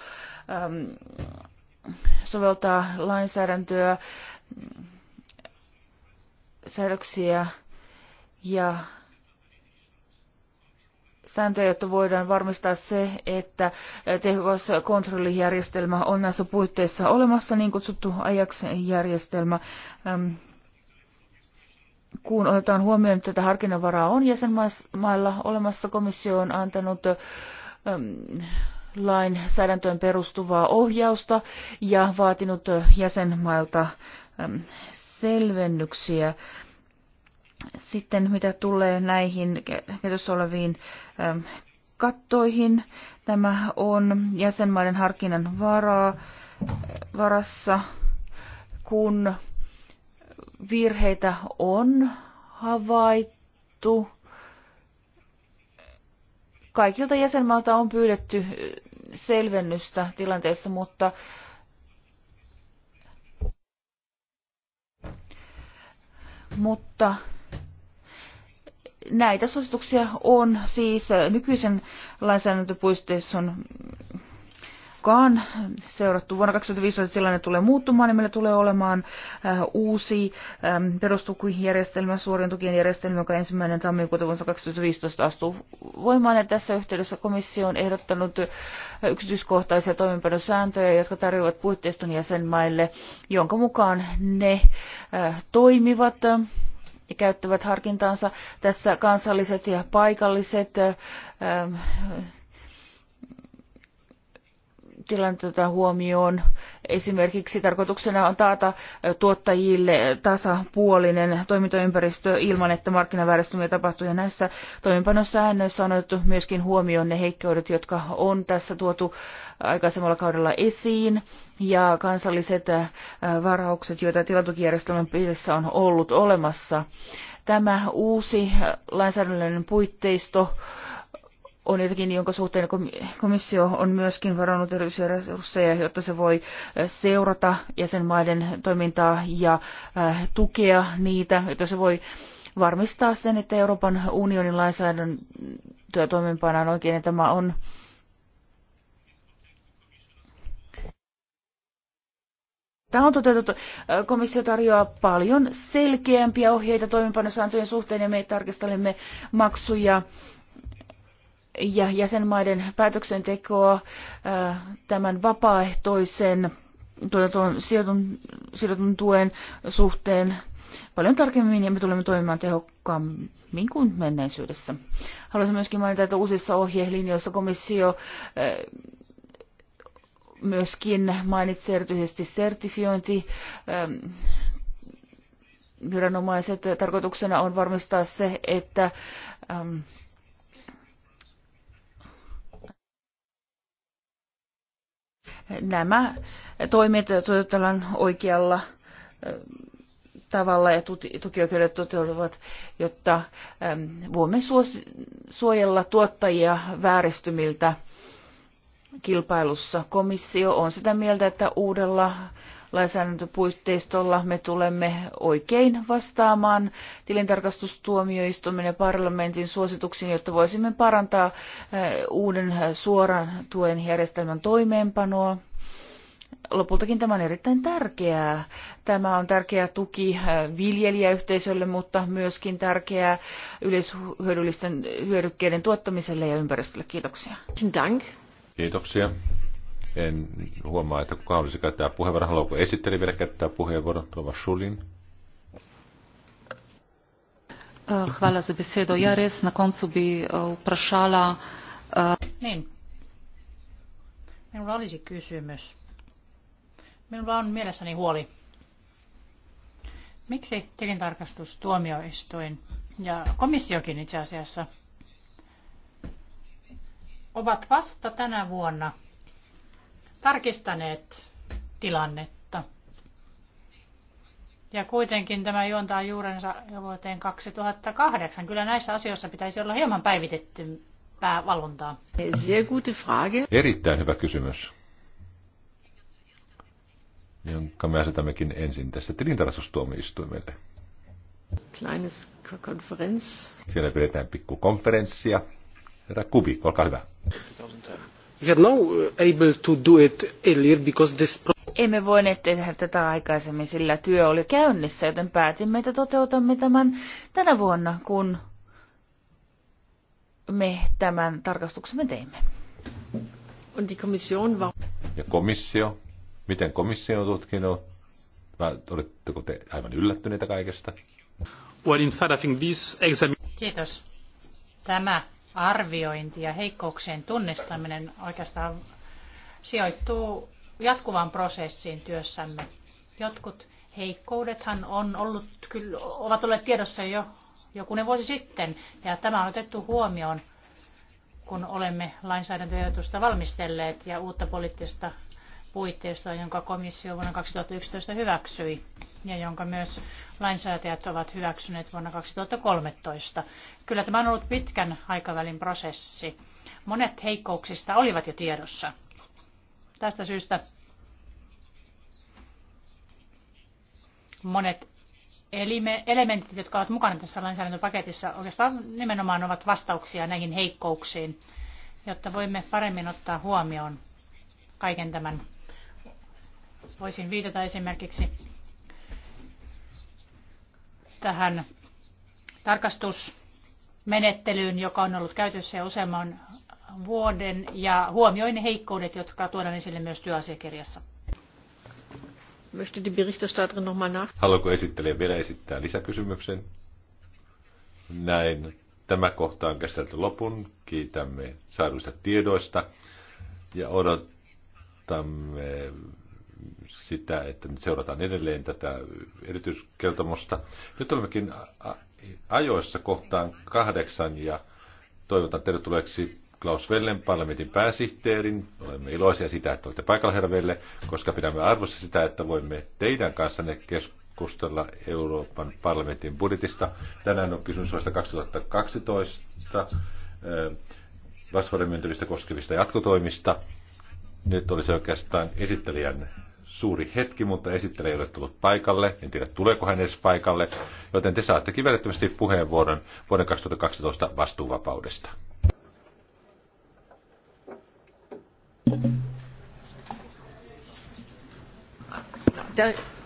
S3: äm, soveltaa lainsäädäntöä, säädöksiä ja sääntöjä, jotta voidaan varmistaa se, että tehokas kontrollijärjestelmä on näissä puitteissa olemassa, niin kutsuttu ajaksijärjestelmä. Ähm, kun otetaan huomioon, että tätä harkinnanvaraa on jäsenmailla olemassa, komissio on antanut äm, lainsäädäntöön perustuvaa ohjausta ja vaatinut jäsenmailta äm, selvennyksiä. Sitten mitä tulee näihin käytössä oleviin äm, kattoihin, tämä on jäsenmaiden harkinnan varaa, äh, varassa, kun virheitä on havaittu. Kaikilta jäsenmaalta on pyydetty selvennystä tilanteessa, mutta mutta näitä suosituksia on siis nykyisen on mukaan seurattu. Vuonna 2015 tilanne tulee muuttumaan, niin meillä tulee olemaan äh, uusi ähm, perustukijärjestelmä, suorien tukien järjestelmä, joka ensimmäinen tammikuuta vuonna 2015 astuu voimaan. Ja tässä yhteydessä komissio on ehdottanut äh, yksityiskohtaisia toimenpanosääntöjä, jotka tarjoavat puitteiston jäsenmaille, jonka mukaan ne äh, toimivat ja käyttävät harkintaansa. Tässä kansalliset ja paikalliset tilannetta huomioon. Esimerkiksi tarkoituksena on taata tuottajille tasapuolinen toimintaympäristö ilman, että markkinavääristymiä tapahtuu. Ja näissä toimenpanosäännöissä on otettu myöskin huomioon ne heikkoudet, jotka on tässä tuotu aikaisemmalla kaudella esiin. Ja kansalliset äh, varaukset, joita tilatukijärjestelmän piirissä on ollut olemassa. Tämä uusi äh, lainsäädännöllinen puitteisto on jotenkin, jonka suhteen komissio on myöskin varannut erityisiä resursseja, jotta se voi eh, seurata jäsenmaiden toimintaa ja eh, tukea niitä, jotta se voi varmistaa sen, että Euroopan unionin lainsäädäntöä on oikein. että tämä on Tämä on toteutettu. Eh, komissio tarjoaa paljon selkeämpiä ohjeita toimenpanosääntöjen suhteen ja me tarkistelemme maksuja ja jäsenmaiden päätöksentekoa tämän vapaaehtoisen sidotun tuen suhteen paljon tarkemmin ja me tulemme toimimaan tehokkaammin kuin menneisyydessä. Haluaisin myöskin mainita, että uusissa ohjelinjoissa komissio myöskin mainitsi erityisesti sertifiointi viranomaiset. Tarkoituksena on varmistaa se, että nämä toimet toteutetaan oikealla tavalla ja tukioikeudet toteutuvat, jotta voimme suojella tuottajia vääristymiltä kilpailussa. Komissio on sitä mieltä, että uudella lainsäädäntöpuitteistolla me tulemme oikein vastaamaan tilintarkastustuomioistuimen ja parlamentin suosituksiin, jotta voisimme parantaa eh, uuden suoran tuen järjestelmän toimeenpanoa. Lopultakin tämä on erittäin tärkeää. Tämä on tärkeä tuki eh, viljelijäyhteisölle, mutta myöskin tärkeää yleishyödyllisten hyödykkeiden tuottamiselle ja ympäristölle. Kiitoksia.
S1: Kiitoksia. En huomaa, että kuka olisi käyttää puheenvuoron. Haluaako esitteli vielä käyttää puheenvuoron? Tuova Šulin.
S2: Eh, hvala za besedo. Ja res na koncu bi eh, vprašala. Eh, niin. Minulla olisi kysymys. Minulla on mielessäni huoli. Miksi tilintarkastus tuomioistuin ja komissiokin itse asiassa ovat vasta tänä vuonna – tarkistaneet tilannetta. Ja kuitenkin tämä juontaa juurensa jo vuoteen 2008. Kyllä näissä asioissa pitäisi olla hieman päivitetty päävalvontaa.
S1: Erittäin hyvä kysymys, jonka me asetammekin ensin tässä tilintarastustuomioistuimelle. Kleines konferenssi. Siellä pidetään pikku konferenssia. Herra Kubi, olkaa hyvä.
S2: 2010
S3: emme voineet tehdä tätä aikaisemmin, sillä työ oli käynnissä, joten päätimme, että toteutamme tämän tänä vuonna, kun me tämän tarkastuksemme teimme. Und die Kommission war...
S1: Ja komissio? Miten komissio on tutkinut? oletteko te aivan yllättyneitä kaikesta?
S2: Kiitos. Tämä arviointi ja heikkouksien tunnistaminen oikeastaan sijoittuu jatkuvaan prosessiin työssämme. Jotkut heikkoudethan on ollut, kyllä, ovat olleet tiedossa jo jokunen vuosi sitten, ja tämä on otettu huomioon, kun olemme lainsäädäntöehdotusta valmistelleet ja uutta poliittista puitteista, jonka komissio vuonna 2011 hyväksyi ja jonka myös lainsäätäjät ovat hyväksyneet vuonna 2013. Kyllä tämä on ollut pitkän aikavälin prosessi. Monet heikkouksista olivat jo tiedossa. Tästä syystä monet elementit, jotka ovat mukana tässä lainsäädäntöpaketissa, oikeastaan nimenomaan ovat vastauksia näihin heikkouksiin, jotta voimme paremmin ottaa huomioon kaiken tämän. Voisin viitata esimerkiksi tähän tarkastusmenettelyyn, joka on ollut käytössä jo useamman vuoden, ja huomioi ne heikkoudet, jotka tuodaan esille myös työasiakirjassa.
S1: Haluatko esittelijä vielä esittää lisäkysymyksen? Näin. Tämä kohta on käsitelty lopun. Kiitämme saaduista tiedoista ja odotamme sitä, että nyt seurataan edelleen tätä erityiskertomusta. Nyt olemmekin ajoissa kohtaan kahdeksan ja toivotan tervetulleeksi Klaus Vellen, parlamentin pääsihteerin. Olemme iloisia sitä, että olette paikalla, herra Velle, koska pidämme arvossa sitä, että voimme teidän kanssanne keskustella Euroopan parlamentin budjetista. Tänään on kysymys vuodesta 2012 vastuudenmyöntämistä koskevista jatkotoimista. Nyt olisi oikeastaan esittelijän suuri hetki, mutta esittelijä ei ole tullut paikalle. En tiedä, tuleeko hän edes paikalle. Joten te saattekin välittömästi puheenvuoron vuoden 2012 vastuuvapaudesta.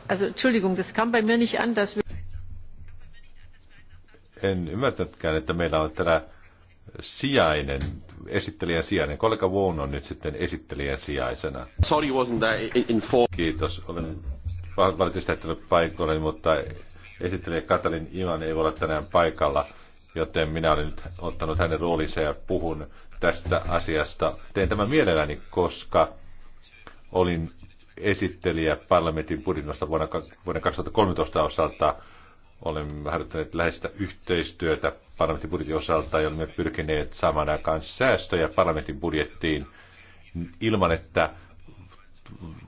S1: also, Entschuldigung, das kam bei mir nicht an, dass wir... En ymmärtänytkään, että meillä on täällä sijainen, esittelijän sijainen. Kollega Woon on nyt sitten esittelijän sijaisena. Sorry, wasn't that informed. Kiitos. Olen valitettavasti jättänyt paikalle, mutta esittelijä Katalin Ivan ei voi olla tänään paikalla, joten minä olen nyt ottanut hänen roolinsa ja puhun tästä asiasta. Tein tämän mielelläni, koska olin esittelijä parlamentin budinnosta vuonna, vuoden 2013 osalta. Olemme harjoittaneet läheistä yhteistyötä parlamentin budjetin osalta ja olemme pyrkineet saamaan aikaan säästöjä parlamentin budjettiin ilman, että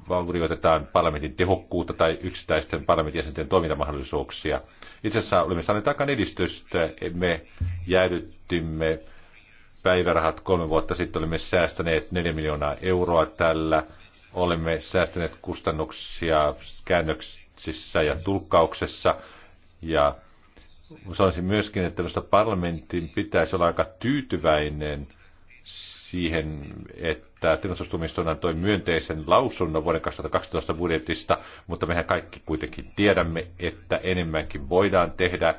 S1: vaurioitetaan parlamentin tehokkuutta tai yksittäisten parlamentin jäsenten toimintamahdollisuuksia. Itse asiassa olemme saaneet aikaan edistystä. Me jäädyttimme päivärahat kolme vuotta sitten, olemme säästäneet 4 miljoonaa euroa tällä. Olemme säästäneet kustannuksia käännöksissä ja tulkkauksessa ja sanoisin myöskin, että minusta parlamentin pitäisi olla aika tyytyväinen siihen, että tilastustuomioistuin antoi myönteisen lausunnon vuoden 2012 budjetista, mutta mehän kaikki kuitenkin tiedämme, että enemmänkin voidaan tehdä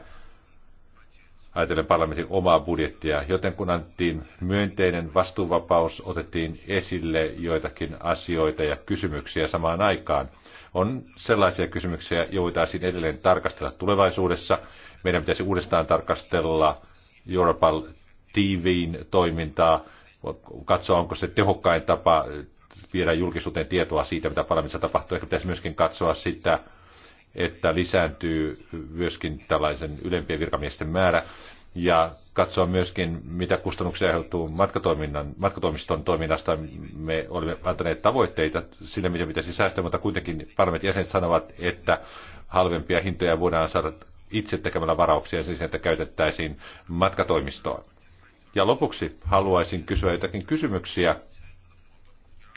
S1: ajatellen parlamentin omaa budjettia, joten kun annettiin myönteinen vastuuvapaus, otettiin esille joitakin asioita ja kysymyksiä samaan aikaan. On sellaisia kysymyksiä, joita voitaisiin edelleen tarkastella tulevaisuudessa, meidän pitäisi uudestaan tarkastella Europal TV:n toimintaa, katsoa onko se tehokkain tapa viedä julkisuuteen tietoa siitä, mitä parlamentissa tapahtuu. Ehkä pitäisi myöskin katsoa sitä, että lisääntyy myöskin tällaisen ylempien virkamiesten määrä ja katsoa myöskin, mitä kustannuksia aiheutuu matkatoiminnan, matkatoimiston toiminnasta. Me olemme antaneet tavoitteita sille, mitä pitäisi säästää, mutta kuitenkin parlamentin jäsenet sanovat, että halvempia hintoja voidaan saada itse tekemällä varauksia siis, että käytettäisiin matkatoimistoa. Ja lopuksi haluaisin kysyä jotakin kysymyksiä,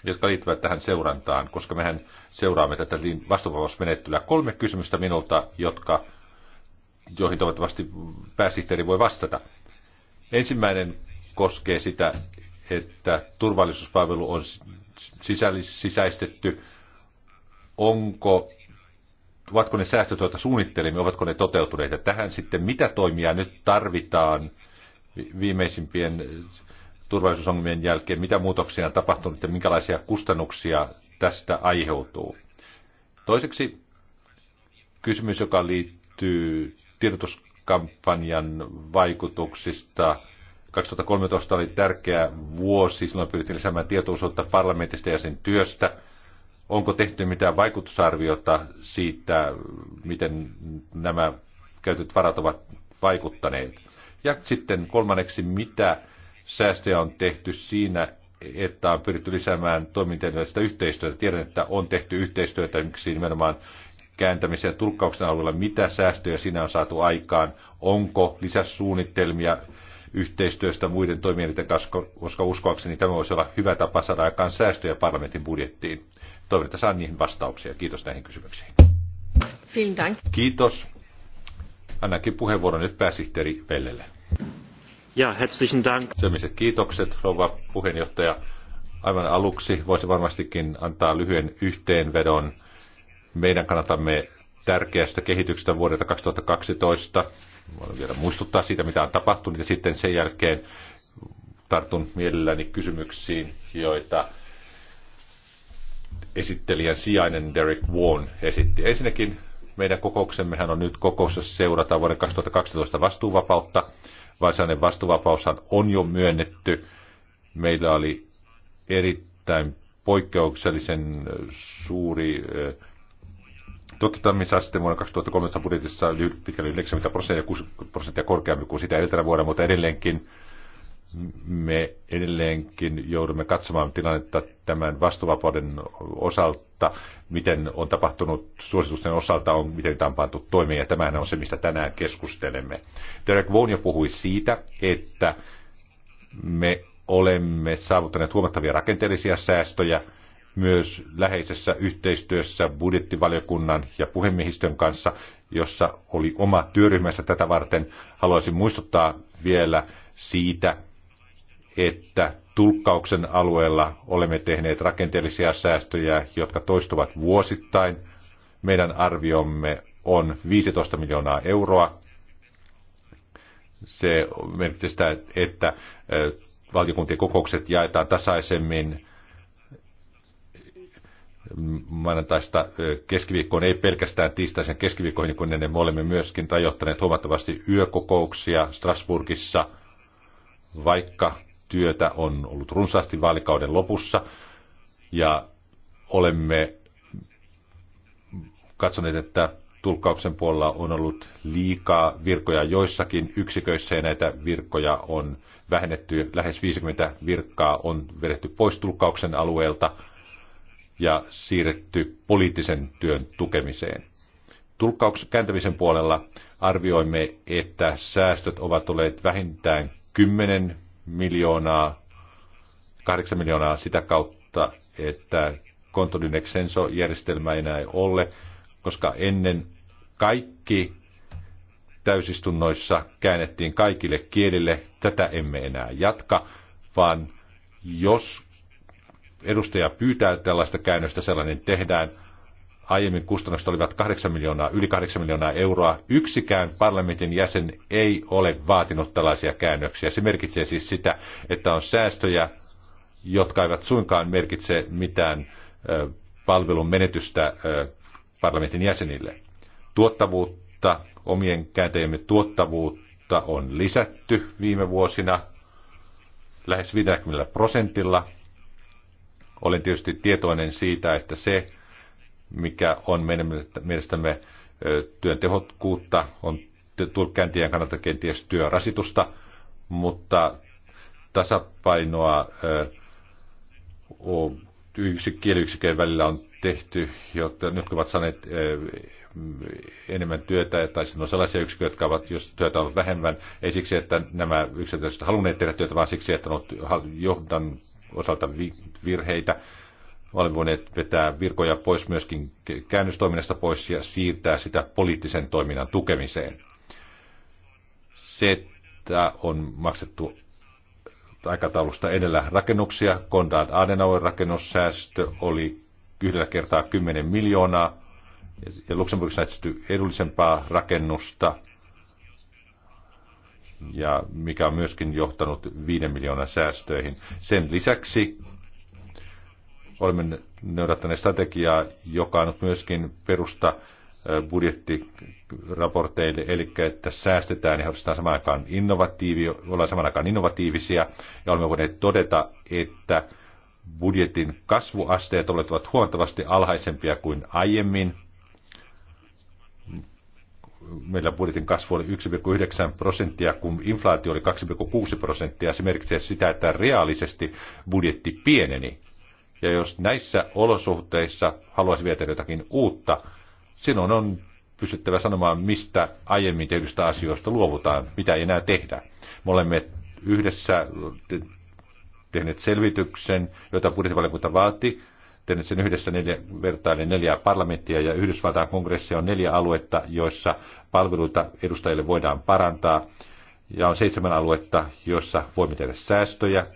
S1: jotka liittyvät tähän seurantaan, koska mehän seuraamme tätä vastuuvapausmenettelyä. Kolme kysymystä minulta, jotka, joihin toivottavasti pääsihteeri voi vastata. Ensimmäinen koskee sitä, että turvallisuuspalvelu on sisäistetty. Onko ovatko ne säästöt, joita suunnittelimme, ovatko ne toteutuneet. Ja tähän sitten, mitä toimia nyt tarvitaan viimeisimpien eh, turvallisuusongelmien jälkeen, mitä muutoksia on tapahtunut ja minkälaisia kustannuksia tästä aiheutuu. Toiseksi kysymys, joka liittyy tiedotuskampanjan vaikutuksista. 2013 oli tärkeä vuosi, silloin pyrittiin lisäämään tietoisuutta parlamentista ja sen työstä – Onko tehty mitään vaikutusarviota siitä, miten nämä käytetyt varat ovat vaikuttaneet? Ja sitten kolmanneksi, mitä säästöjä on tehty siinä, että on pyritty lisäämään toimintaa yhteistyötä. Tiedän, että on tehty yhteistyötä esimerkiksi nimenomaan kääntämisen ja tulkkauksen alueella. Mitä säästöjä siinä on saatu aikaan? Onko lisäsuunnitelmia yhteistyöstä muiden toimijoiden kanssa, koska uskoakseni tämä voisi olla hyvä tapa saada aikaan säästöjä parlamentin budjettiin. Toivon, että saan niihin vastauksia. Kiitos näihin kysymyksiin. Dank. Kiitos. Annankin puheenvuoron nyt pääsihteeri Vellelle. Ja, herzlichen Dank. Sellaiset kiitokset, rouva puheenjohtaja. Aivan aluksi voisi varmastikin antaa lyhyen yhteenvedon meidän kannatamme tärkeästä kehityksestä vuodelta 2012. Voin vielä muistuttaa siitä, mitä on tapahtunut, ja sitten sen jälkeen tartun mielelläni kysymyksiin, joita esittelijän sijainen Derek Vaughan esitti. Ensinnäkin meidän kokouksemmehän on nyt kokossa seurata vuoden 2012 vastuuvapautta. Varsinainen vastuuvapaushan on jo myönnetty. Meillä oli erittäin poikkeuksellisen äh, suuri äh, toteuttamisaste vuonna 2013 budjetissa pitkälle 90 prosenttia, 60 prosenttia korkeampi kuin sitä edeltävänä vuonna, mutta edelleenkin me edelleenkin joudumme katsomaan tilannetta tämän vastuvapauden osalta, miten on tapahtunut suositusten osalta, on, miten niitä on pantu toimeen, ja tämähän on se, mistä tänään keskustelemme. Derek Vaughan jo puhui siitä, että me olemme saavuttaneet huomattavia rakenteellisia säästöjä, myös läheisessä yhteistyössä budjettivaliokunnan ja puhemiehistön kanssa, jossa oli oma työryhmänsä tätä varten. Haluaisin muistuttaa vielä siitä, että tulkkauksen alueella olemme tehneet rakenteellisia säästöjä, jotka toistuvat vuosittain. Meidän arviomme on 15 miljoonaa euroa. Se merkitsee sitä, että valtiokuntien kokoukset jaetaan tasaisemmin maanantaista keskiviikkoon, ei pelkästään tiistaisen keskiviikkoihin, kun ennen me olemme myöskin rajoittaneet huomattavasti yökokouksia Strasburgissa, vaikka työtä on ollut runsaasti vaalikauden lopussa ja olemme katsoneet, että tulkkauksen puolella on ollut liikaa virkoja joissakin yksiköissä ja näitä virkoja on vähennetty. Lähes 50 virkkaa on vedetty pois tulkkauksen alueelta ja siirretty poliittisen työn tukemiseen. Tulkkauksen kääntämisen puolella arvioimme, että säästöt ovat olleet vähintään 10 miljoonaa, 8 miljoonaa sitä kautta, että kontodynexenso Exenso-järjestelmä ei enää ole, koska ennen kaikki täysistunnoissa käännettiin kaikille kielille. Tätä emme enää jatka, vaan jos edustaja pyytää tällaista käännöstä, sellainen tehdään – Aiemmin kustannukset olivat 8 miljoonaa, yli 8 miljoonaa euroa. Yksikään parlamentin jäsen ei ole vaatinut tällaisia käännöksiä. Se merkitsee siis sitä, että on säästöjä, jotka eivät suinkaan merkitse mitään palvelun menetystä parlamentin jäsenille. Tuottavuutta, omien kääntäjämme tuottavuutta on lisätty viime vuosina lähes 50 prosentilla. Olen tietysti tietoinen siitä, että se, mikä on meidän mielestämme työn tehokkuutta, on kääntien kannalta kenties työrasitusta, mutta tasapainoa kieliyksikön välillä on tehty, jotta nyt ovat saaneet enemmän työtä, tai sitten on sellaisia yksiköitä, jotka ovat, jos työtä on vähemmän, ei siksi, että nämä yksiköt halunneet tehdä työtä, vaan siksi, että on ollut johdan osalta virheitä, olen voineet vetää virkoja pois myöskin käännöstoiminnasta pois ja siirtää sitä poliittisen toiminnan tukemiseen. Se, että on maksettu aikataulusta edellä rakennuksia, Konrad Adenauer rakennussäästö oli yhdellä kertaa 10 miljoonaa, ja Luxemburgissa näytetty edullisempaa rakennusta, ja mikä on myöskin johtanut 5 miljoonan säästöihin. Sen lisäksi olemme noudattaneet strategiaa, joka on myöskin perusta budjettiraporteille, eli että säästetään ja ollaan samaan aikaan, innovatiivi, ollaan samaan aikaan innovatiivisia, ja olemme voineet todeta, että budjetin kasvuasteet ovat huomattavasti alhaisempia kuin aiemmin. Meillä budjetin kasvu oli 1,9 prosenttia, kun inflaatio oli 2,6 prosenttia. Se merkitsee sitä, että reaalisesti budjetti pieneni ja jos näissä olosuhteissa haluaisi viedä jotakin uutta, silloin on pystyttävä sanomaan, mistä aiemmin tehdyistä asioista luovutaan, mitä ei enää tehdä. Me olemme yhdessä tehneet selvityksen, jota budjettivaliokunta vaati, tehneet sen yhdessä neljä, vertailen neljää parlamenttia ja Yhdysvaltain kongressi on neljä aluetta, joissa palveluita edustajille voidaan parantaa ja on seitsemän aluetta, joissa voimme tehdä säästöjä.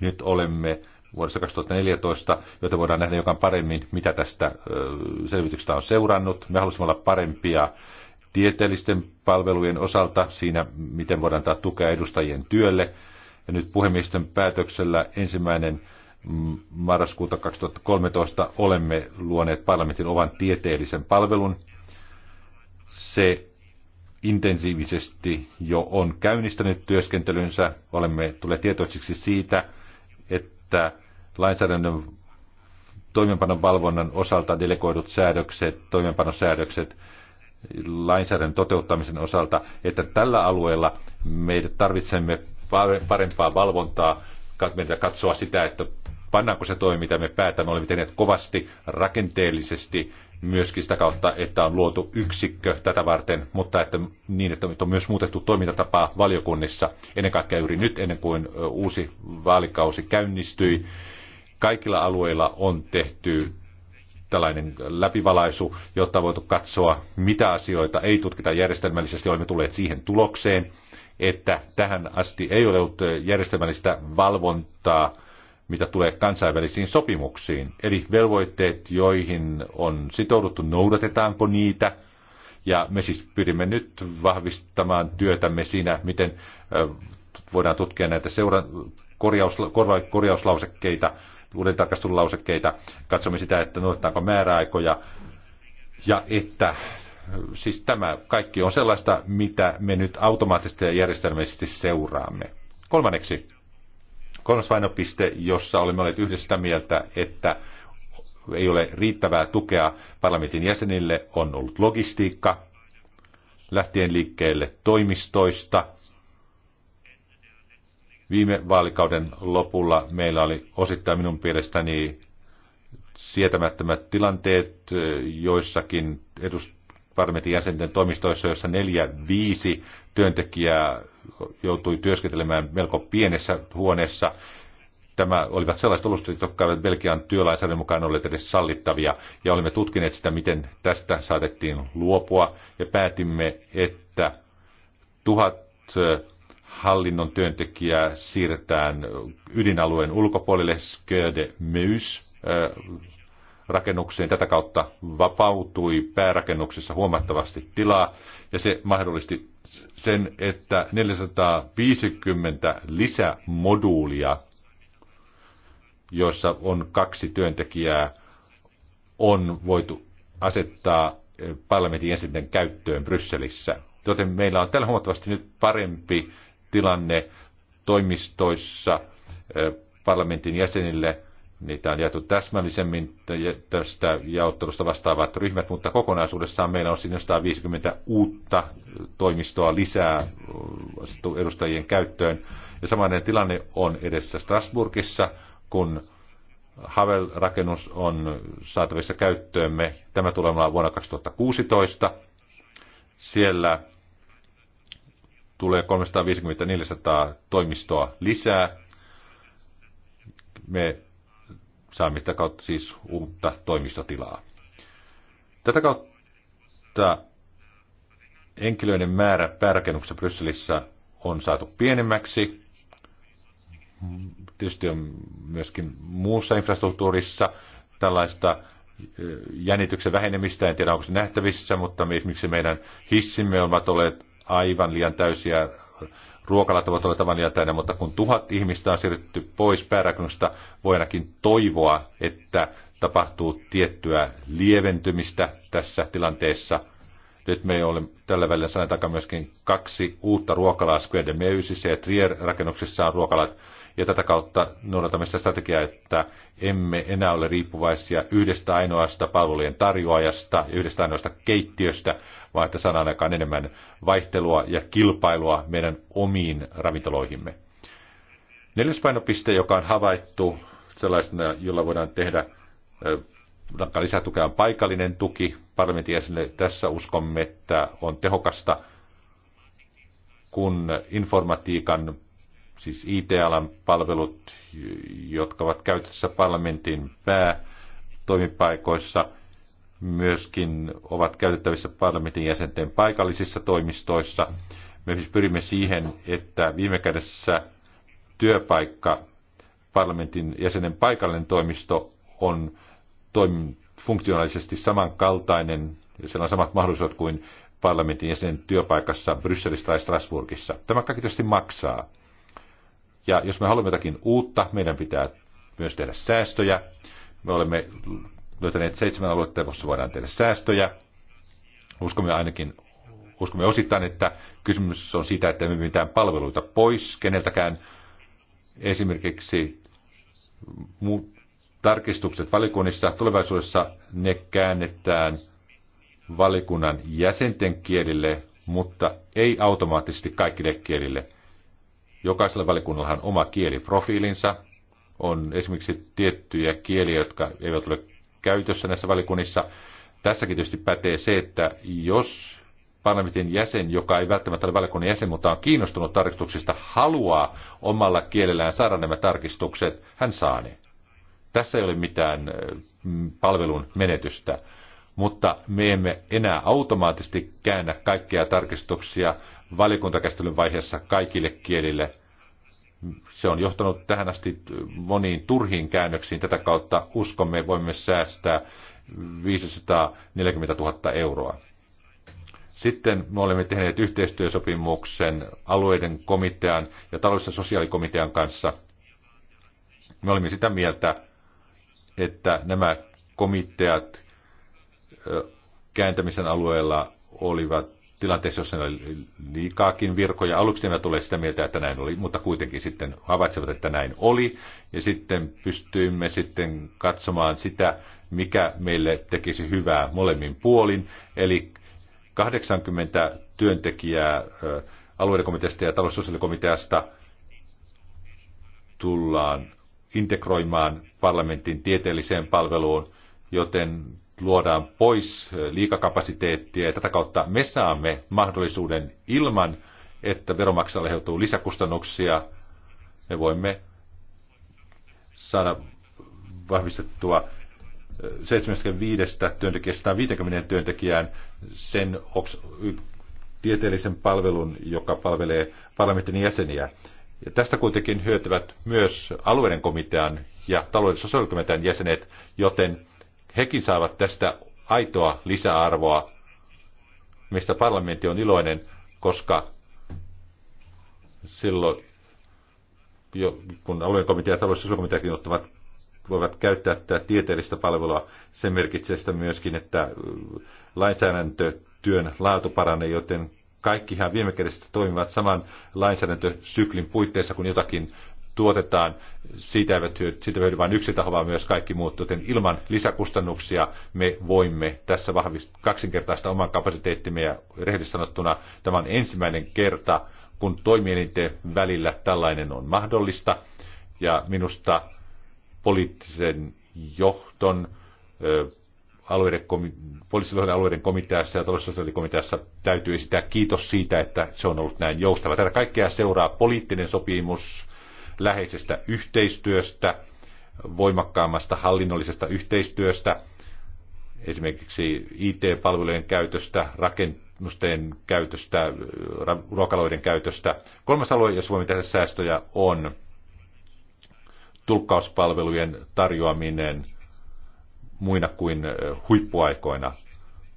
S1: Nyt olemme vuodesta 2014, joten voidaan nähdä jokan paremmin, mitä tästä selvityksestä on seurannut. Me halusimme olla parempia tieteellisten palvelujen osalta siinä, miten voidaan antaa tukea edustajien työlle. Ja nyt puhemiesten päätöksellä ensimmäinen mm, marraskuuta 2013 olemme luoneet parlamentin ovan tieteellisen palvelun. Se intensiivisesti jo on käynnistänyt työskentelynsä. Olemme tulleet tietoisiksi siitä, että että lainsäädännön toimenpanon valvonnan osalta delegoidut säädökset, toimenpanosäädökset, lainsäädännön toteuttamisen osalta, että tällä alueella me tarvitsemme parempaa valvontaa, meidän katsoa sitä, että pannaanko se toimi, mitä me päätämme. Olemme tehneet kovasti rakenteellisesti myöskin sitä kautta, että on luotu yksikkö tätä varten, mutta että niin, että on myös muutettu toimintatapaa valiokunnissa ennen kaikkea juuri nyt, ennen kuin uusi vaalikausi käynnistyi. Kaikilla alueilla on tehty tällainen läpivalaisu, jotta on voitu katsoa, mitä asioita ei tutkita järjestelmällisesti. Olemme tulleet siihen tulokseen, että tähän asti ei ole ollut järjestelmällistä valvontaa mitä tulee kansainvälisiin sopimuksiin. Eli velvoitteet, joihin on sitouduttu, noudatetaanko niitä. Ja me siis pyrimme nyt vahvistamaan työtämme siinä, miten voidaan tutkia näitä seura- korjaus, korva- korjauslausekkeita, uuden tarkastuslausekkeita. Katsomme sitä, että noudatetaanko määräaikoja ja että siis tämä kaikki on sellaista, mitä me nyt automaattisesti ja järjestelmällisesti seuraamme. Kolmanneksi, kolmas painopiste, jossa olemme olleet yhdessä sitä mieltä, että ei ole riittävää tukea parlamentin jäsenille, on ollut logistiikka, lähtien liikkeelle toimistoista. Viime vaalikauden lopulla meillä oli osittain minun mielestäni sietämättömät tilanteet joissakin edustajien parlamentin jäsenten toimistoissa, jossa neljä, viisi työntekijää joutui työskentelemään melko pienessä huoneessa. Tämä olivat sellaiset olosuhteet, jotka eivät Belgian työlainsäädännön mukaan olleet edes sallittavia, ja olimme tutkineet sitä, miten tästä saatettiin luopua, ja päätimme, että tuhat hallinnon työntekijää siirretään ydinalueen ulkopuolelle Sköde Meys rakennukseen. Tätä kautta vapautui päärakennuksessa huomattavasti tilaa ja se mahdollisti sen, että 450 lisämoduulia, joissa on kaksi työntekijää, on voitu asettaa eh, parlamentin jäsenten käyttöön Brysselissä. Joten meillä on tällä huomattavasti nyt parempi tilanne toimistoissa eh, parlamentin jäsenille – Niitä on jaettu täsmällisemmin tästä jaottelusta vastaavat ryhmät, mutta kokonaisuudessaan meillä on siinä 150 uutta toimistoa lisää edustajien käyttöön. Ja samainen tilanne on edessä Strasburgissa, kun Havel-rakennus on saatavissa käyttöömme. Tämä tulee olemaan vuonna 2016. Siellä tulee 350-400 toimistoa lisää. Me saamista kautta siis uutta toimistotilaa. Tätä kautta henkilöiden määrä päärakennuksessa Brysselissä on saatu pienemmäksi. Tietysti on myöskin muussa infrastruktuurissa tällaista jännityksen vähenemistä, en tiedä onko se nähtävissä, mutta esimerkiksi meidän hissimme ovat olleet aivan liian täysiä ruokalat ovat olleet tavan jätäinen, mutta kun tuhat ihmistä on siirretty pois päärakennusta, voi ainakin toivoa, että tapahtuu tiettyä lieventymistä tässä tilanteessa. Nyt me olemme tällä välillä sanan takaa myöskin kaksi uutta ruokalaa Square de Meusissa ja Trier-rakennuksissa on ruokalat. Ja tätä kautta noudatamme sitä strategiaa, että emme enää ole riippuvaisia yhdestä ainoasta palvelujen tarjoajasta yhdestä ainoasta keittiöstä, vaan että saadaan aikaan enemmän vaihtelua ja kilpailua meidän omiin ravintoloihimme. Neljäs painopiste, joka on havaittu sellaisena, jolla voidaan tehdä äh, lisätukea on paikallinen tuki parlamentin jäsenille. Tässä uskomme, että on tehokasta, kun informatiikan, siis IT-alan palvelut, jotka ovat käytössä parlamentin pää, toimipaikoissa – myöskin ovat käytettävissä parlamentin jäsenten paikallisissa toimistoissa. Me siis pyrimme siihen, että viime kädessä työpaikka, parlamentin jäsenen paikallinen toimisto on toim- funktionaalisesti samankaltainen, siellä on samat mahdollisuudet kuin parlamentin jäsenen työpaikassa Brysselissä tai Strasbourgissa. Tämä kaikki tietysti maksaa. Ja jos me haluamme jotakin uutta, meidän pitää myös tehdä säästöjä. Me olemme löytäneet seitsemän aluetta, jossa voidaan tehdä säästöjä. Uskomme ainakin uskomme osittain, että kysymys on siitä, että emme mitään palveluita pois keneltäkään. Esimerkiksi mu- tarkistukset valikunnissa tulevaisuudessa ne käännetään valikunnan jäsenten kielille, mutta ei automaattisesti kaikille kielille. Jokaisella valikunnallahan oma kieliprofiilinsa. On esimerkiksi tiettyjä kieliä, jotka eivät ole käytössä näissä valikunnissa. Tässäkin tietysti pätee se, että jos parlamentin jäsen, joka ei välttämättä ole valiokunnan jäsen, mutta on kiinnostunut tarkistuksista, haluaa omalla kielellään saada nämä tarkistukset, hän saa ne. Tässä ei ole mitään mm, palvelun menetystä, mutta me emme enää automaattisesti käännä kaikkia tarkistuksia valikuntakäsittelyn vaiheessa kaikille kielille, se on johtanut tähän asti moniin turhiin käännöksiin. Tätä kautta uskomme voimme säästää 540 000 euroa. Sitten me olemme tehneet yhteistyösopimuksen alueiden komitean ja talous- ja sosiaalikomitean kanssa. Me olimme sitä mieltä, että nämä komiteat kääntämisen alueella olivat tilanteessa, jossa oli liikaakin virkoja. Aluksi ne tulee sitä mieltä, että näin oli, mutta kuitenkin sitten havaitsevat, että näin oli. Ja sitten pystyimme sitten katsomaan sitä, mikä meille tekisi hyvää molemmin puolin. Eli 80 työntekijää alueiden komiteasta ja taloussosiaalikomiteasta tullaan integroimaan parlamentin tieteelliseen palveluun, joten luodaan pois eh, liikakapasiteettia ja tätä kautta me saamme mahdollisuuden ilman, että veromaksalle aiheutuu lisäkustannuksia. Me voimme saada vahvistettua 75 työntekijästä 150 työntekijään sen tieteellisen palvelun, joka palvelee parlamentin jäseniä. Ja tästä kuitenkin hyötyvät myös alueiden komitean ja taloudellisen sosiaalikomitean jäsenet, joten hekin saavat tästä aitoa lisäarvoa, mistä parlamentti on iloinen, koska silloin, jo, kun alueen komitea ja talouskomiteakin ottavat voivat käyttää tätä tieteellistä palvelua. Se merkitsee sitä myöskin, että lainsäädäntötyön laatu paranee, joten kaikkihan viime kädessä toimivat saman lainsäädäntösyklin puitteissa, kun jotakin tuotetaan, siitä, eivät hyödy, siitä hyödy vain yksi taho, vaan myös kaikki muut, joten ilman lisäkustannuksia me voimme tässä vahvist- kaksinkertaista oman kapasiteettimme ja rehellisesti sanottuna tämä on ensimmäinen kerta, kun toimielinten välillä tällainen on mahdollista ja minusta poliittisen johton alueiden, poliisilohden alueiden komiteassa ja taloussosiaalikomiteassa täytyy esittää kiitos siitä, että se on ollut näin joustava. Tätä kaikkea seuraa poliittinen sopimus läheisestä yhteistyöstä, voimakkaammasta hallinnollisesta yhteistyöstä, esimerkiksi IT-palvelujen käytöstä, rakennusten käytöstä, ruokaloiden käytöstä. Kolmas alue, jossa voimme tehdä säästöjä, on tulkkauspalvelujen tarjoaminen muina kuin huippuaikoina.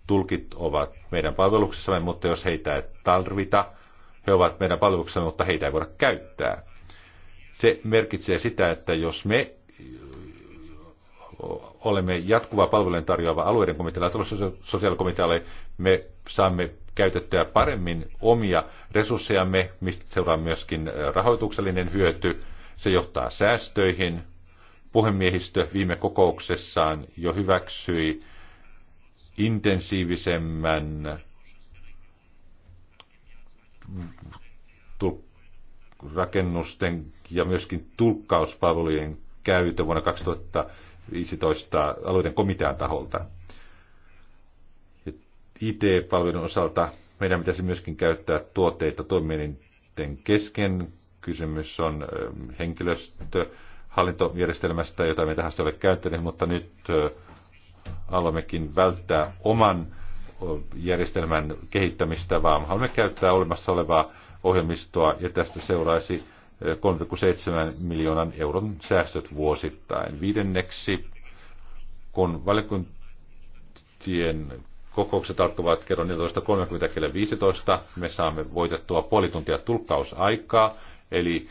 S1: Tulkit ovat meidän palveluksessamme, mutta jos heitä ei tarvita, he ovat meidän palveluksessamme, mutta heitä ei voida käyttää. Se merkitsee sitä, että jos me olemme jatkuva palvelujen tarjoava alueiden komitealla ja sosiaalikomitealle, me saamme käytettyä paremmin omia resurssejamme, mistä seuraa myöskin rahoituksellinen hyöty. Se johtaa säästöihin. Puhemiehistö viime kokouksessaan jo hyväksyi intensiivisemmän rakennusten ja myöskin tulkkauspalvelujen käytön vuonna 2015 alueiden komitean taholta. IT-palvelun osalta meidän pitäisi myöskin käyttää tuotteita toimielinten kesken. Kysymys on henkilöstö, hallintojärjestelmästä, jota me tähän ole käyttänyt, mutta nyt haluammekin välttää oman järjestelmän kehittämistä, vaan haluamme käyttää olemassa olevaa ohjelmistoa ja tästä seuraisi 3,7 miljoonan euron säästöt vuosittain. Viidenneksi, kun valiokuntien kokoukset alkavat kello 14.30 kello 15, me saamme voitettua puoli tuntia tulkkausaikaa, eli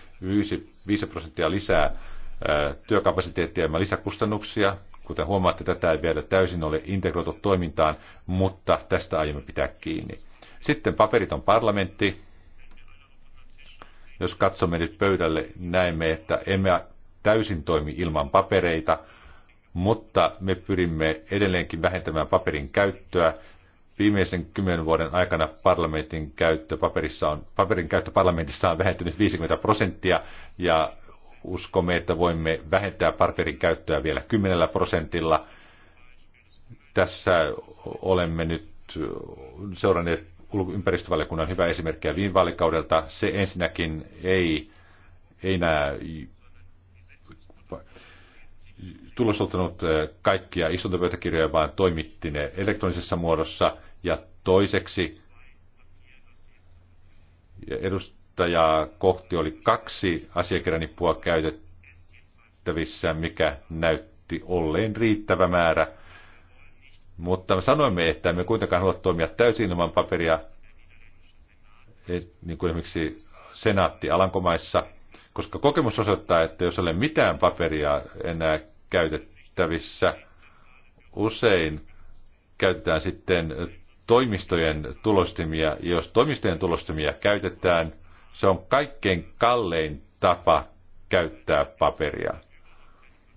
S1: 5 prosenttia lisää työkapasiteettia ja lisäkustannuksia. Kuten huomaatte, tätä ei vielä täysin ole integroitu toimintaan, mutta tästä aiomme pitää kiinni. Sitten paperit on parlamentti, jos katsomme nyt pöydälle, näemme, että emme täysin toimi ilman papereita, mutta me pyrimme edelleenkin vähentämään paperin käyttöä. Viimeisen kymmenen vuoden aikana parlamentin käyttö paperissa on, paperin käyttö parlamentissa on vähentynyt 50 prosenttia ja uskomme, että voimme vähentää paperin käyttöä vielä 10 prosentilla. Tässä olemme nyt seuranneet ympäristövaliokunnan hyvä esimerkkiä viime vaalikaudelta. Se ensinnäkin ei, ei näe tulosottanut eh, kaikkia istuntopöytäkirjoja, vaan toimitti ne elektronisessa muodossa. Ja toiseksi edustajaa kohti oli kaksi asiakirjanipua käytettävissä, mikä näytti olleen riittävä määrä – mutta me sanoimme, että me kuitenkaan halua toimia täysin ilman paperia, e, niin kuin esimerkiksi senaatti Alankomaissa, koska kokemus osoittaa, että jos ei ole mitään paperia enää käytettävissä, usein käytetään sitten toimistojen tulostimia. Jos toimistojen tulostimia käytetään, se on kaikkein kallein tapa käyttää paperia.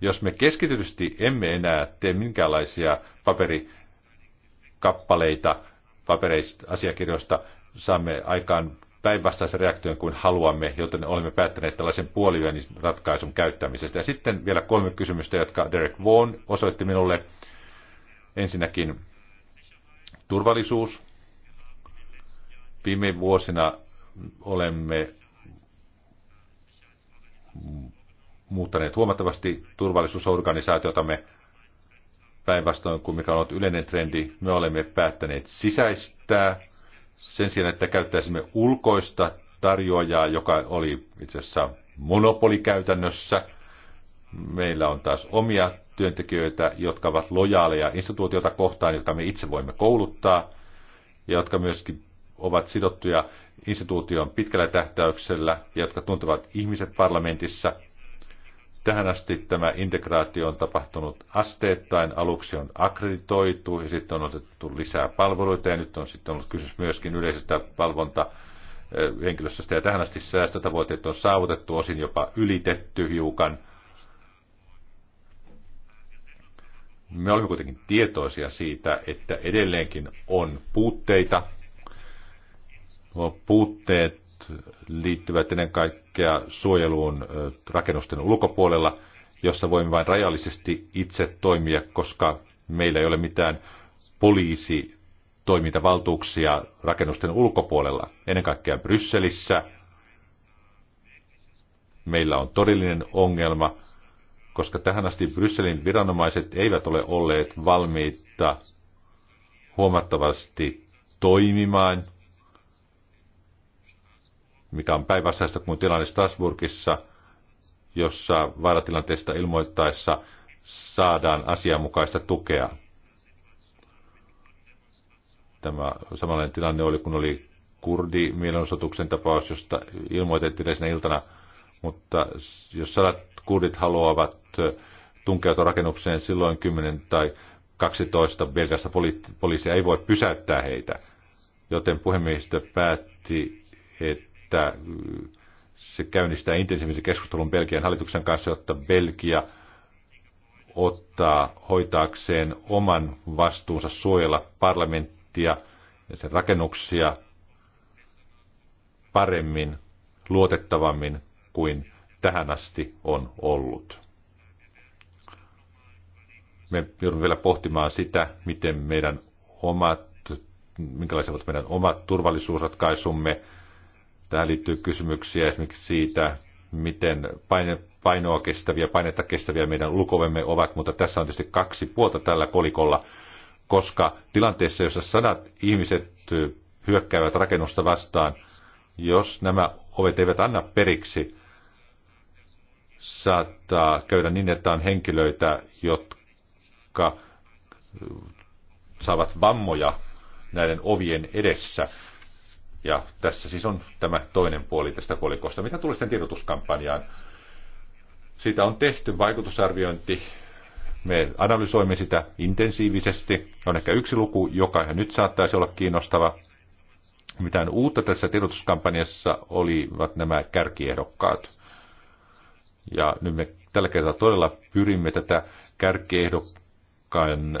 S1: Jos me keskitytysti emme enää tee minkäänlaisia paperikappaleita papereista, asiakirjoista, saamme aikaan päinvastaisen reaktion kuin haluamme, joten olemme päättäneet tällaisen puolivälin ratkaisun käyttämisestä. Ja sitten vielä kolme kysymystä, jotka Derek Vaughan osoitti minulle. Ensinnäkin turvallisuus. Viime vuosina olemme muuttaneet huomattavasti turvallisuusorganisaatiotamme päinvastoin kuin mikä on ollut yleinen trendi. Me olemme päättäneet sisäistää sen sijaan, että käyttäisimme ulkoista tarjoajaa, joka oli itse asiassa monopolikäytännössä. Meillä on taas omia työntekijöitä, jotka ovat lojaaleja instituutioita kohtaan, jotka me itse voimme kouluttaa ja jotka myöskin ovat sidottuja instituution pitkällä tähtäyksellä ja jotka tuntevat ihmiset parlamentissa Tähän asti tämä integraatio on tapahtunut asteittain. Aluksi on akkreditoitu ja sitten on otettu lisää palveluita ja nyt on sitten ollut kysymys myöskin yleisestä valvonta henkilöstöstä ja tähän asti säästötavoitteet on saavutettu, osin jopa ylitetty hiukan. Me olemme kuitenkin tietoisia siitä, että edelleenkin on puutteita. Nuo puutteet liittyvät ennen kaikkea suojeluun rakennusten ulkopuolella, jossa voimme vain rajallisesti itse toimia, koska meillä ei ole mitään poliisi toimintavaltuuksia rakennusten ulkopuolella, ennen kaikkea Brysselissä. Meillä on todellinen ongelma, koska tähän asti Brysselin viranomaiset eivät ole olleet valmiita huomattavasti toimimaan – mikä on päinvastaista kuin tilanne Strasburgissa, jossa vaaratilanteesta ilmoittaessa saadaan asianmukaista tukea. Tämä samanlainen tilanne oli, kun oli kurdi mielenosoituksen tapaus, josta ilmoitettiin edellisenä iltana, mutta jos sadat kurdit haluavat tunkeutua rakennukseen silloin 10 tai 12 Belgiassa poli- poliisia ei voi pysäyttää heitä. Joten puhemiehistö päätti, että että mm, se käynnistää intensiivisen keskustelun Belgian hallituksen kanssa, jotta Belgia ottaa hoitaakseen oman vastuunsa suojella parlamenttia ja sen rakennuksia paremmin, luotettavammin kuin tähän asti on ollut. Me joudumme vielä pohtimaan sitä, miten meidän omat, minkälaiset ovat meidän omat turvallisuusratkaisumme, Tähän liittyy kysymyksiä esimerkiksi siitä, miten paine, painoa kestäviä, painetta kestäviä meidän lukovemme ovat, mutta tässä on tietysti kaksi puolta tällä kolikolla, koska tilanteessa, jossa sadat ihmiset hyökkäävät rakennusta vastaan, jos nämä ovet eivät anna periksi, saattaa käydä niin, että on henkilöitä, jotka saavat vammoja näiden ovien edessä. Ja tässä siis on tämä toinen puoli tästä kolikosta. Mitä tulee sitten tiedotuskampanjaan? Siitä on tehty vaikutusarviointi. Me analysoimme sitä intensiivisesti. On ehkä yksi luku, joka nyt saattaisi olla kiinnostava. Mitään uutta tässä tiedotuskampanjassa olivat nämä kärkiehdokkaat. Ja nyt me tällä kertaa todella pyrimme tätä kärkiehdokkaan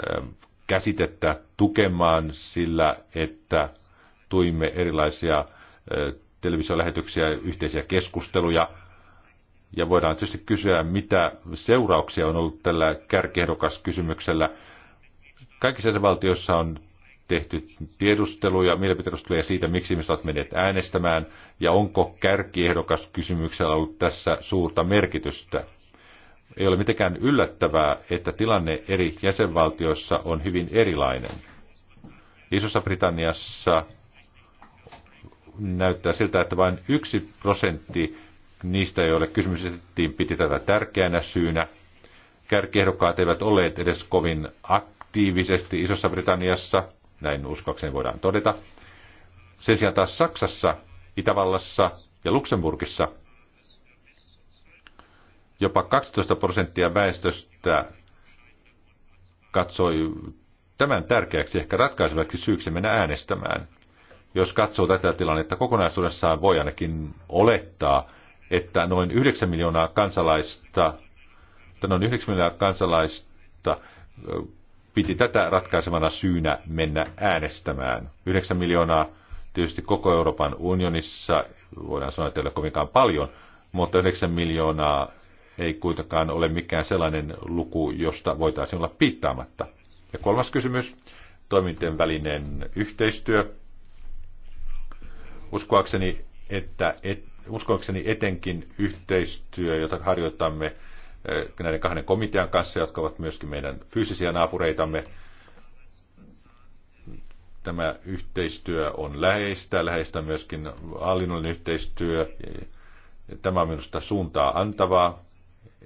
S1: käsitettä tukemaan sillä, että tuimme erilaisia televisiolähetyksiä, yhteisiä keskusteluja. Ja voidaan tietysti kysyä, mitä seurauksia on ollut tällä kärkehdokas kysymyksellä. Kaikissa jäsenvaltioissa on tehty tiedusteluja, mielipiteedusteluja siitä, miksi ihmiset ovat menneet äänestämään, ja onko kärkiehdokas kysymyksellä ollut tässä suurta merkitystä. Ei ole mitenkään yllättävää, että tilanne eri jäsenvaltioissa on hyvin erilainen. Isossa Britanniassa näyttää siltä, että vain yksi prosentti niistä, joille kysymys esitettiin, piti tätä tärkeänä syynä. Kärkiehdokkaat eivät olleet edes kovin aktiivisesti Isossa Britanniassa, näin uskoakseni voidaan todeta. Sen sijaan taas Saksassa, Itävallassa ja Luxemburgissa jopa 12 prosenttia väestöstä katsoi tämän tärkeäksi ehkä ratkaisevaksi syyksi mennä äänestämään. Jos katsoo tätä tilannetta kokonaisuudessaan, voi ainakin olettaa, että noin 9 miljoonaa kansalaista, että noin 9 miljoonaa kansalaista piti tätä ratkaisemana syynä mennä äänestämään. 9 miljoonaa tietysti koko Euroopan unionissa, voidaan sanoa, että ei ole kovinkaan paljon, mutta 9 miljoonaa ei kuitenkaan ole mikään sellainen luku, josta voitaisiin olla piittaamatta. Ja kolmas kysymys, toimintien välinen yhteistyö. Uskoakseni, että et, uskoakseni etenkin yhteistyö, jota harjoitamme eh, näiden kahden komitean kanssa, jotka ovat myöskin meidän fyysisiä naapureitamme, tämä yhteistyö on läheistä, läheistä myöskin hallinnollinen yhteistyö. Tämä on minusta suuntaa antavaa.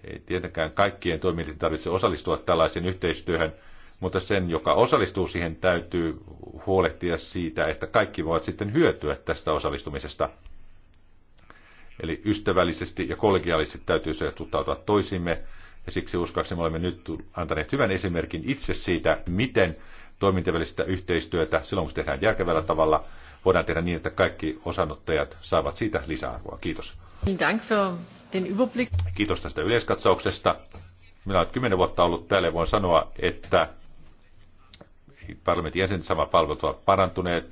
S1: Ei tietenkään kaikkien toimijoiden tarvitse osallistua tällaiseen yhteistyöhön, mutta sen, joka osallistuu siihen, täytyy huolehtia siitä, että kaikki voivat sitten hyötyä tästä osallistumisesta. Eli ystävällisesti ja kollegiaalisesti täytyy se tuttautua toisimme, ja siksi uskoakseni olemme nyt antaneet hyvän esimerkin itse siitä, miten toimintavälistä yhteistyötä silloin, kun tehdään järkevällä tavalla, voidaan tehdä niin, että kaikki osanottajat saavat siitä lisäarvoa. Kiitos. Kiitos tästä yleiskatsauksesta. Minä olen kymmenen vuotta ollut täällä ja voin sanoa, että parlamentin jäsenet sama palvelut ovat parantuneet.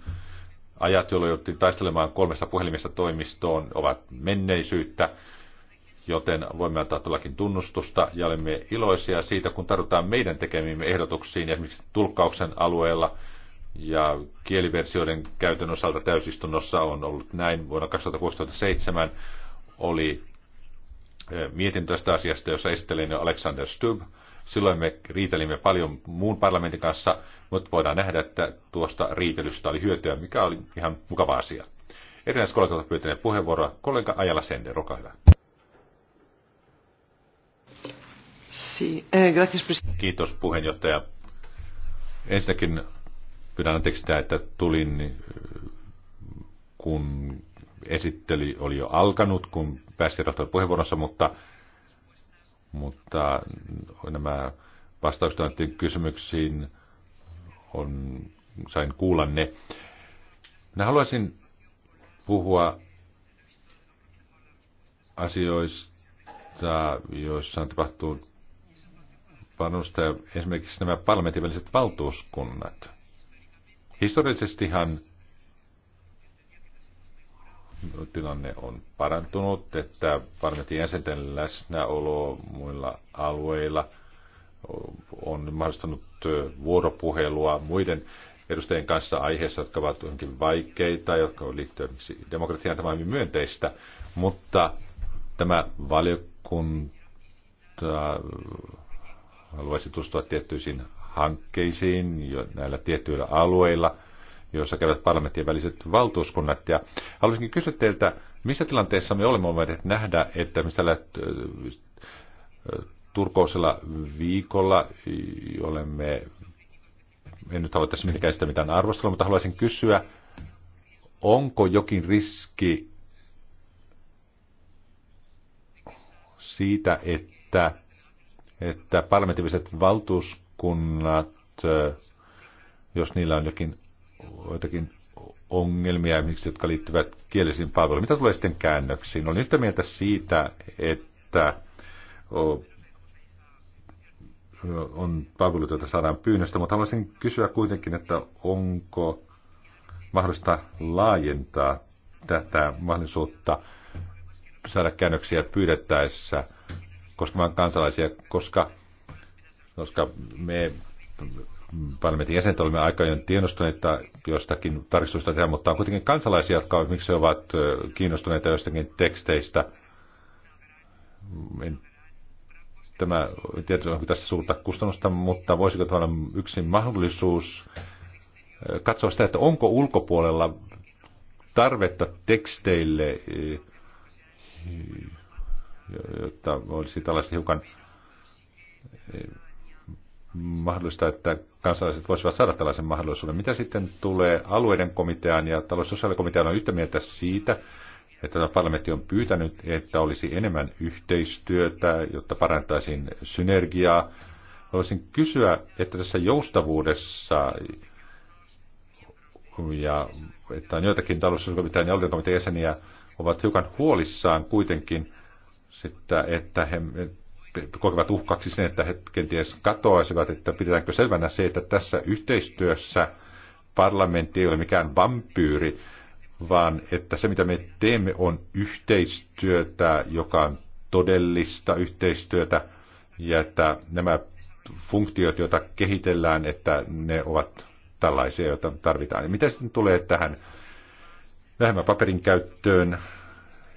S1: Ajat, jolloin jouttiin taistelemaan kolmesta puhelimesta toimistoon, ovat menneisyyttä, joten voimme antaa todellakin tunnustusta ja olemme iloisia siitä, kun tarvitaan meidän tekemiimme ehdotuksiin esimerkiksi tulkkauksen alueella ja kieliversioiden käytön osalta täysistunnossa on ollut näin. Vuonna 2007 oli eh, mietintö tästä asiasta, jossa esittelin Alexander Stubb, Silloin me riitelimme paljon muun parlamentin kanssa, mutta voidaan nähdä, että tuosta riitelystä oli hyötyä, mikä oli ihan mukava asia. Erilaiset kollegat ovat pyytäneet puheenvuoroa. Kollega Ajala Sende roka hyvä. Eh, Kiitos puheenjohtaja. Ensinnäkin pyydän anteeksi sitä, että tulin, eh, kun esittely oli jo alkanut, kun pääsihteeri puheenvuorossa, mutta mutta nämä vastaukset näiden kysymyksiin on, sain kuulla ne. Minä haluaisin puhua asioista, joissa on tapahtunut panusta esimerkiksi nämä parlamentin väliset valtuuskunnat. Historiallisestihan tilanne on parantunut, että parlamentin jäsenten läsnäolo muilla alueilla on mahdollistanut vuoropuhelua muiden edustajien kanssa aiheessa, jotka ovat johonkin vaikeita, jotka liittyvät demokratiaan, tämä on myönteistä, mutta tämä valiokunta haluaisi tutustua tiettyisiin hankkeisiin jo näillä tietyillä alueilla – joissa käyvät parlamenttien väliset valtuuskunnat. Ja haluaisinkin kysyä teiltä, missä tilanteessa me olemme voineet nähdä, että mistä turkoisella viikolla olemme, en nyt halua tässä mitenkään sitä mitään arvostella, mutta haluaisin kysyä, onko jokin riski siitä, että, että parlamentiviset valtuuskunnat, jos niillä on jokin joitakin ongelmia, jotka liittyvät kielisiin palveluihin. Mitä tulee sitten käännöksiin? Olen yhtä mieltä siitä, että on palveluita, joita saadaan pyynnöstä, mutta haluaisin kysyä kuitenkin, että onko mahdollista laajentaa tätä mahdollisuutta saada käännöksiä pyydettäessä koskemaan kansalaisia, koska, koska me parlamentin jäsenet olemme aika ajoin tiedostuneita jostakin tarkistusta tehdä, mutta on kuitenkin kansalaisia, jotka miksi ovat kiinnostuneita jostakin teksteistä. En tämä, tietysti onko tässä suurta kustannusta, mutta voisiko olla yksi mahdollisuus katsoa sitä, että onko ulkopuolella tarvetta teksteille, jotta olisi tällaista hiukan mahdollista, että kansalaiset voisivat saada tällaisen mahdollisuuden. Mitä sitten tulee alueiden komiteaan ja talous- ja on yhtä mieltä siitä, että parlamentti on pyytänyt, että olisi enemmän yhteistyötä, jotta parantaisiin synergiaa. Haluaisin kysyä, että tässä joustavuudessa ja että on joitakin talouskomitean ja komitean jäseniä ovat hiukan huolissaan kuitenkin, sitä, että he kokevat uhkaksi sen, että he kenties katoaisivat, että pidetäänkö selvänä se, että tässä yhteistyössä parlamentti ei ole mikään vampyyri, vaan että se mitä me teemme on yhteistyötä, joka on todellista yhteistyötä, ja että nämä funktiot, joita kehitellään, että ne ovat tällaisia, joita tarvitaan. Ja mitä sitten tulee tähän vähemmän paperin käyttöön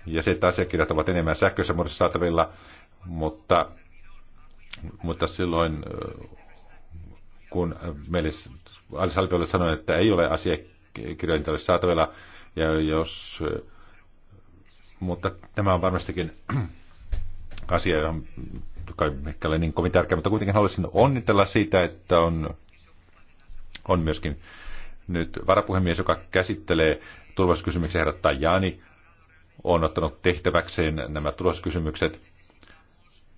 S1: ja se, että asiakirjat ovat enemmän sähköisessä muodossa saatavilla – mutta, mutta silloin kun Alis Alpiolle sanoi, että ei ole asiakirjoja, niitä saatavilla, ja jos, mutta tämä on varmastikin asia, johon kai ehkä ole niin kovin tärkeä, mutta kuitenkin haluaisin onnitella siitä, että on, on myöskin nyt varapuhemies, joka käsittelee turvallisuuskysymyksiä, herättää Jani, on ottanut tehtäväkseen nämä turvallisuuskysymykset.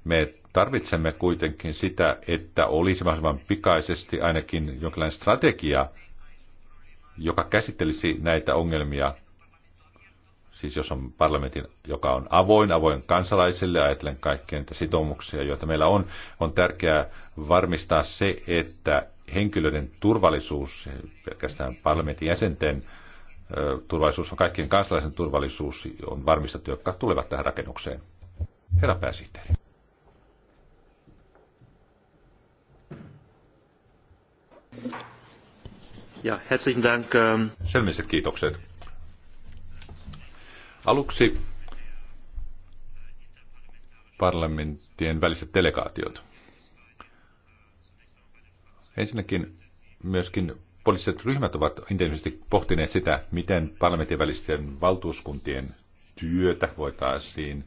S1: Me tarvitsemme kuitenkin sitä, että olisi mahdollisimman pikaisesti ainakin jonkinlainen strategia, joka käsittelisi näitä ongelmia. Siis jos on parlamentin, joka on avoin, avoin kansalaisille, ajatellen kaikkia niitä sitoumuksia, joita meillä on, on tärkeää varmistaa se, että henkilöiden turvallisuus, pelkästään parlamentin jäsenten turvallisuus on kaikkien kansalaisen turvallisuus, on varmistettu, jotka tulevat tähän rakennukseen. Herra pääsihteeri. Ja herzlichen Dank. Ähm, Selmiset kiitokset. Aluksi parlamenttien väliset delegaatiot. Ensinnäkin myöskin poliittiset ryhmät ovat intensiivisesti pohtineet sitä, miten parlamentin välisten valtuuskuntien työtä voitaisiin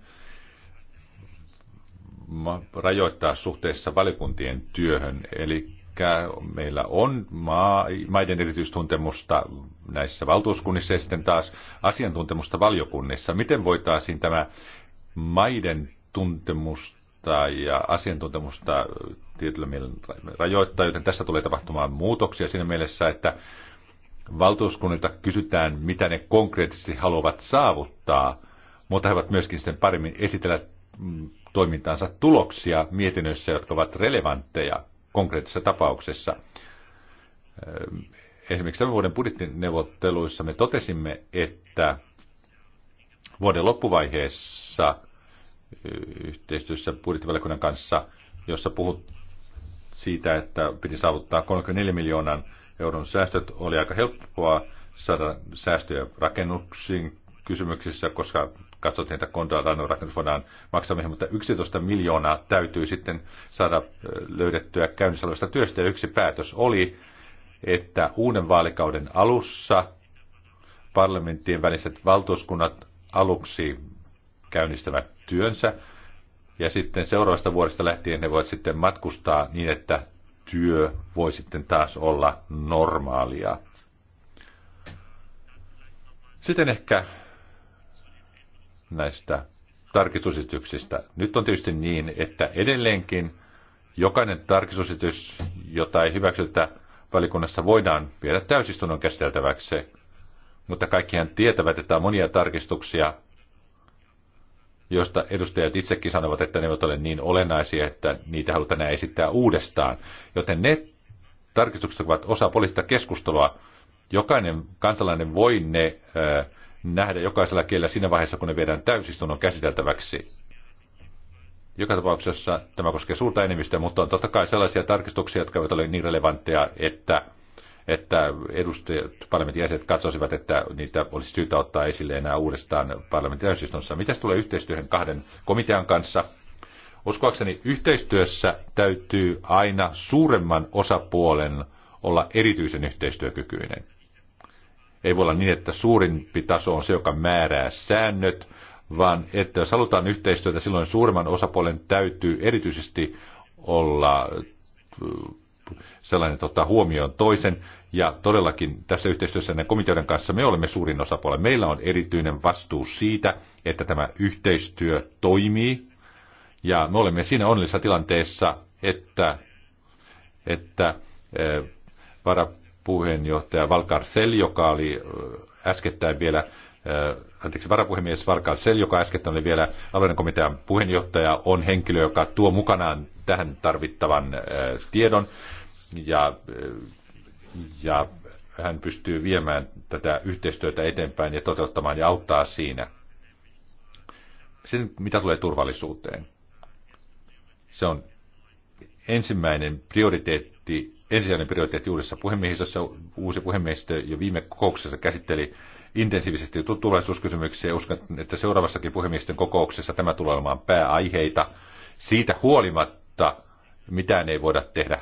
S1: rajoittaa suhteessa valiokuntien työhön. Eli meillä on maa, maiden erityistuntemusta näissä valtuuskunnissa ja sitten taas asiantuntemusta valiokunnissa. Miten voitaisiin tämä maiden tuntemusta ja asiantuntemusta tietyllä mielellä rajoittaa, joten tässä tulee tapahtumaan muutoksia siinä mielessä, että valtuuskunnilta kysytään, mitä ne konkreettisesti haluavat saavuttaa, mutta he ovat myöskin sitten paremmin esitellä mm, toimintaansa tuloksia mietinnöissä, jotka ovat relevantteja konkreettisessa tapauksessa. Esimerkiksi tämän vuoden budjettineuvotteluissa me totesimme, että vuoden loppuvaiheessa yhteistyössä budjettivaliokunnan kanssa, jossa puhut siitä, että piti saavuttaa 34 miljoonan euron säästöt, oli aika helppoa saada säästöjä rakennuksiin kysymyksissä, koska katsot niitä kondorainorakennus voidaan maksaa, mutta 11 miljoonaa täytyy sitten saada löydettyä käynnissä olevasta työstä. Ja yksi päätös oli, että uuden vaalikauden alussa parlamenttien väliset valtuuskunnat aluksi käynnistävät työnsä, ja sitten seuraavasta vuodesta lähtien ne voivat sitten matkustaa niin, että työ voi sitten taas olla normaalia. Sitten ehkä näistä tarkistusesityksistä. Nyt on tietysti niin, että edelleenkin jokainen tarkistusesitys, jota ei hyväksytä valikunnassa, voidaan viedä täysistunnon käsiteltäväksi. Mutta kaikkihan tietävät, että on monia tarkistuksia, joista edustajat itsekin sanovat, että ne eivät ole niin olennaisia, että niitä halutaan enää esittää uudestaan. Joten ne tarkistukset ovat osa poliittista keskustelua. Jokainen kansalainen voi ne äh, nähdä jokaisella kielellä siinä vaiheessa, kun ne viedään täysistunnon käsiteltäväksi. Joka tapauksessa tämä koskee suurta enemmistöä, mutta on totta kai sellaisia tarkistuksia, jotka eivät ole niin relevantteja, että, että edustajat, parlamentin jäsenet katsoisivat, että niitä olisi syytä ottaa esille enää uudestaan parlamentin täysistunnossa. Mitäs tulee yhteistyöhön kahden komitean kanssa? Uskoakseni yhteistyössä täytyy aina suuremman osapuolen olla erityisen yhteistyökykyinen. Ei voi olla niin, että suurimpi taso on se, joka määrää säännöt, vaan että jos halutaan yhteistyötä, silloin suurimman osapuolen täytyy erityisesti olla äh, sellainen, että huomioon toisen. Ja todellakin tässä yhteistyössä näiden komiteoiden kanssa me olemme suurin osapuolen. Meillä on erityinen vastuu siitä, että tämä yhteistyö toimii. Ja me olemme siinä onnellisessa tilanteessa, että, että äh, vara puheenjohtaja Valkar Sel, joka oli äskettäin vielä anteeksi, varapuhemies Valkar Sel, joka äskettäin oli vielä alueen komitean puheenjohtaja, on henkilö, joka tuo mukanaan tähän tarvittavan tiedon ja, ja hän pystyy viemään tätä yhteistyötä eteenpäin ja toteuttamaan ja auttaa siinä. Sen, mitä tulee turvallisuuteen? Se on ensimmäinen prioriteetti ensisijainen prioriteetti uudessa puhemiehistössä. Uusi puhemiehistö jo viime kokouksessa käsitteli intensiivisesti turvallisuuskysymyksiä. Uskon, että seuraavassakin puhemiehistön kokouksessa tämä tulee olemaan pääaiheita. Siitä huolimatta mitään ei voida tehdä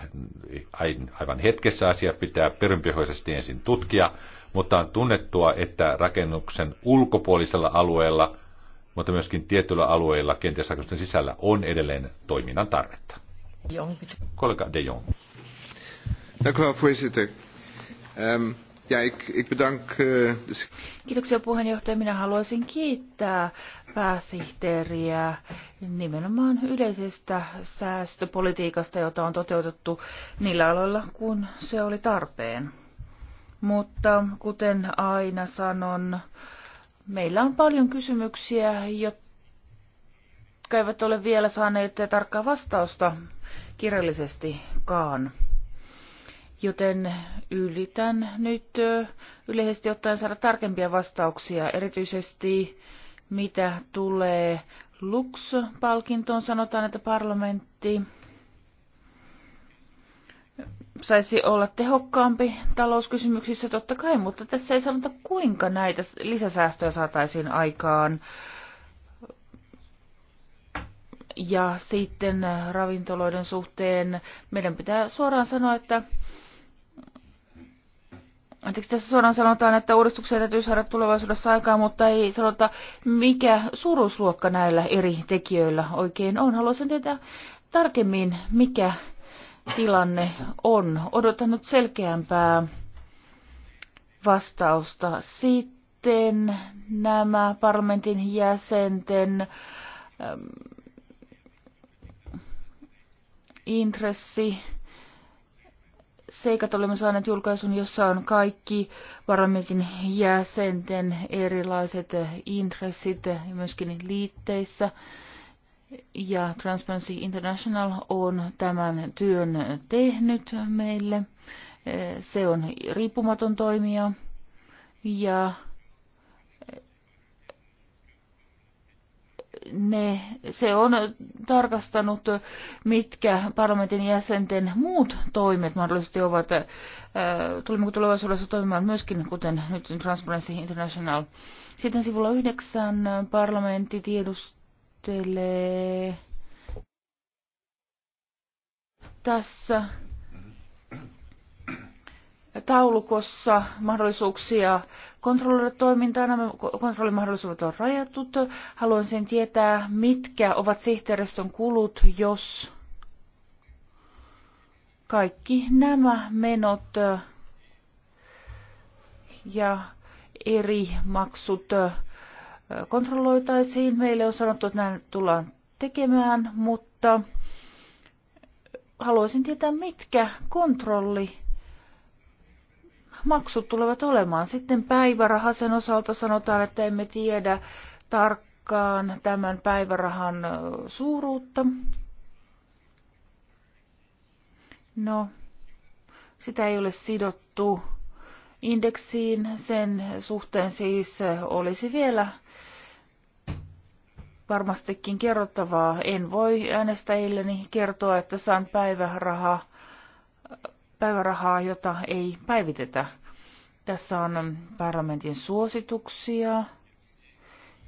S1: aivan hetkessä. Asia pitää perinpohjaisesti ensin tutkia, mutta on tunnettua, että rakennuksen ulkopuolisella alueella, mutta myöskin tietyillä alueilla kenties rakennusten sisällä on edelleen toiminnan tarvetta. Kollega De Jong voorzitter. Ehm, eh,
S3: Kiitoksia puheenjohtaja. Minä haluaisin kiittää pääsihteeriä nimenomaan yleisestä säästöpolitiikasta, jota on toteutettu niillä aloilla, kun se oli tarpeen. Mutta kuten aina sanon, meillä on paljon kysymyksiä, jotka eivät ole vielä saaneet tarkkaa vastausta kirjallisestikaan joten ylitän nyt yleisesti ottaen saada tarkempia vastauksia, erityisesti mitä tulee Lux-palkintoon. Sanotaan, että parlamentti saisi olla tehokkaampi talouskysymyksissä totta kai, mutta tässä ei sanota kuinka näitä lisäsäästöjä saataisiin aikaan. Ja sitten ravintoloiden suhteen meidän pitää suoraan sanoa, että Anteeksi, tässä suoraan sanotaan, että uudistuksia täytyy saada tulevaisuudessa aikaa, mutta ei sanota, mikä suuruusluokka näillä eri tekijöillä oikein on. Haluaisin tietää tarkemmin, mikä tilanne on. Odotanut selkeämpää vastausta. Sitten nämä parlamentin jäsenten ähm, intressi seikat olemme saaneet julkaisun, jossa on kaikki parlamentin jäsenten erilaiset intressit myöskin liitteissä. Ja Transparency International on tämän työn tehnyt meille. Se on riippumaton toimija ja ne, se on tarkastanut, mitkä parlamentin jäsenten muut toimet mahdollisesti ovat. Äh, tulemmeko tulevaisuudessa toimimaan myöskin, kuten nyt Transparency International. Sitten sivulla yhdeksän parlamentti tiedustelee tässä taulukossa mahdollisuuksia kontrolloida toimintaa. Nämä kontrollimahdollisuudet on rajatut. sen tietää, mitkä ovat sihteeristön kulut, jos kaikki nämä menot ja eri maksut kontrolloitaisiin. Meille on sanottu, että näin tullaan tekemään, mutta haluaisin tietää, mitkä kontrolli maksut tulevat olemaan. Sitten päiväraha sen osalta sanotaan, että emme tiedä tarkkaan tämän päivärahan suuruutta. No, sitä ei ole sidottu indeksiin. Sen suhteen siis olisi vielä varmastikin kerrottavaa. En voi äänestäjilleni kertoa, että saan päivärahaa päivärahaa, jota ei päivitetä. Tässä on parlamentin suosituksia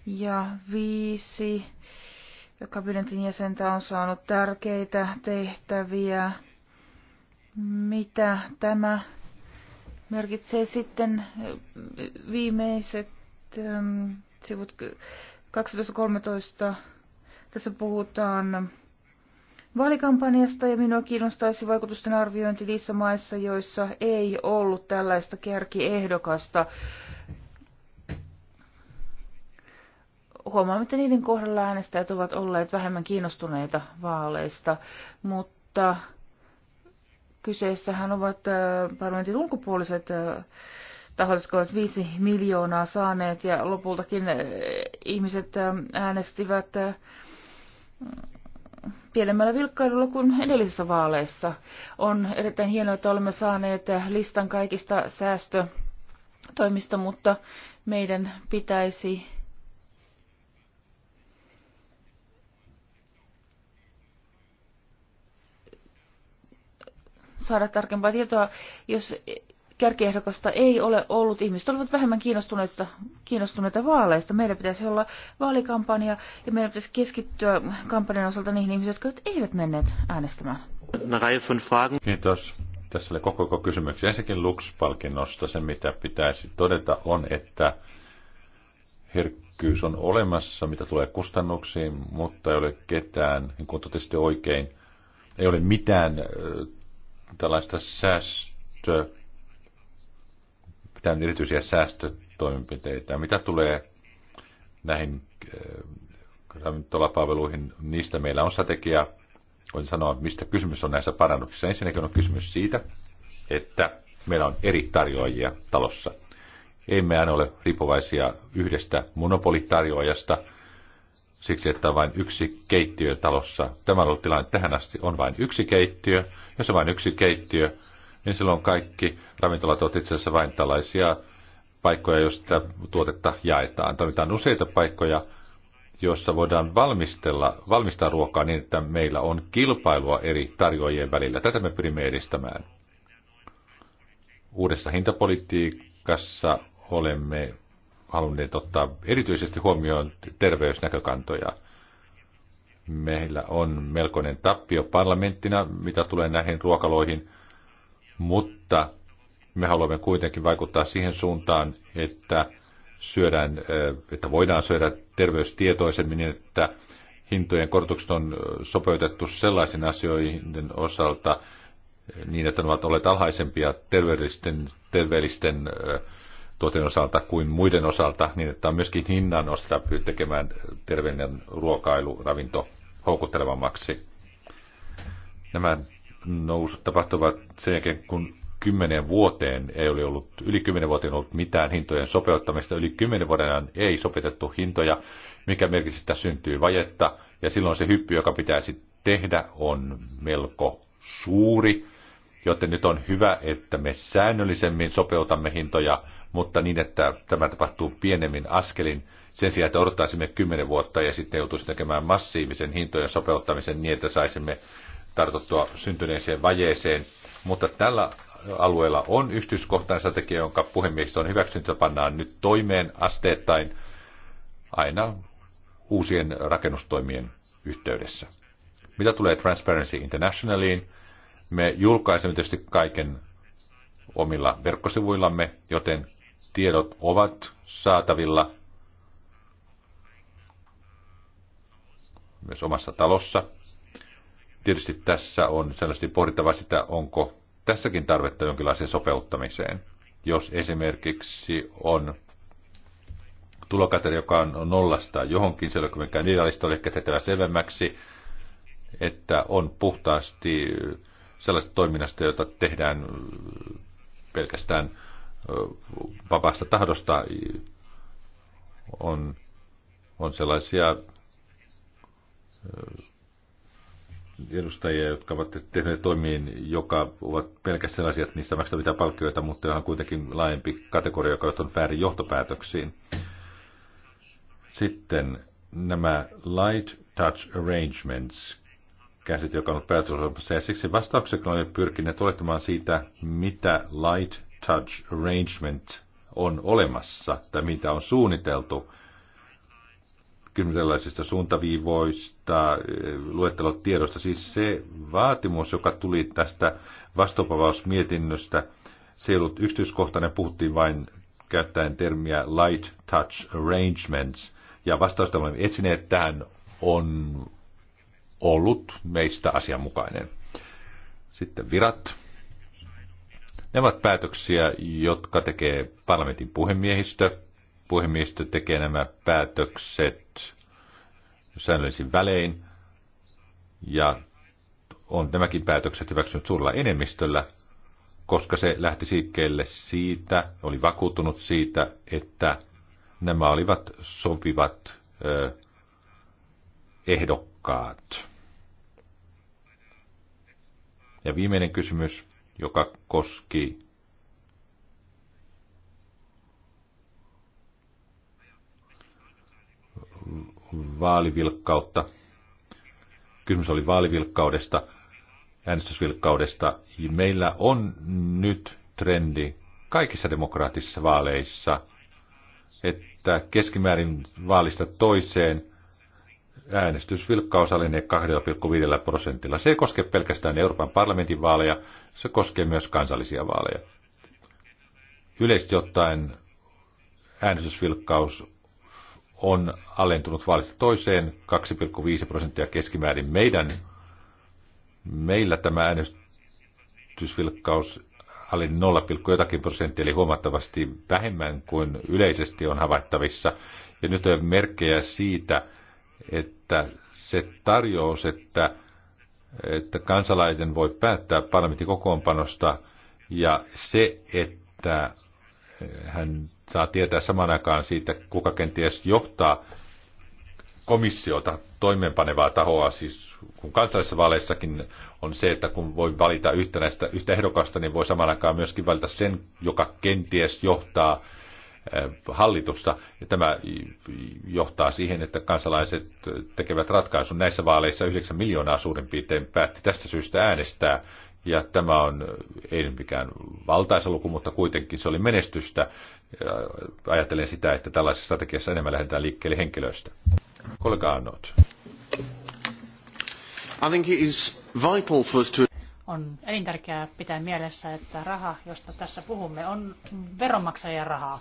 S3: ja viisi kabinetin jäsentä on saanut tärkeitä tehtäviä. Mitä tämä merkitsee sitten viimeiset ähm, sivut 12.13. Tässä puhutaan vaalikampanjasta ja minua kiinnostaisi vaikutusten arviointi niissä maissa, joissa ei ollut tällaista kärkiehdokasta. Huomaan, että niiden kohdalla äänestäjät ovat olleet vähemmän kiinnostuneita vaaleista, mutta kyseessähän ovat äh, parlamentin ulkopuoliset äh, tahot, jotka ovat viisi miljoonaa saaneet ja lopultakin äh, ihmiset äänestivät pienemmällä vilkkailulla kuin edellisissä vaaleissa. On erittäin hienoa, että olemme saaneet listan kaikista säästötoimista, mutta meidän pitäisi saada tarkempaa tietoa, jos kärkiehdokasta ei ole ollut. Ihmiset olivat vähemmän kiinnostuneita, kiinnostuneita vaaleista. Meidän pitäisi olla vaalikampanja ja meidän pitäisi keskittyä kampanjan osalta niihin ihmisiin, jotka eivät menneet äänestämään.
S1: Kiitos. Tässä oli koko, koko kysymyksiä. Ensinnäkin Lux-palkinnosta se, mitä pitäisi todeta, on, että herkkyys on olemassa, mitä tulee kustannuksiin, mutta ei ole ketään, niin kuin oikein, ei ole mitään tällaista säästö mitään erityisiä säästötoimenpiteitä. Mitä tulee näihin äh, ravintolapalveluihin, niistä meillä on strategia. Voin sanoa, mistä kysymys on näissä parannuksissa. Ensinnäkin on kysymys siitä, että meillä on eri tarjoajia talossa. Emme aina ole riippuvaisia yhdestä monopolitarjoajasta, siksi että on vain yksi keittiö talossa. Tämä on ollut tilanne tähän asti, on vain yksi keittiö. Jos on vain yksi keittiö, niin silloin kaikki ravintolat ovat itse asiassa vain tällaisia paikkoja, joista tuotetta jaetaan. Tarvitaan useita paikkoja, joissa voidaan valmistella, valmistaa ruokaa niin, että meillä on kilpailua eri tarjoajien välillä. Tätä me pyrimme edistämään. Uudessa hintapolitiikassa olemme halunneet ottaa erityisesti huomioon terveysnäkökantoja. Meillä on melkoinen tappio parlamenttina, mitä tulee näihin ruokaloihin – mutta me haluamme kuitenkin vaikuttaa siihen suuntaan, että, syödään, että voidaan syödä terveystietoisemmin, niin, että hintojen korotukset on sopeutettu sellaisiin asioihin osalta niin, että ne ovat olleet alhaisempia terveellisten, terveellisten tuotteiden osalta kuin muiden osalta, niin että on myöskin hinnan osalta tekemään terveellinen ruokailu, ravinto houkuttelevammaksi. Nämä nousut tapahtuvat sen jälkeen, kun kymmenen vuoteen ei ole ollut, yli kymmenen vuoteen ollut mitään hintojen sopeuttamista. Yli kymmenen vuoden ajan ei sopetettu hintoja, mikä merkitsee, että syntyy vajetta. Ja silloin se hyppy, joka pitäisi tehdä, on melko suuri. Joten nyt on hyvä, että me säännöllisemmin sopeutamme hintoja, mutta niin, että tämä tapahtuu pienemmin askelin. Sen sijaan, että odottaisimme kymmenen vuotta ja sitten joutuisi tekemään massiivisen hintojen sopeuttamisen niin, että saisimme tartuttua syntyneeseen vajeeseen, mutta tällä alueella on yhtyskohtainen strategia, jonka puhemiehistö on hyväksynyt ja pannaan nyt toimeen asteittain aina uusien rakennustoimien yhteydessä. Mitä tulee Transparency Internationaliin, me julkaisemme tietysti kaiken omilla verkkosivuillamme, joten tiedot ovat saatavilla myös omassa talossa – tietysti tässä on sellaisesti pohdittava sitä, onko tässäkin tarvetta jonkinlaiseen sopeuttamiseen. Jos esimerkiksi on tulokateri, joka on nollasta johonkin, se ei ole kuitenkaan idealista, oli ehkä tehtävä selvemmäksi, että on puhtaasti sellaista toiminnasta, jota tehdään pelkästään vapaasta tahdosta, on, on sellaisia edustajia, jotka ovat tehneet toimiin, joka ovat pelkästään sellaisia, että niistä maksetaan mitään palkkioita, mutta on kuitenkin laajempi kategoria, joka on väärin johtopäätöksiin. Sitten nämä light touch arrangements, käsit, joka on ollut päätösohjelmassa, ja siksi vastaukseksi olen pyrkineet olettamaan siitä, mitä light touch arrangement on olemassa tai mitä on suunniteltu – kysymyksistä suuntaviivoista, luettelot tiedosta. Siis se vaatimus, joka tuli tästä vastuupavausmietinnöstä, se ei ollut yksityiskohtainen, puhuttiin vain käyttäen termiä light touch arrangements. Ja vastausta olemme etsineet tähän on ollut meistä asianmukainen. Sitten virat. Ne ovat päätöksiä, jotka tekee parlamentin puhemiehistö. Puhemiehistö tekee nämä päätökset säännöllisin välein. Ja on nämäkin päätökset hyväksynyt suurella enemmistöllä, koska se lähti siikkeelle siitä, oli vakuuttunut siitä, että nämä olivat sopivat ö, ehdokkaat. Ja viimeinen kysymys, joka koski vaalivilkkautta. Kysymys oli vaalivilkkaudesta, äänestysvilkkaudesta. Meillä on nyt trendi kaikissa demokraattisissa vaaleissa, että keskimäärin vaalista toiseen äänestysvilkkaus alenee 2,5 prosentilla. Se ei koske pelkästään Euroopan parlamentin vaaleja, se koskee myös kansallisia vaaleja. Yleisesti ottaen äänestysvilkkaus on alentunut vaalista toiseen 2,5 prosenttia keskimäärin. Meidän, meillä tämä äänestysvilkkaus alle 0, jotakin prosenttia, eli huomattavasti vähemmän kuin yleisesti on havaittavissa. Ja nyt on merkkejä siitä, että se tarjous, että, että kansalainen voi päättää parlamentin kokoonpanosta ja se, että hän saa tietää saman aikaan siitä, kuka kenties johtaa komissiota, toimeenpanevaa tahoa, siis kun kansallisissa vaaleissakin on se, että kun voi valita yhtä, näistä, yhtä ehdokasta, niin voi saman aikaan myöskin valita sen, joka kenties johtaa eh, hallitusta. Ja tämä johtaa siihen, että kansalaiset tekevät ratkaisun. Näissä vaaleissa 9 miljoonaa suurin piirtein päätti tästä syystä äänestää ja tämä on ei mikään valtaisa luku, mutta kuitenkin se oli menestystä. Ajattelen sitä, että tällaisessa strategiassa enemmän lähdetään liikkeelle henkilöistä. Kollega Arnold. I think it is vital for us to...
S2: On elintärkeää pitää mielessä, että raha, josta tässä puhumme, on veronmaksajien rahaa.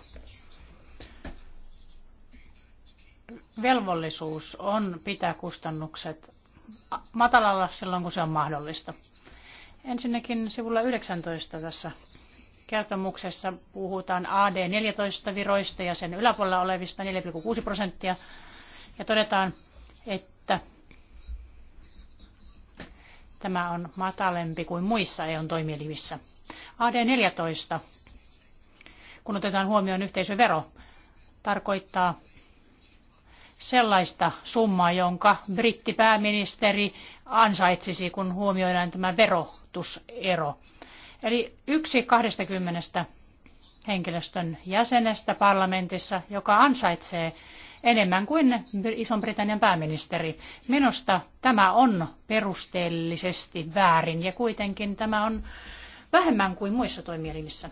S2: Velvollisuus on pitää kustannukset matalalla silloin, kun se on mahdollista Ensinnäkin sivulla 19 tässä kertomuksessa puhutaan AD14-viroista ja sen yläpuolella olevista 4,6 prosenttia. Ja todetaan, että tämä on matalempi kuin muissa EUn toimielimissä. AD14, kun otetaan huomioon yhteisövero, tarkoittaa sellaista summaa, jonka brittipääministeri ansaitsisi, kun huomioidaan tämä vero edustusero. Eli yksi 20 henkilöstön jäsenestä parlamentissa, joka ansaitsee enemmän kuin Ison-Britannian pääministeri. Minusta tämä on perusteellisesti väärin ja kuitenkin tämä on vähemmän kuin muissa toimielimissä.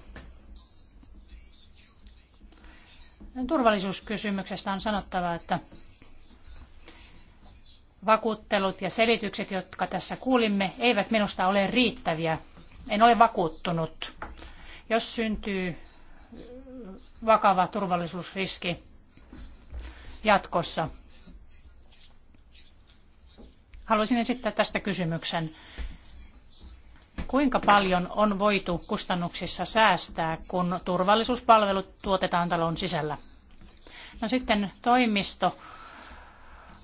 S2: Turvallisuuskysymyksestä on sanottava, että vakuuttelut ja selitykset, jotka tässä kuulimme, eivät minusta ole riittäviä. En ole vakuuttunut. Jos syntyy vakava turvallisuusriski jatkossa, haluaisin esittää tästä kysymyksen. Kuinka paljon on voitu kustannuksissa säästää, kun turvallisuuspalvelut tuotetaan talon sisällä? No sitten toimisto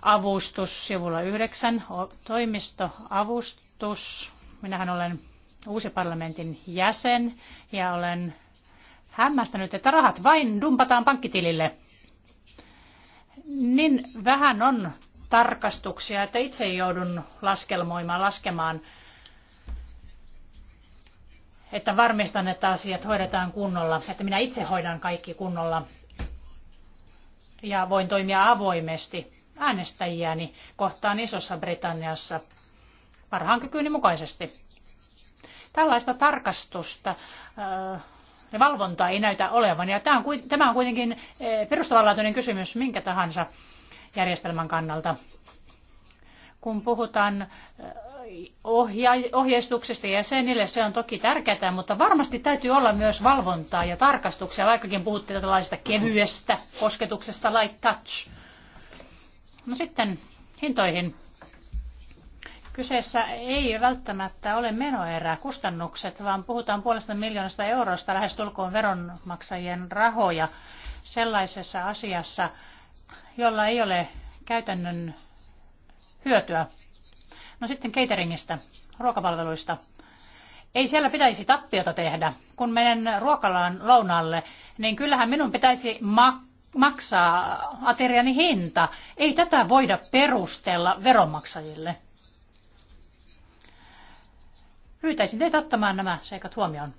S2: avustus sivulla 9, toimistoavustus. Minähän olen uusi parlamentin jäsen ja olen hämmästänyt, että rahat vain dumpataan pankkitilille. Niin vähän on tarkastuksia, että itse joudun laskelmoimaan, laskemaan, että varmistan, että asiat hoidetaan kunnolla, että minä itse hoidan kaikki kunnolla ja voin toimia avoimesti äänestäjiäni niin kohtaan Isossa Britanniassa parhaan kykyni mukaisesti. Tällaista tarkastusta äh, ja valvontaa ei näytä olevan. Ja tämä on kuitenkin äh, perustavanlaatuinen kysymys minkä tahansa järjestelmän kannalta. Kun puhutaan äh, ohjeistuksesta jäsenille, se on toki tärkeää, mutta varmasti täytyy olla myös valvontaa ja tarkastuksia, vaikkakin puhutte tällaisesta kevyestä kosketuksesta light touch. No sitten hintoihin. Kyseessä ei välttämättä ole menoerää kustannukset, vaan puhutaan puolesta miljoonasta eurosta lähestulkoon veronmaksajien rahoja sellaisessa asiassa, jolla ei ole käytännön hyötyä. No sitten cateringistä, ruokapalveluista. Ei siellä pitäisi tappiota tehdä. Kun menen ruokalaan lounalle, niin kyllähän minun pitäisi maksaa maksaa ateriani hinta. Ei tätä voida perustella veronmaksajille. Pyytäisin teitä ottamaan nämä seikat huomioon.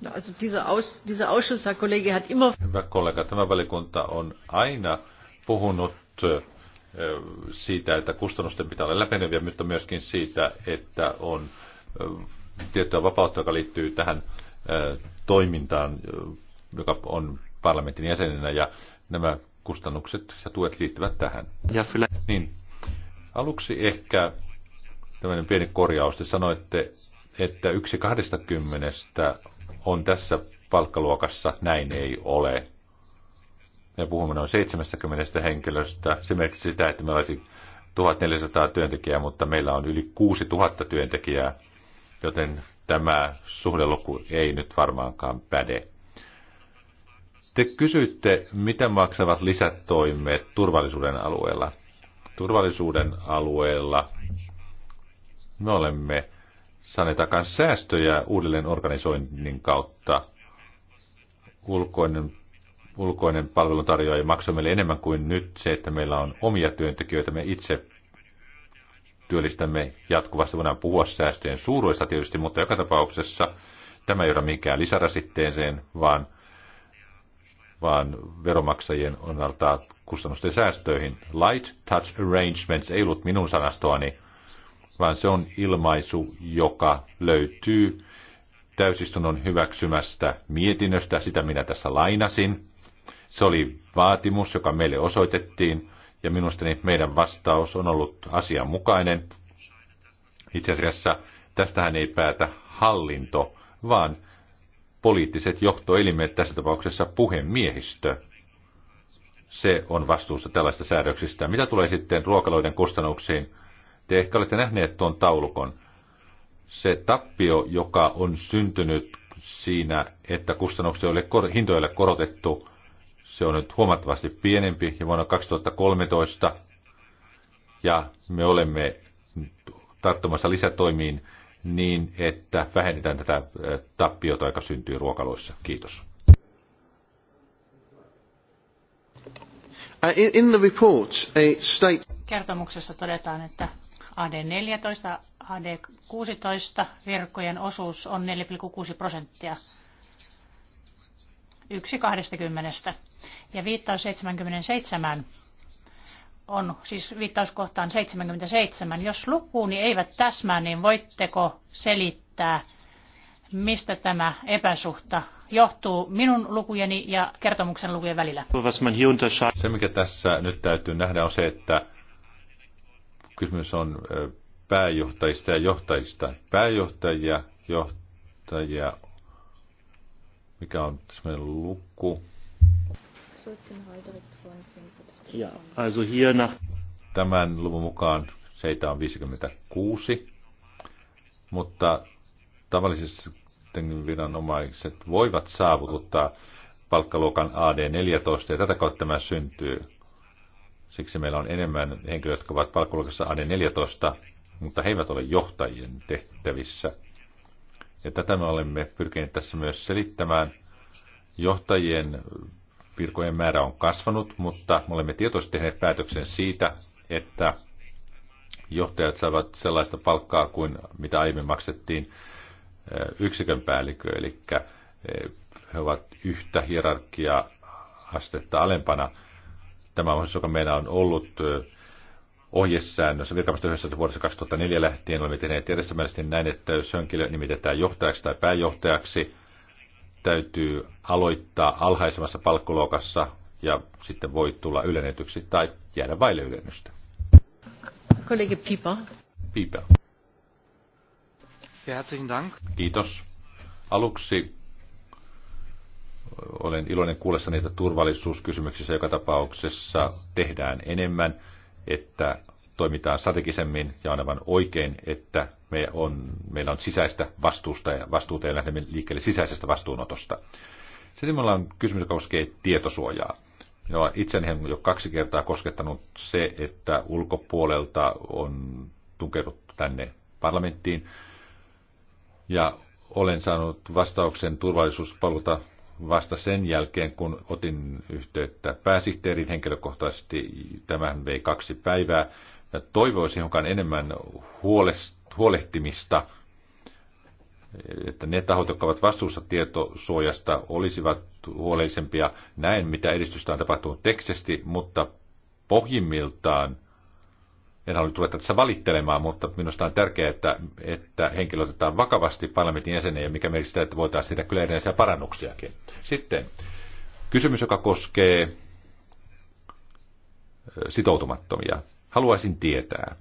S1: No, also dieser, Aus, dieser Ausschuss, Herr Kollege, hat immer... Hyvä kollega, tämä valikunta on aina puhunut eh, siitä, että kustannusten pitää olla läpeneviä, mutta myöskin siitä, että on eh, tiettyä vapautta, joka liittyy tähän eh, toimintaan, joka on parlamentin jäsenenä ja nämä kustannukset ja tuet liittyvät tähän. Ja kyllä. Niin. Aluksi ehkä tämmöinen pieni korjaus. Te sanoitte, että yksi kahdesta kymmenestä on tässä palkkaluokassa. Näin ei ole. Me puhumme noin 70 henkilöstä. Se merkitsee sitä, että meillä olisi 1400 työntekijää, mutta meillä on yli 6000 työntekijää, joten tämä suhdeluku ei nyt varmaankaan päde. Te kysyitte, mitä maksavat lisätoimet turvallisuuden alueella. Turvallisuuden alueella me olemme saaneet aikaan säästöjä uudelleen organisoinnin kautta. Ulkoinen, ulkoinen palveluntarjoaja maksoi meille enemmän kuin nyt se, että meillä on omia työntekijöitä. Me itse työllistämme jatkuvasti. Voidaan puhua säästöjen suuruista tietysti, mutta joka tapauksessa tämä ei ole mikään lisärasitteeseen, vaan – vaan veromaksajien antaa kustannusten säästöihin. Light touch arrangements ei ollut minun sanastoani, vaan se on ilmaisu, joka löytyy täysistunnon hyväksymästä mietinnöstä. Sitä minä tässä lainasin. Se oli vaatimus, joka meille osoitettiin, ja minusta niin meidän vastaus on ollut asianmukainen. Itse asiassa tästähän ei päätä hallinto, vaan poliittiset johtoelimet, tässä tapauksessa puhemiehistö. Se on vastuussa tällaista säädöksistä. Mitä tulee sitten ruokaloiden kustannuksiin? Te ehkä olette nähneet tuon taulukon. Se tappio, joka on syntynyt siinä, että kustannuksia oli hintoille korotettu, se on nyt huomattavasti pienempi ja vuonna 2013. Ja me olemme tarttumassa lisätoimiin niin, että vähennetään tätä äh, tappiota, joka syntyy ruokaloissa. Kiitos. Uh, in the report, a state...
S2: Kertomuksessa todetaan, että AD14, AD16 verkkojen osuus on 4,6 prosenttia. Yksi 20. Ja viittaus 77 on siis viittauskohtaan 77. Jos lukuuni eivät täsmää, niin voitteko selittää, mistä tämä epäsuhta johtuu minun lukujeni ja kertomuksen lukujen välillä?
S1: Se, mikä tässä nyt täytyy nähdä, on se, että kysymys on pääjohtajista ja johtajista. Pääjohtajia, johtajia, mikä on meidän luku? Ja, also hier nach... Tämän luvun mukaan seitä on 56, mutta tavallisesti viranomaiset voivat saavuttaa palkkaluokan AD14 ja tätä kautta tämä syntyy. Siksi meillä on enemmän henkilöitä, jotka ovat palkkaluokassa AD14, mutta he eivät ole johtajien tehtävissä. Ja tätä me olemme pyrkineet tässä myös selittämään. Johtajien virkojen määrä on kasvanut, mutta me olemme tietoisesti tehneet päätöksen siitä, että johtajat saavat sellaista palkkaa kuin mitä aiemmin maksettiin eh, yksikön päällikö, eli eh, he ovat yhtä hierarkia-astetta alempana. Tämä on joka meillä on ollut eh, ohjesäännössä virkamista yhdessä vuodessa 2004 lähtien olemme tehneet järjestelmällisesti näin, että jos henkilö nimitetään johtajaksi tai pääjohtajaksi, täytyy aloittaa alhaisemmassa palkkoluokassa ja sitten voi tulla ylennetyksi tai jäädä vaille ylennystä.
S2: Kollege Pieper. Pieper. Ja, herzlichen Dank.
S1: Kiitos. Aluksi olen iloinen kuullessani, että turvallisuuskysymyksissä joka tapauksessa tehdään enemmän, että toimitaan strategisemmin ja on aivan oikein, että me on, meillä on sisäistä vastuusta ja vastuuta ja lähdemme liikkeelle sisäisestä vastuunotosta. Sitten meillä on kysymys, joka koskee tietosuojaa. Joo, itseni on jo kaksi kertaa koskettanut se, että ulkopuolelta on tunkeuduttu tänne parlamenttiin. Ja olen saanut vastauksen turvallisuuspalvelta vasta sen jälkeen, kun otin yhteyttä pääsihteerin henkilökohtaisesti. Tämähän vei kaksi päivää ja toivoisin jonkaan enemmän huolehtimista, että ne tahot, jotka ovat vastuussa tietosuojasta, olisivat huolellisempia. näin, mitä edistystä on tapahtunut tekstisesti, mutta pohjimmiltaan, en halua tulla tässä valittelemaan, mutta minusta on tärkeää, että, että henkilö otetaan vakavasti parlamentin jäseniä, mikä merkitsee että voitaisiin tehdä kyllä edellisiä parannuksiakin. Sitten kysymys, joka koskee sitoutumattomia. Haluaisin tietää,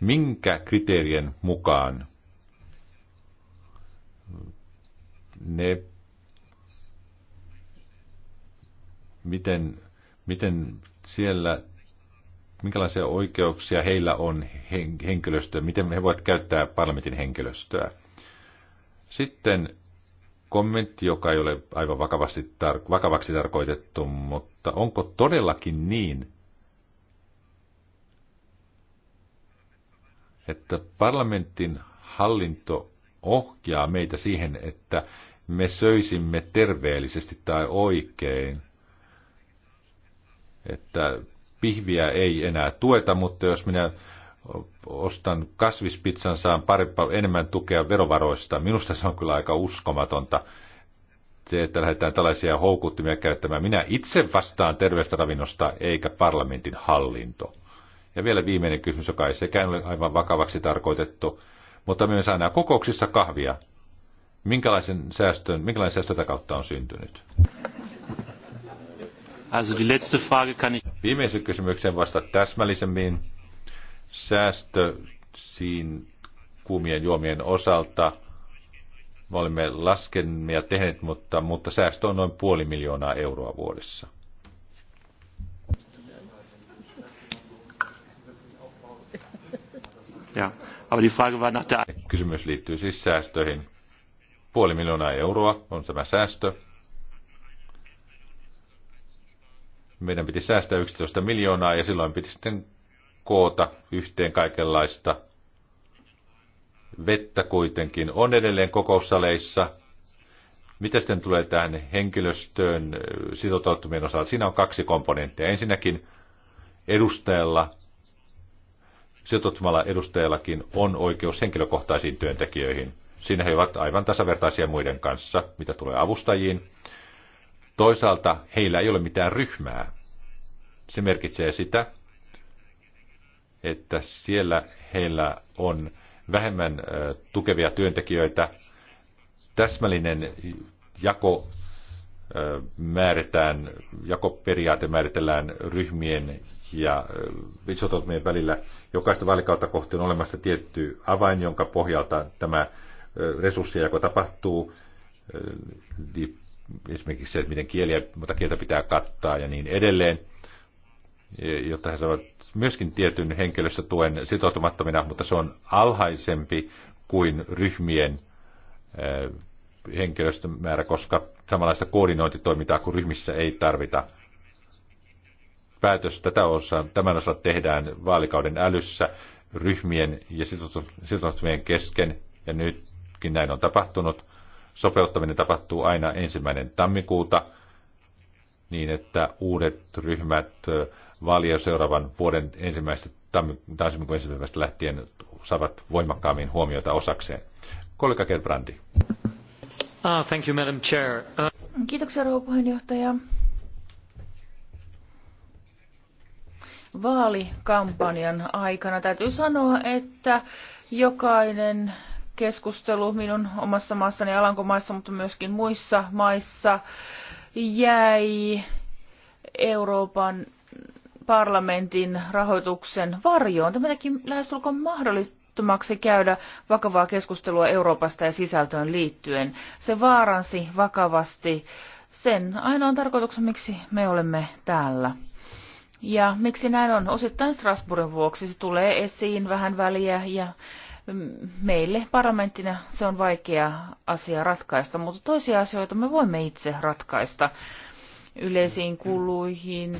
S1: minkä kriteerien mukaan ne, miten, miten siellä, minkälaisia oikeuksia heillä on henkilöstöä, miten he voivat käyttää parlamentin henkilöstöä. Sitten kommentti, joka ei ole aivan vakavasti tar- vakavaksi tarkoitettu, mutta onko todellakin niin, että parlamentin hallinto ohjaa meitä siihen, että me söisimme terveellisesti tai oikein. Että pihviä ei enää tueta, mutta jos minä ostan kasvispitsan, saan pari, enemmän tukea verovaroista. Minusta se on kyllä aika uskomatonta, se, että lähdetään tällaisia houkuttimia käyttämään. Minä itse vastaan terveestä ravinnosta, eikä parlamentin hallinto. Ja vielä viimeinen kysymys, joka ei sekään ole aivan vakavaksi tarkoitettu, mutta myös aina kokouksissa kahvia. Minkälaisen säästön, minkälainen säästö tätä kautta on syntynyt? Also die letzte Frage kann ich... Viimeisen kysymykseen vasta täsmällisemmin. Säästö siinä kuumien juomien osalta. Me olemme laskemia tehneet, mutta, mutta säästö on noin puoli miljoonaa euroa vuodessa. Ja, aber die Frage war nach der... Kysymys liittyy siis säästöihin. Puoli miljoonaa euroa on tämä säästö. Meidän piti säästää 11 miljoonaa ja silloin piti sitten koota yhteen kaikenlaista. Vettä kuitenkin on edelleen kokoussaleissa. Mitä sitten tulee tähän henkilöstöön sitoutumien osalta? Siinä on kaksi komponenttia. Ensinnäkin edustajalla Sijoittumalla edustajallakin on oikeus henkilökohtaisiin työntekijöihin. Siinä he ovat aivan tasavertaisia muiden kanssa, mitä tulee avustajiin. Toisaalta heillä ei ole mitään ryhmää. Se merkitsee sitä, että siellä heillä on vähemmän tukevia työntekijöitä. Täsmällinen jako määritään, jakoperiaate määritellään ryhmien ja liittotoimien välillä. Jokaista vaalikautta kohti on olemassa tietty avain, jonka pohjalta tämä resurssijako tapahtuu. Esimerkiksi se, että miten kieliä, mutta kieltä pitää kattaa ja niin edelleen, e, jotta he saavat myöskin tietyn henkilöstötuen sitoutumattomina, mutta se on alhaisempi kuin ryhmien henkilöstömäärä, koska samanlaista koordinointitoimintaa kun ryhmissä ei tarvita. Päätös tätä osa tämän osalla tehdään vaalikauden älyssä ryhmien ja sitoutumien kesken, ja nytkin näin on tapahtunut. Sopeuttaminen tapahtuu aina ensimmäinen tammikuuta, niin että uudet ryhmät vaalien seuraavan vuoden ensimmäisestä tammikuun ensimmäisestä lähtien saavat voimakkaammin huomiota osakseen. Kollega Gerbrandi. Ah, thank uh,
S3: Kiitoksia, rouva puheenjohtaja. Vaalikampanjan aikana täytyy sanoa, että jokainen keskustelu minun omassa maassani Alankomaissa, mutta myöskin muissa maissa jäi Euroopan parlamentin rahoituksen varjoon. Tämä teki lähestulkoon mahdollista mahdottomaksi käydä vakavaa keskustelua Euroopasta ja sisältöön liittyen. Se vaaransi vakavasti sen ainoan tarkoituksen, miksi me olemme täällä. Ja miksi näin on? Osittain Strasbourgin vuoksi se tulee esiin vähän väliä ja mm, meille parlamenttina se on vaikea asia ratkaista, mutta toisia asioita me voimme itse ratkaista yleisiin kuluihin,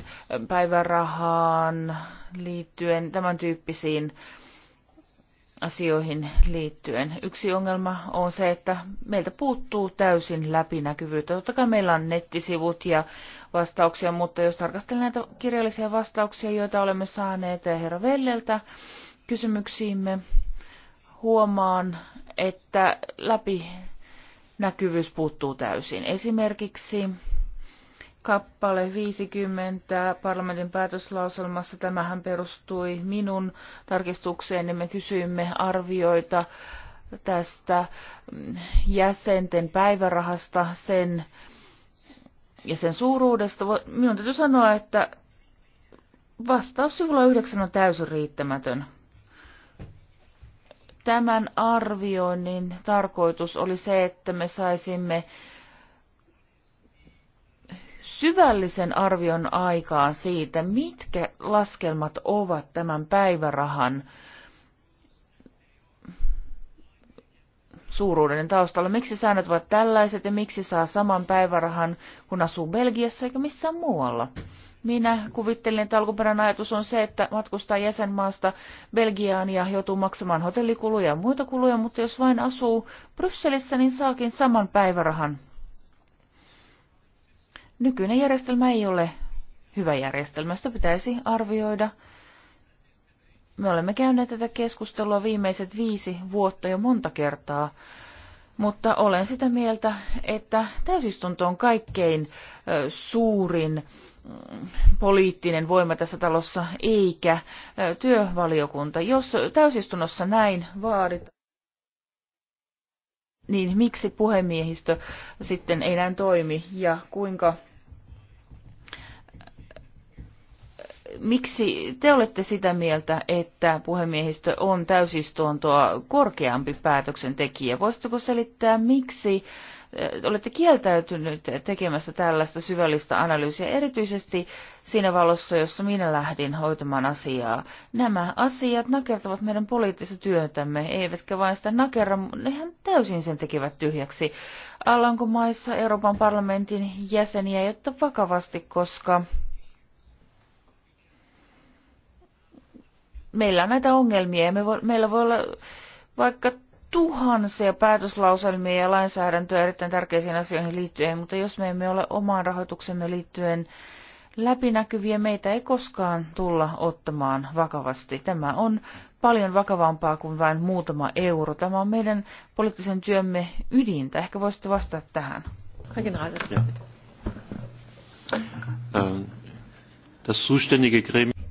S3: päivärahaan liittyen, tämän tyyppisiin asioihin liittyen. Yksi ongelma on se, että meiltä puuttuu täysin läpinäkyvyyttä. Totta kai meillä on nettisivut ja vastauksia, mutta jos tarkastellaan näitä kirjallisia vastauksia, joita olemme saaneet herra Velleltä kysymyksiimme, huomaan, että läpinäkyvyys puuttuu täysin. Esimerkiksi kappale 50 parlamentin päätöslauselmassa. Tämähän perustui minun tarkistukseen ja me kysyimme arvioita tästä jäsenten päivärahasta sen ja sen suuruudesta. Minun täytyy sanoa, että vastaus sivulla 9 on täysin riittämätön. Tämän arvioinnin tarkoitus oli se, että me saisimme syvällisen arvion aikaa siitä, mitkä laskelmat ovat tämän päivärahan suuruuden taustalla. Miksi säännöt ovat tällaiset ja miksi saa saman päivärahan, kun asuu Belgiassa eikä missään muualla? Minä kuvittelin, että alkuperäinen ajatus on se, että matkustaa jäsenmaasta Belgiaan ja joutuu maksamaan hotellikuluja ja muita kuluja, mutta jos vain asuu Brysselissä, niin saakin saman päivärahan Nykyinen järjestelmä ei ole hyvä järjestelmä, sitä pitäisi arvioida. Me olemme käyneet tätä keskustelua viimeiset viisi vuotta jo monta kertaa, mutta olen sitä mieltä, että täysistunto on kaikkein suurin mm, poliittinen voima tässä talossa, eikä työvaliokunta. Jos täysistunnossa näin vaaditaan, niin miksi puhemiehistö sitten ei näin toimi ja kuinka miksi te olette sitä mieltä, että puhemiehistö on täysistuntoa korkeampi päätöksentekijä? Voisitteko selittää, miksi eh, olette kieltäytynyt tekemästä tällaista syvällistä analyysiä, erityisesti siinä valossa, jossa minä lähdin hoitamaan asiaa. Nämä asiat nakertavat meidän poliittista työtämme, eivätkä vain sitä nakerra, nehän täysin sen tekevät tyhjäksi. Alankomaissa Euroopan parlamentin jäseniä ei vakavasti, koska meillä on näitä ongelmia ja me vo, meillä voi olla vaikka tuhansia päätöslauselmia ja lainsäädäntöä erittäin tärkeisiin asioihin liittyen, mutta jos me emme ole omaan rahoituksemme liittyen läpinäkyviä, meitä ei koskaan tulla ottamaan vakavasti. Tämä on paljon vakavampaa kuin vain muutama euro. Tämä on meidän poliittisen työmme ydintä. Ehkä voisitte vastata tähän.
S1: Kaiken ähm, Das zuständige Gremium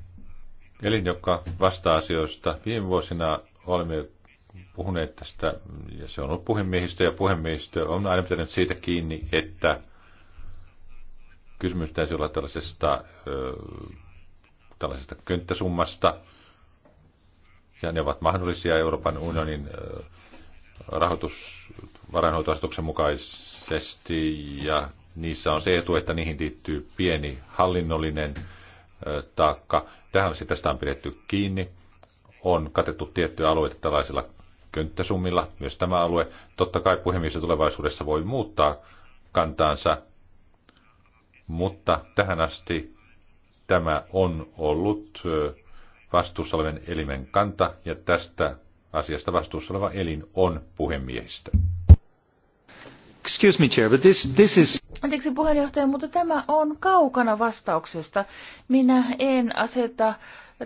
S1: elin, joka vastaa asioista. Viime vuosina olemme puhuneet tästä, ja se on ollut puhemiehistö, ja puhemiehistö on aina pitänyt siitä kiinni, että kysymys täytyy olla tällaisesta, ö, tällaisesta könttäsummasta, ja ne ovat mahdollisia Euroopan unionin rahoitusvarainhoitoasetuksen mukaisesti, ja niissä on se etu, että niihin liittyy pieni hallinnollinen taakka, Tähän asti tästä on pidetty kiinni. On katettu tiettyjä alueita tällaisilla könttäsummilla, myös tämä alue. Totta kai puhemies tulevaisuudessa voi muuttaa kantaansa, mutta tähän asti tämä on ollut vastuussa olevan elimen kanta, ja tästä asiasta vastuussa oleva elin on puhemiehistä. Excuse me, Chair, but this, this is...
S3: Anteeksi puheenjohtaja, mutta tämä on kaukana vastauksesta. Minä en aseta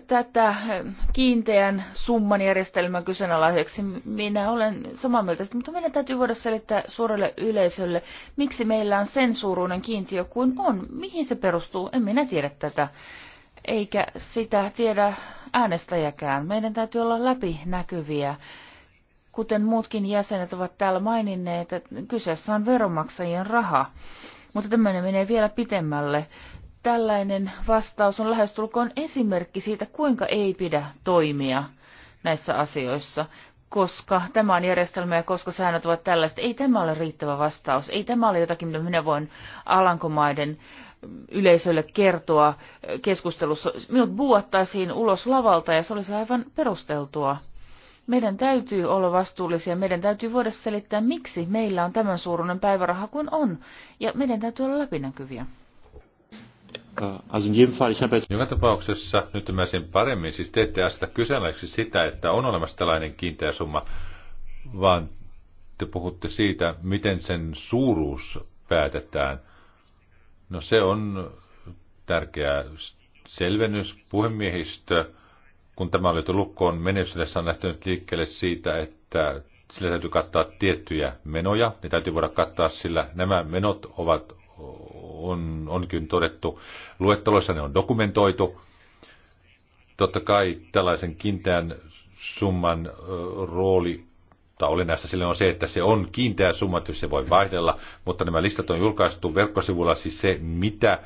S3: tätä eh, kiinteän summan järjestelmän kyseenalaiseksi. Minä olen samaa mieltä, mutta meidän täytyy voida selittää suurelle yleisölle, miksi meillä on sen suuruinen kiintiö kuin on. Mihin se perustuu? En minä tiedä tätä. Eikä sitä tiedä äänestäjäkään. Meidän täytyy olla läpinäkyviä. näkyviä kuten muutkin jäsenet ovat täällä maininneet, että kyseessä on veronmaksajien raha. Mutta tämmöinen menee vielä pitemmälle. Tällainen vastaus on lähestulkoon esimerkki siitä, kuinka ei pidä toimia näissä asioissa, koska tämä on järjestelmä ja koska säännöt ovat tällaiset. Ei tämä ole riittävä vastaus. Ei tämä ole jotakin, mitä minä voin Alankomaiden yleisölle kertoa keskustelussa. Minut buuattaisiin ulos lavalta ja se olisi aivan perusteltua. Meidän täytyy olla vastuullisia, meidän täytyy voida selittää, miksi meillä on tämän suuruinen päiväraha kuin on, ja meidän täytyy olla läpinäkyviä.
S1: Äh, Joka tapauksessa nyt ymmärsin paremmin, siis te ette aseta kysymykseksi sitä, että on olemassa tällainen kiinteä summa, vaan te puhutte siitä, miten sen suuruus päätetään. No se on tärkeä selvennys. Puhemiehistö kun tämä on lyöty lukkoon, menneisyydessä on lähtenyt liikkeelle siitä, että sillä täytyy kattaa tiettyjä menoja, ne täytyy voida kattaa sillä. Nämä menot ovat, on, onkin todettu, luetteloissa ne on dokumentoitu. Totta kai tällaisen kiinteän summan rooli tai olennaista sille on se, että se on kiinteä summa, jos se voi vaihdella, mutta nämä listat on julkaistu verkkosivulla, siis se, mitä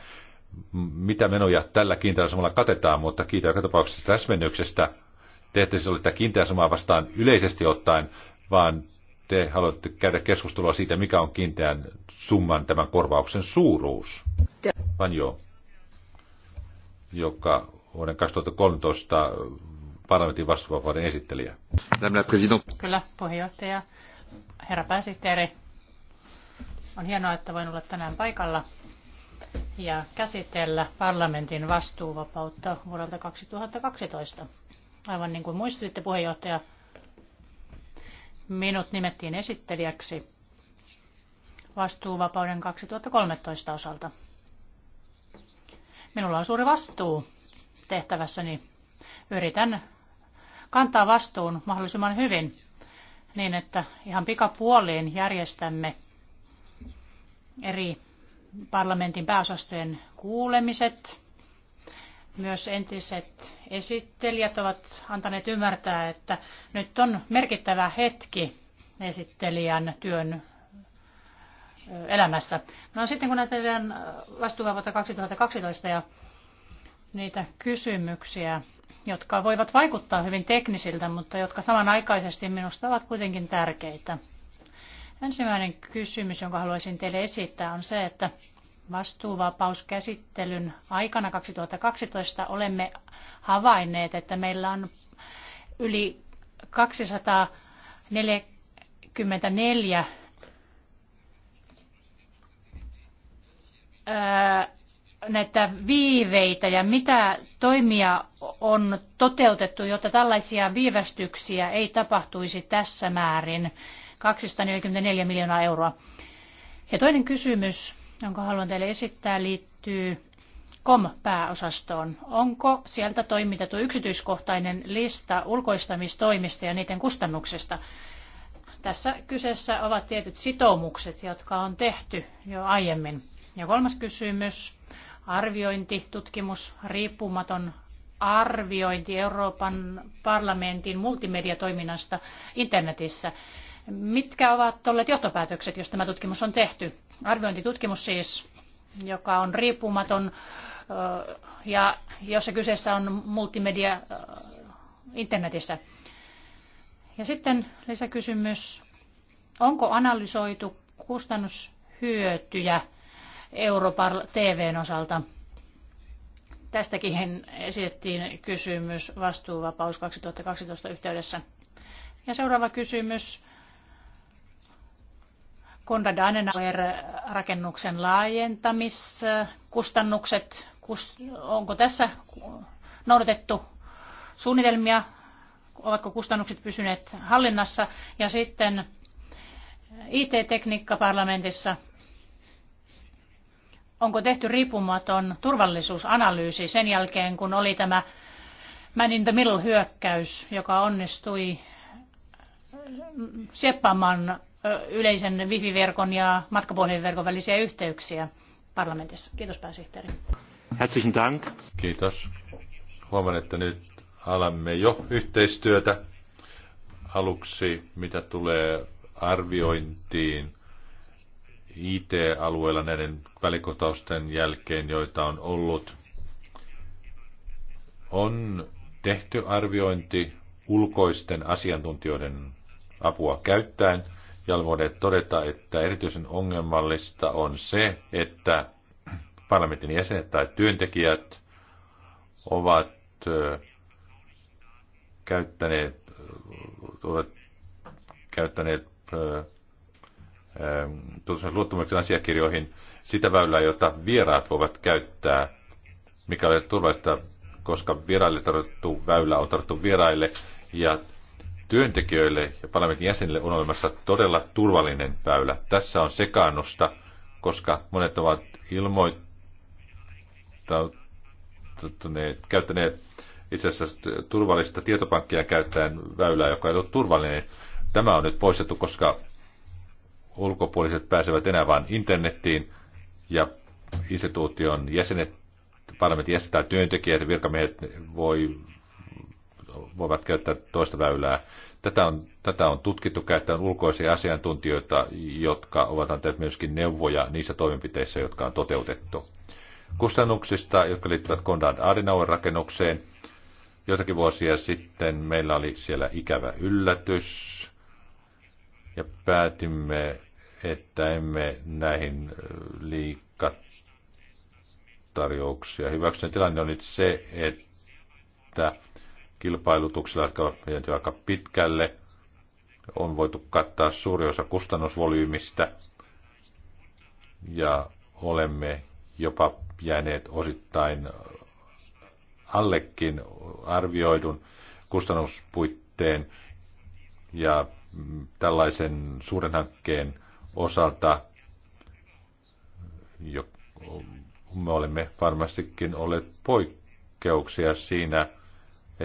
S1: mitä menoja tällä kiinteällä katetaan, mutta kiitä joka tapauksessa täsmennyksestä. Te ette siis ole tätä vastaan yleisesti ottaen, vaan te haluatte käydä keskustelua siitä, mikä on kiinteän summan tämän korvauksen suuruus. Vaan joo, joka vuoden 2013 parlamentin vastuuvapauden esittelijä.
S2: Kyllä, puheenjohtaja. Herra pääsihteeri, on hienoa, että voin olla tänään paikalla ja käsitellä parlamentin vastuuvapautta vuodelta 2012. Aivan niin kuin muistutitte puheenjohtaja, minut nimettiin esittelijäksi vastuuvapauden 2013 osalta. Minulla on suuri vastuu tehtävässäni. Yritän kantaa vastuun mahdollisimman hyvin niin, että ihan pikapuoliin järjestämme eri parlamentin pääosastojen kuulemiset. Myös entiset esittelijät ovat antaneet ymmärtää, että nyt on merkittävä hetki esittelijän työn elämässä. No sitten kun ajatellaan vastuuvapautta 2012 ja niitä kysymyksiä, jotka voivat vaikuttaa hyvin teknisiltä, mutta jotka samanaikaisesti minusta ovat kuitenkin tärkeitä. Ensimmäinen kysymys, jonka haluaisin teille esittää, on se, että vastuuvapauskäsittelyn aikana 2012 olemme havainneet, että meillä on yli 244 näitä viiveitä ja mitä toimia on toteutettu, jotta tällaisia viivästyksiä ei tapahtuisi tässä määrin 244 miljoonaa euroa. Ja toinen kysymys, jonka haluan teille esittää, liittyy COM-pääosastoon. Onko sieltä toimitettu yksityiskohtainen lista ulkoistamistoimista ja niiden kustannuksista? Tässä kyseessä ovat tietyt sitoumukset, jotka on tehty jo aiemmin. Ja kolmas kysymys, arviointi, tutkimus, riippumaton arviointi Euroopan parlamentin multimediatoiminnasta internetissä. Mitkä ovat olleet johtopäätökset, jos tämä tutkimus on tehty? Arviointitutkimus siis, joka on riippumaton ja jossa kyseessä on multimedia internetissä. Ja sitten lisäkysymys, onko analysoitu kustannushyötyjä Euroopan TVn osalta? Tästäkin esitettiin kysymys vastuuvapaus 2012 yhteydessä. Ja seuraava kysymys. Konrad Adenauer-rakennuksen laajentamiskustannukset, onko tässä noudatettu suunnitelmia, ovatko kustannukset pysyneet hallinnassa ja sitten IT-tekniikka parlamentissa, onko tehty riippumaton turvallisuusanalyysi sen jälkeen, kun oli tämä Man in the Middle-hyökkäys, joka onnistui sieppaamaan yleisen wifi-verkon ja matkapuhelinverkon välisiä yhteyksiä parlamentissa. Kiitos pääsihteeri.
S1: Herzlichen Dank. Kiitos. Huomaan, että nyt alamme jo yhteistyötä. Aluksi, mitä tulee arviointiin IT-alueella näiden välikotausten jälkeen, joita on ollut. On tehty arviointi ulkoisten asiantuntijoiden apua käyttäen – ja todeta, että erityisen ongelmallista on se, että parlamentin jäsenet tai työntekijät ovat käyttäneet, ovat käyttäneet luottamuksen asiakirjoihin sitä väylää, jota vieraat voivat käyttää, mikä on turvallista, koska vieraille tarjottu väylä on tarjottu vieraille ja työntekijöille ja parlamentin jäsenille on olemassa todella turvallinen väylä. Tässä on sekaannusta, koska monet ovat ilmoittaneet, käyttäneet itse asiassa turvallista tietopankkia käyttäen väylää, joka ei ole turvallinen. Tämä on nyt poistettu, koska ulkopuoliset pääsevät enää vain internettiin ja instituution jäsenet, parlamentin jäsenet tai työntekijät ja virkamiehet voi voivat käyttää toista väylää. Tätä on, tätä on tutkittu käyttäen ulkoisia asiantuntijoita, jotka ovat antaneet myöskin neuvoja niissä toimenpiteissä, jotka on toteutettu. Kustannuksista, jotka liittyvät Kondan Adenauer rakennukseen. Joitakin vuosia sitten meillä oli siellä ikävä yllätys ja päätimme, että emme näihin liikatarjouksia hyväksy. Tilanne on nyt se, että kilpailutuksilla, jotka ovat menty aika pitkälle. On voitu kattaa suuri osa kustannusvolyymista ja olemme jopa jääneet osittain allekin arvioidun kustannuspuitteen ja tällaisen suuren hankkeen osalta jo, me olemme varmastikin olleet poikkeuksia siinä,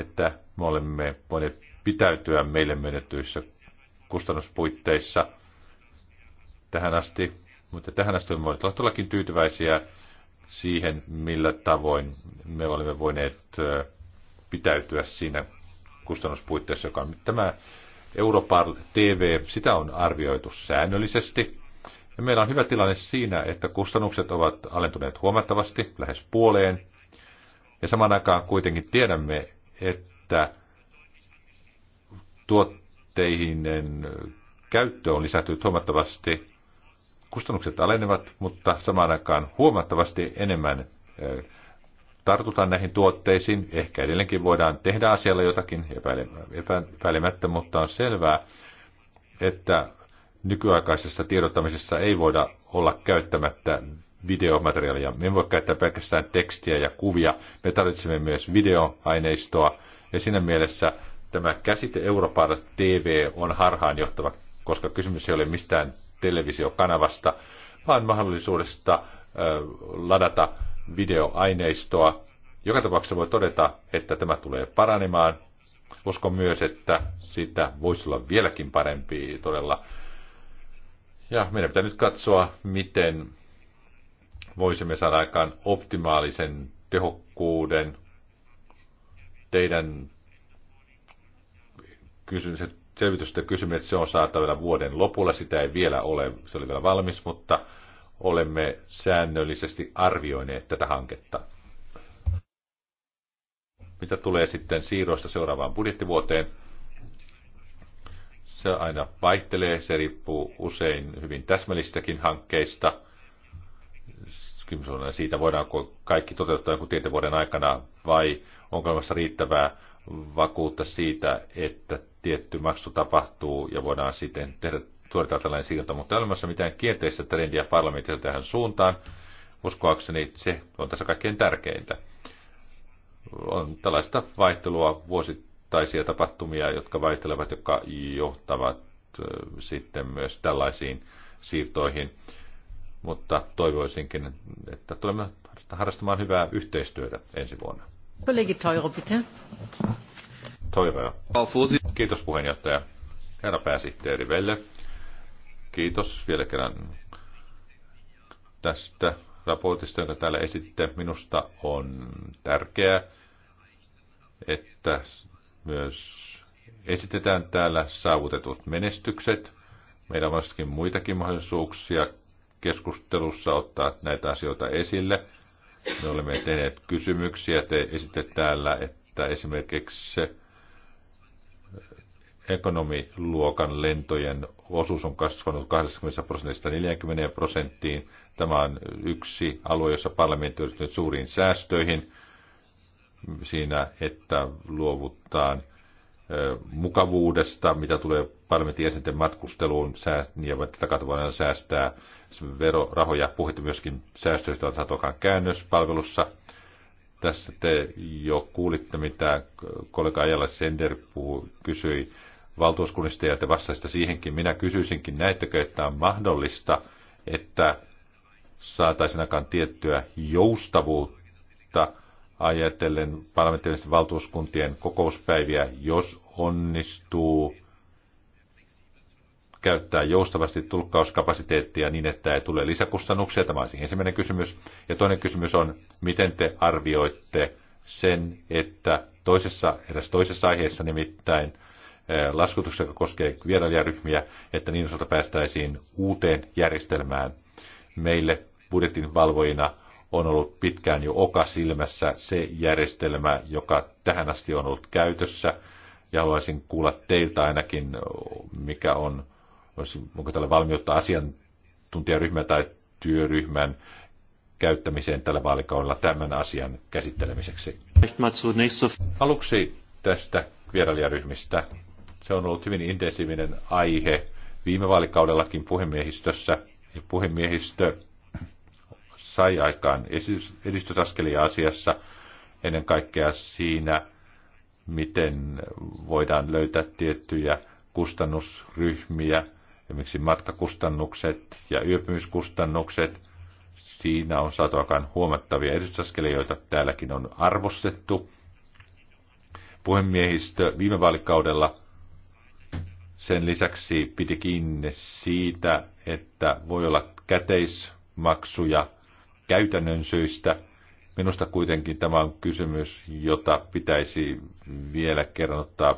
S1: että me olemme voineet pitäytyä meille menetyissä kustannuspuitteissa tähän asti, mutta tähän asti olemme voineet todellakin tyytyväisiä siihen, millä tavoin me olemme voineet pitäytyä siinä kustannuspuitteissa, joka on tämä Europarl TV, sitä on arvioitu säännöllisesti. Ja meillä on hyvä tilanne siinä, että kustannukset ovat alentuneet huomattavasti, lähes puoleen. Ja samaan aikaan kuitenkin tiedämme, että tuotteihin käyttö on lisääntynyt huomattavasti. Kustannukset alenevat, mutta samaan aikaan huomattavasti enemmän tartutaan näihin tuotteisiin. Ehkä edelleenkin voidaan tehdä asialla jotakin epäilemättä, mutta on selvää, että nykyaikaisessa tiedottamisessa ei voida olla käyttämättä videomateriaalia. Me voi käyttää pelkästään tekstiä ja kuvia. Me tarvitsemme myös videoaineistoa. Ja siinä mielessä tämä käsite Euroopan TV on harhaanjohtava, koska kysymys ei ole mistään televisiokanavasta, vaan mahdollisuudesta ladata videoaineistoa. Joka tapauksessa voi todeta, että tämä tulee paranemaan. Uskon myös, että siitä voisi olla vieläkin parempi todella. Ja meidän pitää nyt katsoa, miten voisimme saada aikaan optimaalisen tehokkuuden. Teidän kysymykset, selvitystä kysymme, että se on saatavilla vuoden lopulla. Sitä ei vielä ole, se oli vielä valmis, mutta olemme säännöllisesti arvioineet tätä hanketta. Mitä tulee sitten siirroista seuraavaan budjettivuoteen, se aina vaihtelee, se riippuu usein hyvin täsmällisistäkin hankkeista – kysymys on siitä, voidaanko kaikki toteuttaa joku tietyn vuoden aikana vai onko olemassa riittävää vakuutta siitä, että tietty maksu tapahtuu ja voidaan sitten tehdä suorittaa tällainen siirto, mutta ei olemassa mitään kielteistä trendiä parlamentissa tähän suuntaan. Uskoakseni se on tässä kaikkein tärkeintä. On tällaista vaihtelua, vuosittaisia tapahtumia, jotka vaihtelevat, jotka johtavat sitten myös tällaisiin siirtoihin mutta toivoisinkin, että tulemme harrastamaan hyvää yhteistyötä ensi vuonna.
S2: Kollegi Toiro, bitte.
S1: Toivoja. Kiitos puheenjohtaja. Herra pääsihteeri Velle. Kiitos vielä kerran tästä raportista, jonka täällä esitte. Minusta on tärkeää, että myös esitetään täällä saavutetut menestykset. Meillä on muitakin mahdollisuuksia keskustelussa ottaa näitä asioita esille. Me olemme tehneet kysymyksiä. Te esitte täällä, että esimerkiksi ekonomiluokan lentojen osuus on kasvanut 20 prosentista 40 prosenttiin. Tämä on yksi alue, jossa parlamentti on suuriin säästöihin siinä, että luovuttaan – mukavuudesta, mitä tulee parlamentin jäsenten matkusteluun, ja tätä kautta voidaan säästää verorahoja. Puhuitte myöskin säästöistä, on saatu palvelussa. Tässä te jo kuulitte, mitä kollega Ajala Sender puhui, kysyi valtuuskunnista, ja te vastasitte siihenkin. Minä kysyisinkin, näettekö, että on mahdollista, että saataisiin ainakaan tiettyä joustavuutta – ajatellen parlamentaaristen valtuuskuntien kokouspäiviä, jos onnistuu käyttää joustavasti tulkkauskapasiteettia niin, että ei tule lisäkustannuksia? Tämä on siis ensimmäinen kysymys. Ja toinen kysymys on, miten te arvioitte sen, että toisessa, edes toisessa aiheessa nimittäin eh, laskutuksessa, joka koskee vierailijaryhmiä, että niin osalta päästäisiin uuteen järjestelmään. Meille budjetin valvojina – on ollut pitkään jo oka silmässä se järjestelmä, joka tähän asti on ollut käytössä. Ja haluaisin kuulla teiltä ainakin, mikä on, onko tällä valmiutta asiantuntijaryhmä tai työryhmän käyttämiseen tällä vaalikaudella tämän asian käsittelemiseksi. Aluksi tästä vierailijaryhmistä. Se on ollut hyvin intensiivinen aihe viime vaalikaudellakin puhemiehistössä. Ja puhemiehistö sai aikaan edistysaskelia asiassa, ennen kaikkea siinä, miten voidaan löytää tiettyjä kustannusryhmiä, esimerkiksi matkakustannukset ja yöpymiskustannukset. Siinä on saatu aikaan huomattavia edistysaskelia, joita täälläkin on arvostettu. Puhemiehistö viime vaalikaudella sen lisäksi piti kiinni siitä, että voi olla käteismaksuja käytännön syistä. Minusta kuitenkin tämä on kysymys, jota pitäisi vielä kerran ottaa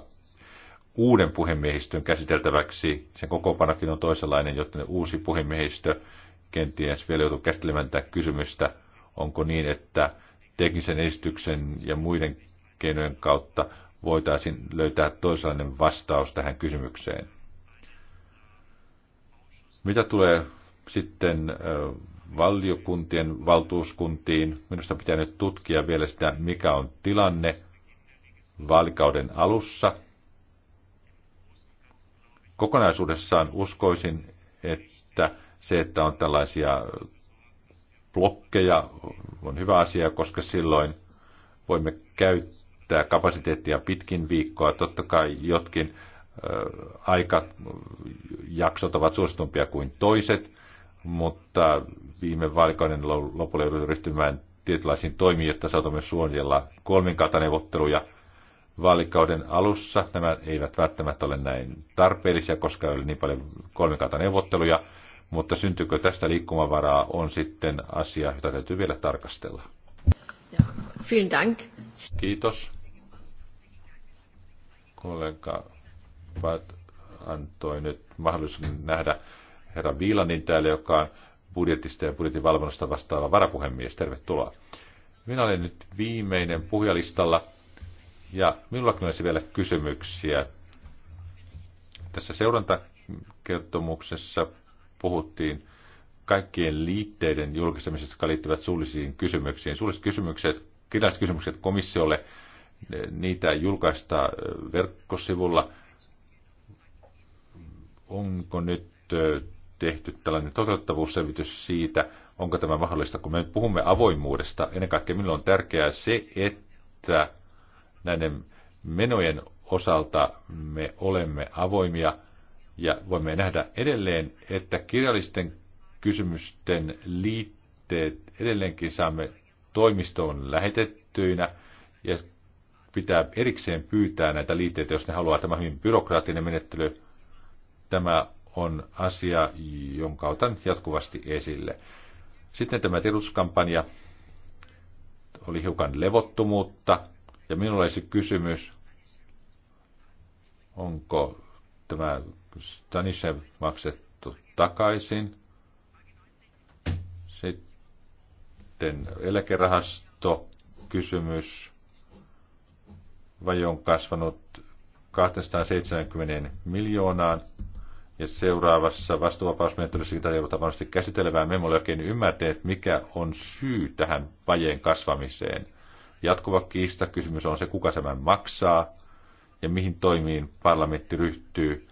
S1: uuden puhemiehistön käsiteltäväksi. Sen kokoonpanokin on toisenlainen, joten uusi puhemiehistö kenties vielä joutuu käsittelemään tätä kysymystä. Onko niin, että teknisen esityksen ja muiden keinojen kautta voitaisiin löytää toisenlainen vastaus tähän kysymykseen? Mitä tulee sitten valiokuntien valtuuskuntiin. Minusta pitää nyt tutkia vielä sitä, mikä on tilanne vaalikauden alussa. Kokonaisuudessaan uskoisin, että se, että on tällaisia blokkeja, on hyvä asia, koska silloin voimme käyttää kapasiteettia pitkin viikkoa. Totta kai jotkin aikajaksot ovat suositumpia kuin toiset, mutta viime vaalikauden lopulla joudut ryhtymään tietynlaisiin toimiin, jotta saatamme suojella kolminkaataneuvotteluja. Vaalikauden alussa nämä eivät välttämättä ole näin tarpeellisia, koska ei ole niin paljon kolminkaataneuvotteluja, mutta syntyykö tästä liikkumavaraa on sitten asia, jota täytyy vielä tarkastella. Vielen Dank. Kiitos. Kollega Pat antoi nyt mahdollisuuden nähdä herra Viilanin täällä, joka on budjetista ja budjetin valvonnasta vastaava varapuhemies. Tervetuloa. Minä olen nyt viimeinen puhujalistalla ja minullakin olisi vielä kysymyksiä. Tässä seurantakertomuksessa puhuttiin kaikkien liitteiden julkistamisesta, jotka liittyvät suullisiin kysymyksiin. Suulliset kysymykset, kirjalliset kysymykset komissiolle, niitä julkaistaan äh, verkkosivulla. Onko nyt äh, tehty tällainen toteuttavuusselvitys siitä, onko tämä mahdollista. Kun me nyt puhumme avoimuudesta, ennen kaikkea minulle on tärkeää se, että näiden menojen osalta me olemme avoimia ja voimme nähdä edelleen, että kirjallisten kysymysten liitteet edelleenkin saamme toimistoon lähetettyinä ja pitää erikseen pyytää näitä liitteitä, jos ne haluaa. Tämä hyvin byrokraattinen menettely, tämä on asia, jonka otan jatkuvasti esille. Sitten tämä tiedotuskampanja oli hiukan levottomuutta, ja minulla olisi kysymys, onko tämä Stanishev maksettu takaisin. Sitten eläkerahasto kysymys. vai on kasvanut 270 miljoonaan ja seuraavassa vastuuvapausmenettelyssä sitä joudutaan varmasti ole oikein ymmärtäneet, mikä on syy tähän vajeen kasvamiseen. Jatkuva kiista kysymys on se, kuka tämän maksaa ja mihin toimiin parlamentti ryhtyy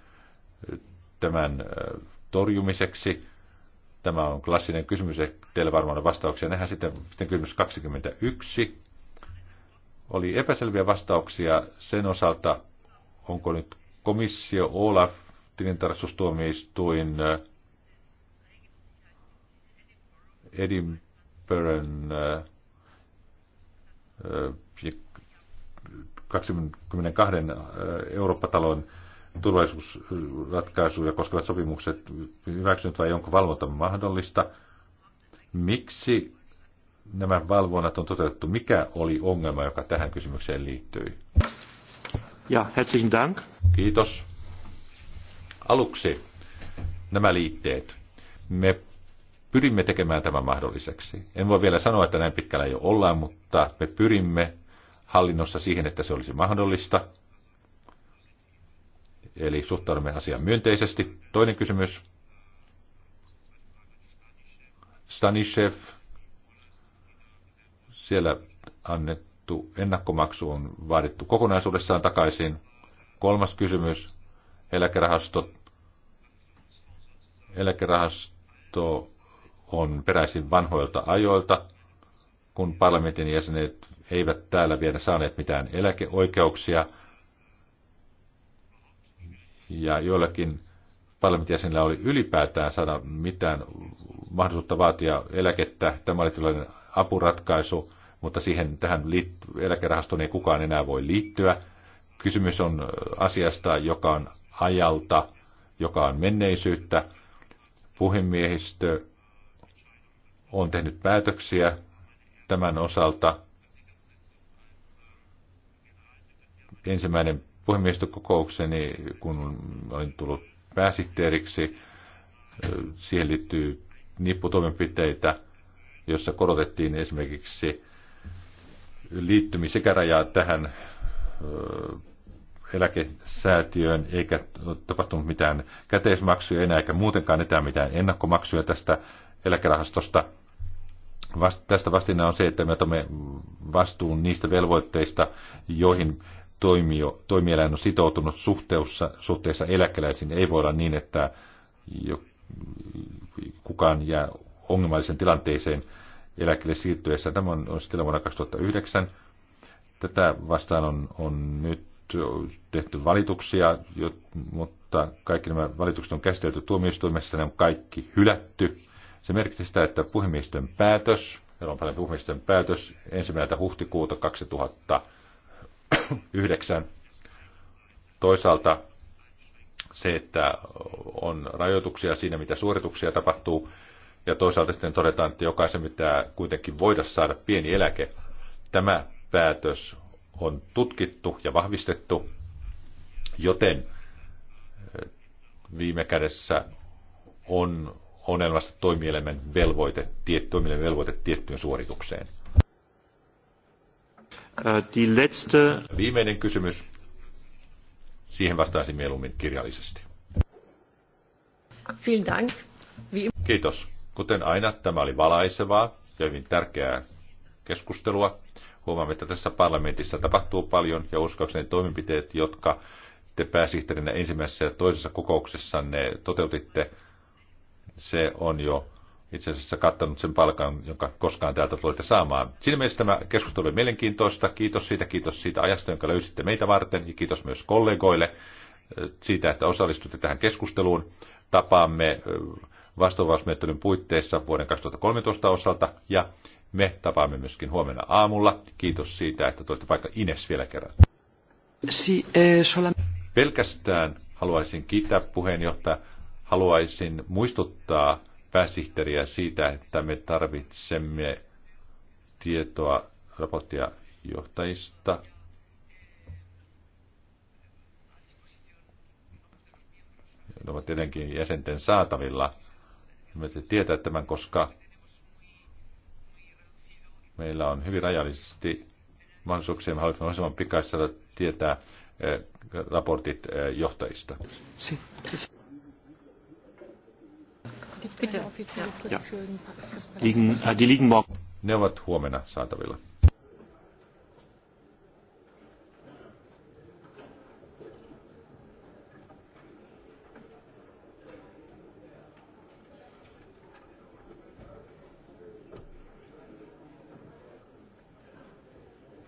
S1: tämän torjumiseksi. Tämä on klassinen kysymys, teille varmaan on vastauksia. Nähdään sitten, sitten kysymys 21. Oli epäselviä vastauksia sen osalta, onko nyt komissio, Olaf tilintarkastustuomioistuin äh, Edinburghin 22 äh, äh, Eurooppa-talon turvallisuusratkaisuja koskevat sopimukset hyväksynyt vai onko valvonta mahdollista? Miksi nämä valvonnat on toteutettu? Mikä oli ongelma, joka tähän kysymykseen liittyi? Ja, herzlichen Dank. Kiitos. Aluksi nämä liitteet. Me pyrimme tekemään tämän mahdolliseksi. En voi vielä sanoa, että näin pitkällä jo ollaan, mutta me pyrimme hallinnossa siihen, että se olisi mahdollista. Eli suhtaudumme asiaan myönteisesti. Toinen kysymys. Stanishev. Siellä annettu ennakkomaksu on vaadittu kokonaisuudessaan takaisin. Kolmas kysymys eläkerahastot, eläkerahasto on peräisin vanhoilta ajoilta, kun parlamentin jäsenet eivät täällä vielä saaneet mitään eläkeoikeuksia. Ja joillakin parlamentin jäsenillä oli ylipäätään saada mitään mahdollisuutta vaatia eläkettä. Tämä oli tällainen apuratkaisu, mutta siihen tähän eläkerahastoon ei kukaan enää voi liittyä. Kysymys on asiasta, joka on ajalta, joka on menneisyyttä. Puhemiehistö on tehnyt päätöksiä tämän osalta. Ensimmäinen puhemiehistökokoukseni, kun olin tullut pääsihteeriksi, siihen liittyy nipputoimenpiteitä, jossa korotettiin esimerkiksi liittymisikärajaa tähän eläkesäätiöön, eikä tapahtunut mitään käteismaksuja enää, eikä muutenkaan etää mitään ennakkomaksuja tästä eläkerahastosta. Vast, tästä vastina on se, että me otamme vastuun niistä velvoitteista, joihin toimio, toimieläin on sitoutunut suhteessa, suhteessa eläkeläisiin. Ei voi olla niin, että jo, kukaan jää ongelmallisen tilanteeseen eläkkeelle siirtyessä. Tämä on, on sitten vuonna 2009. Tätä vastaan on, on nyt tehty valituksia, mutta kaikki nämä valitukset on käsitelty tuomioistuimessa, ne on kaikki hylätty. Se merkitsi sitä, että puhemiesten päätös, Euroopan puhemiesten päätös ensimmäistä huhtikuuta 2009, toisaalta se, että on rajoituksia siinä, mitä suorituksia tapahtuu, ja toisaalta sitten todetaan, että jokaisen pitää kuitenkin voida saada pieni eläke. Tämä päätös on tutkittu ja vahvistettu, joten viime kädessä on onelmassa toimielimen velvoite, toimielimen velvoite tiettyyn suoritukseen. Die letzte... Viimeinen kysymys. Siihen vastaisin mieluummin kirjallisesti. Vielen Dank. Kiitos. Kuten aina, tämä oli valaisevaa ja hyvin tärkeää keskustelua. Huomaamme, että tässä parlamentissa tapahtuu paljon ja uskoakseni toimenpiteet, jotka te pääsihteerinä ensimmäisessä ja toisessa ne toteutitte, se on jo itse asiassa kattanut sen palkan, jonka koskaan täältä tulette saamaan. Siinä mielessä tämä keskustelu oli mielenkiintoista. Kiitos siitä, kiitos siitä ajasta, jonka löysitte meitä varten ja kiitos myös kollegoille äh, siitä, että osallistutte tähän keskusteluun. Tapaamme äh, vastuuvausmenettelyn puitteissa vuoden 2013 osalta ja me tapaamme myöskin huomenna aamulla. Kiitos siitä, että toitte paikka Ines vielä kerran. Si, eh, sola... Pelkästään haluaisin kiittää puheenjohtaja. Haluaisin muistuttaa pääsihteeriä siitä, että me tarvitsemme tietoa raporttia johtajista. Ne ovat tietenkin jäsenten saatavilla. Me tietää tämän, koska Meillä on hyvin rajallisesti mahdollisuuksia. Me haluamme mahdollisimman pikaisesti tietää eh, raportit eh, johtajista.
S2: Äh,
S1: ne ovat huomenna saatavilla.